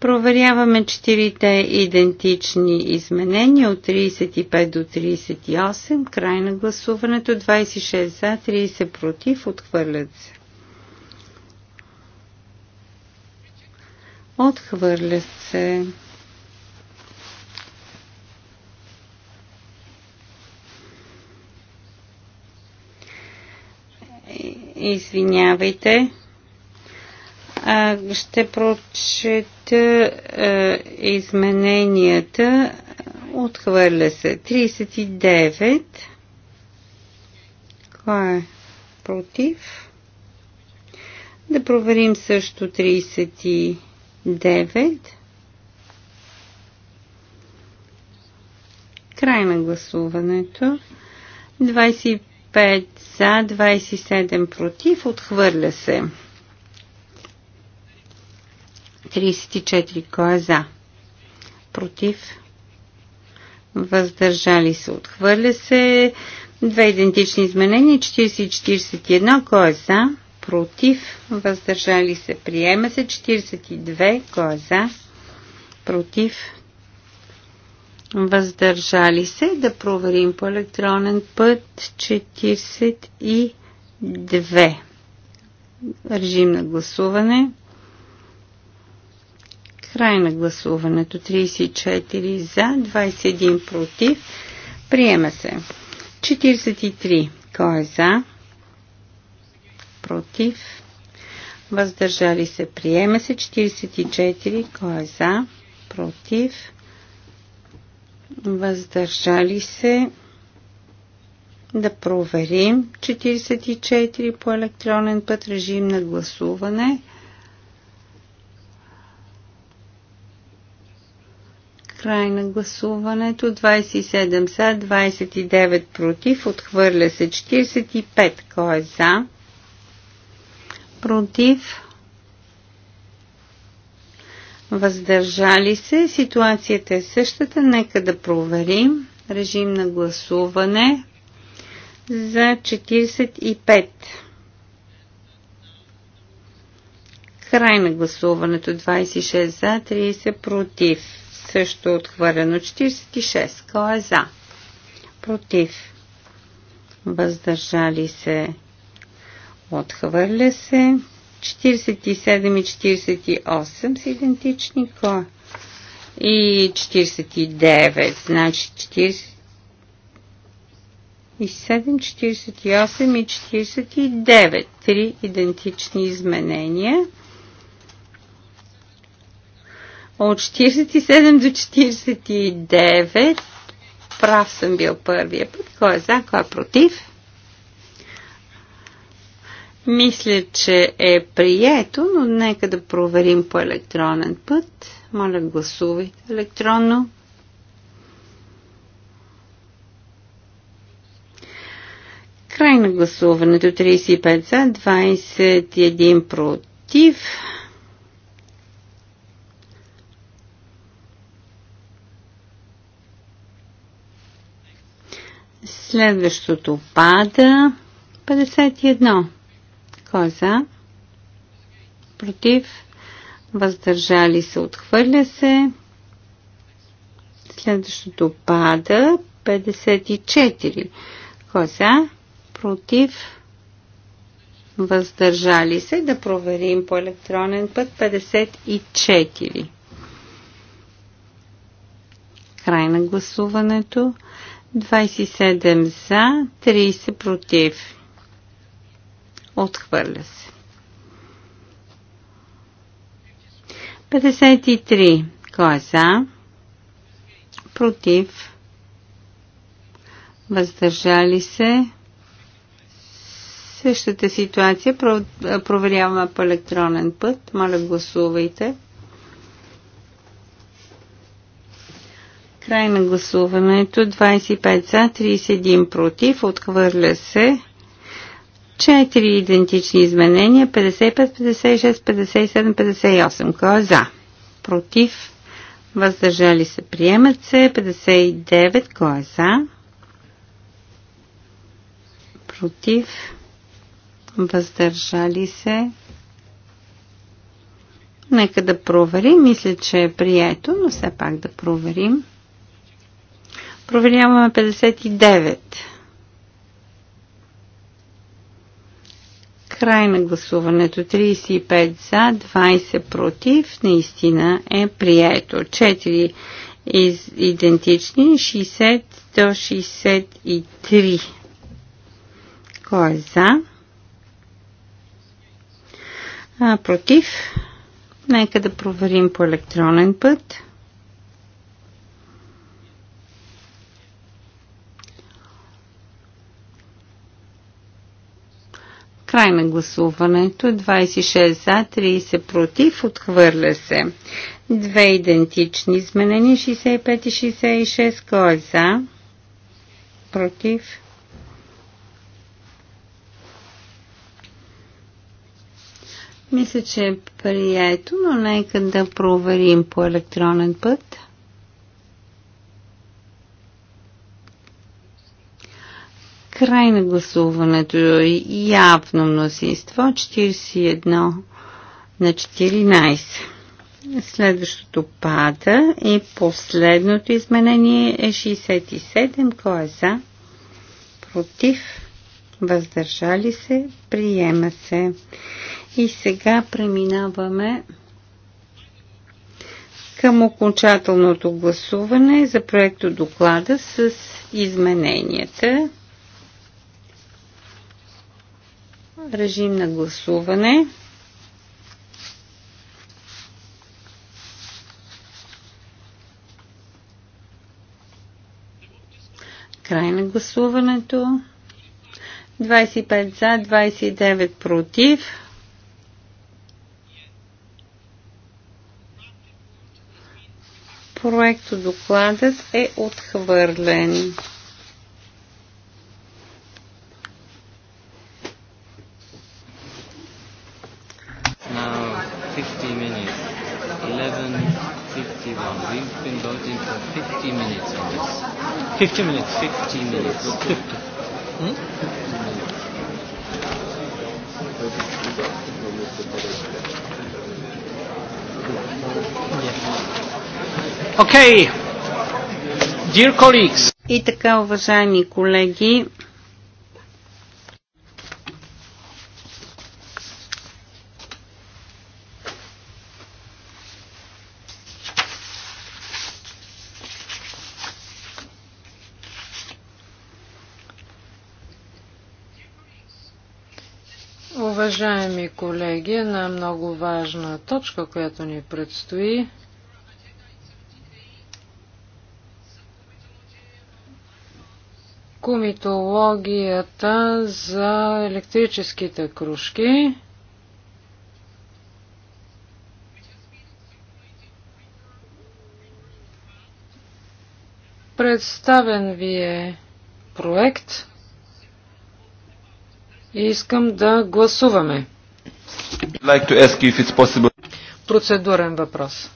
Проверяваме четирите идентични изменения от 35 до 38, край на гласуването 26 за, 30 против, отхвърлят се. Отхвърлят се. извинявайте. А, ще прочета а, измененията. Отхвърля се. 39. Кой е против? Да проверим също 39. Край на гласуването. 25 5 за, 27 против, отхвърля се. 34 кой е за? Против. Въздържали се, отхвърля се. Две идентични изменения, 40 и 41, кой е за? Против. Въздържали се, приема се. 42, кой е за? Против въздържали се, да проверим по електронен път 42. Режим на гласуване. Край на гласуването 34 за, 21 против. Приема се. 43. Кой е за? Против. Въздържали се. Приема се. 44. Кой е за? Против въздържали се. Да проверим 44 по електронен път режим на гласуване. Край на гласуването 27 за, 29 против, отхвърля се 45. Кой е за? Против? въздържали се. Ситуацията е същата. Нека да проверим. Режим на гласуване за 45. Край на гласуването 26 за, 30 против. Също е отхвърлено 46. Кой е за? Против. Въздържали се. Отхвърля се. 47 и 48 са идентични. Кой? И 49, значи 40 48 и 49. Три идентични изменения. От 47 до 49 прав съм бил първия път. Кой е за, кой е против? Мисля, че е прието, но нека да проверим по електронен път. Моля, гласувайте електронно. Край на гласуването 35 за, 21 против. Следващото пада 51. Кой е за? Против? Въздържали се? Отхвърля се. Следващото пада. 54. Кой е за? Против? Въздържали се? Да проверим по електронен път. 54. Край на гласуването. 27 за, 30 против. Отхвърля се. 53. Кой е за? Против. Въздържали се. Същата ситуация проверяваме по електронен път. Моля, гласувайте. Край на гласуването. 25 за, 31 против. Отхвърля се. Четири идентични изменения 55, 56, 57, 58. Кой е за? Против? Въздържали се? Приемат се. 59. Кой е за? Против? Въздържали се? Нека да проверим. Мисля, че е прието, но все пак да проверим. Проверяваме 59. Край на гласуването. 35 за, 20 против. Наистина е прието. 4 из, идентични. 60 до 63. Кой е за? А, против. Нека да проверим по електронен път. Край на гласуването. 26 за, 30 против. Отхвърля се. Две идентични изменени. 65 и 66. Кой е за? Против. Мисля, че е прието, но нека да проверим по електронен път. Край на гласуването. Явно мнозинство. 41 на 14. Следващото пада и последното изменение е 67. Кой е за? Против? Въздържали се? Приема се. И сега преминаваме към окончателното гласуване за проекто доклада с измененията. Режим на гласуване. Край на гласуването. 25 за, 29 против. Проектът докладът е отхвърлен. 15 minutes. 15 minutes. 50. Hmm? Okay. Dear colleagues. И така, уважаеми колеги, Уважаеми колеги, една много важна точка, която ни предстои. Комитологията за електрическите кружки. Представен ви е проект Искам да гласуваме. Like to ask if it's Процедурен въпрос.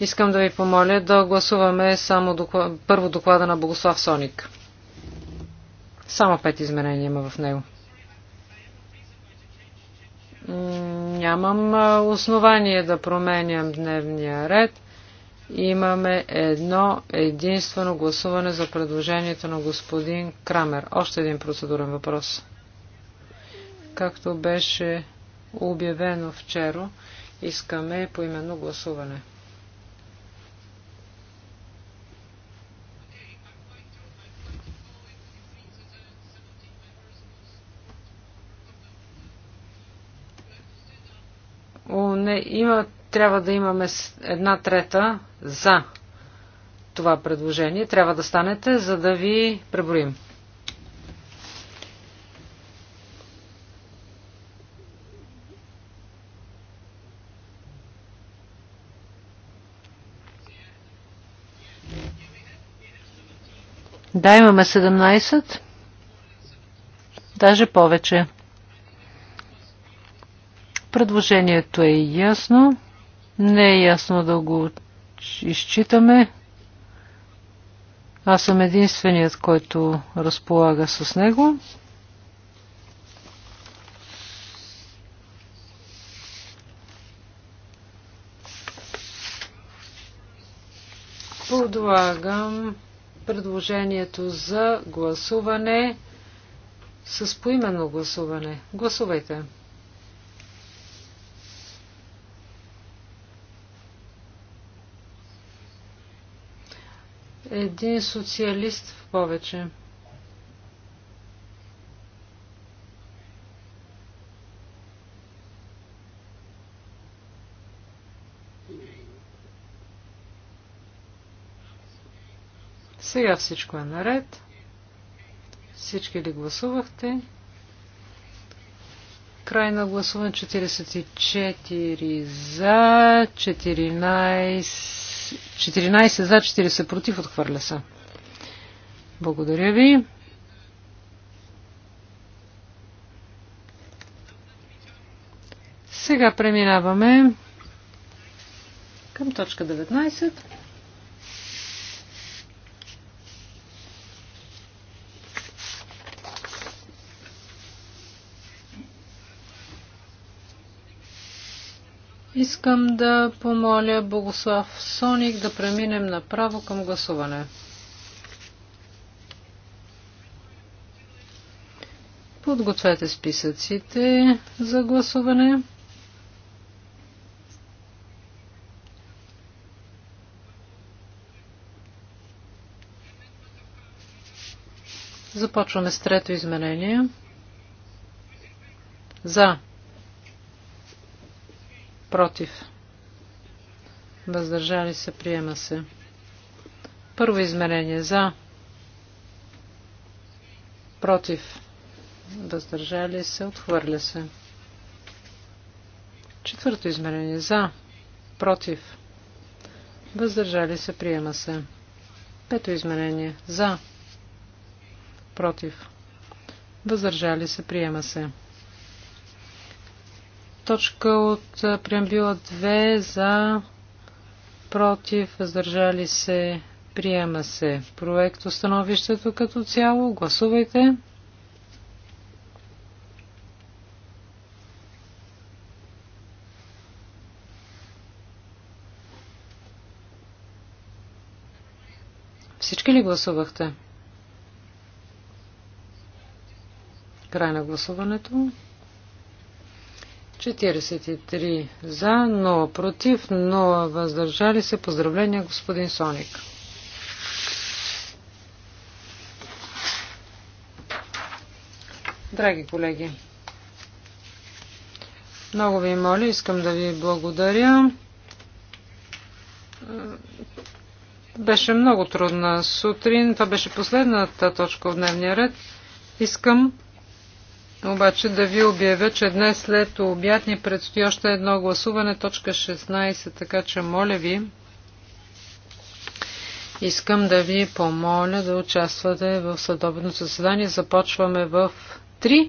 Искам да ви помоля да гласуваме само първо доклада на Богослав Соник. Само пет изменения има в него. Нямам основание да променям дневния ред. Имаме едно единствено гласуване за предложението на господин Крамер. Още един процедурен въпрос. Както беше обявено вчера, искаме поименно гласуване. не, има, трябва да имаме една трета за това предложение. Трябва да станете, за да ви преброим. Да, имаме 17. Даже повече. Предложението е ясно. Не е ясно да го изчитаме. Аз съм единственият, който разполага с него. Подлагам предложението за гласуване с поименно гласуване. Гласувайте. Един социалист в повече. Сега всичко е наред. Всички ли гласувахте? Край на гласуване 44 за, 14, 14 за, 40 против, отхвърля се. Благодаря ви. Сега преминаваме към точка 19. Искам да помоля Богослав Соник да преминем направо към гласуване. Подгответе списъците за гласуване. Започваме с трето изменение. За. Против. Въздържали се. Приема се. Първо измерение. За. Против. Въздържали се. Отхвърля се. Четвърто измерение. За. Против. Въздържали се. Приема се. Пето измерение. За. Против. Въздържали се. Приема се точка от преамбила 2 за против, въздържали се, приема се. Проект установището като цяло. Гласувайте. Всички ли гласувахте? Край на гласуването. 43 за, 0 против, 0 въздържали се. Поздравления, господин Соник. Драги колеги, много ви моля, искам да ви благодаря. Беше много трудна сутрин. Това беше последната точка от дневния ред. Искам обаче да ви обявя, че днес след обяд ни предстои още едно гласуване, точка 16, така че моля ви, искам да ви помоля да участвате в съдобно заседание. Започваме в 3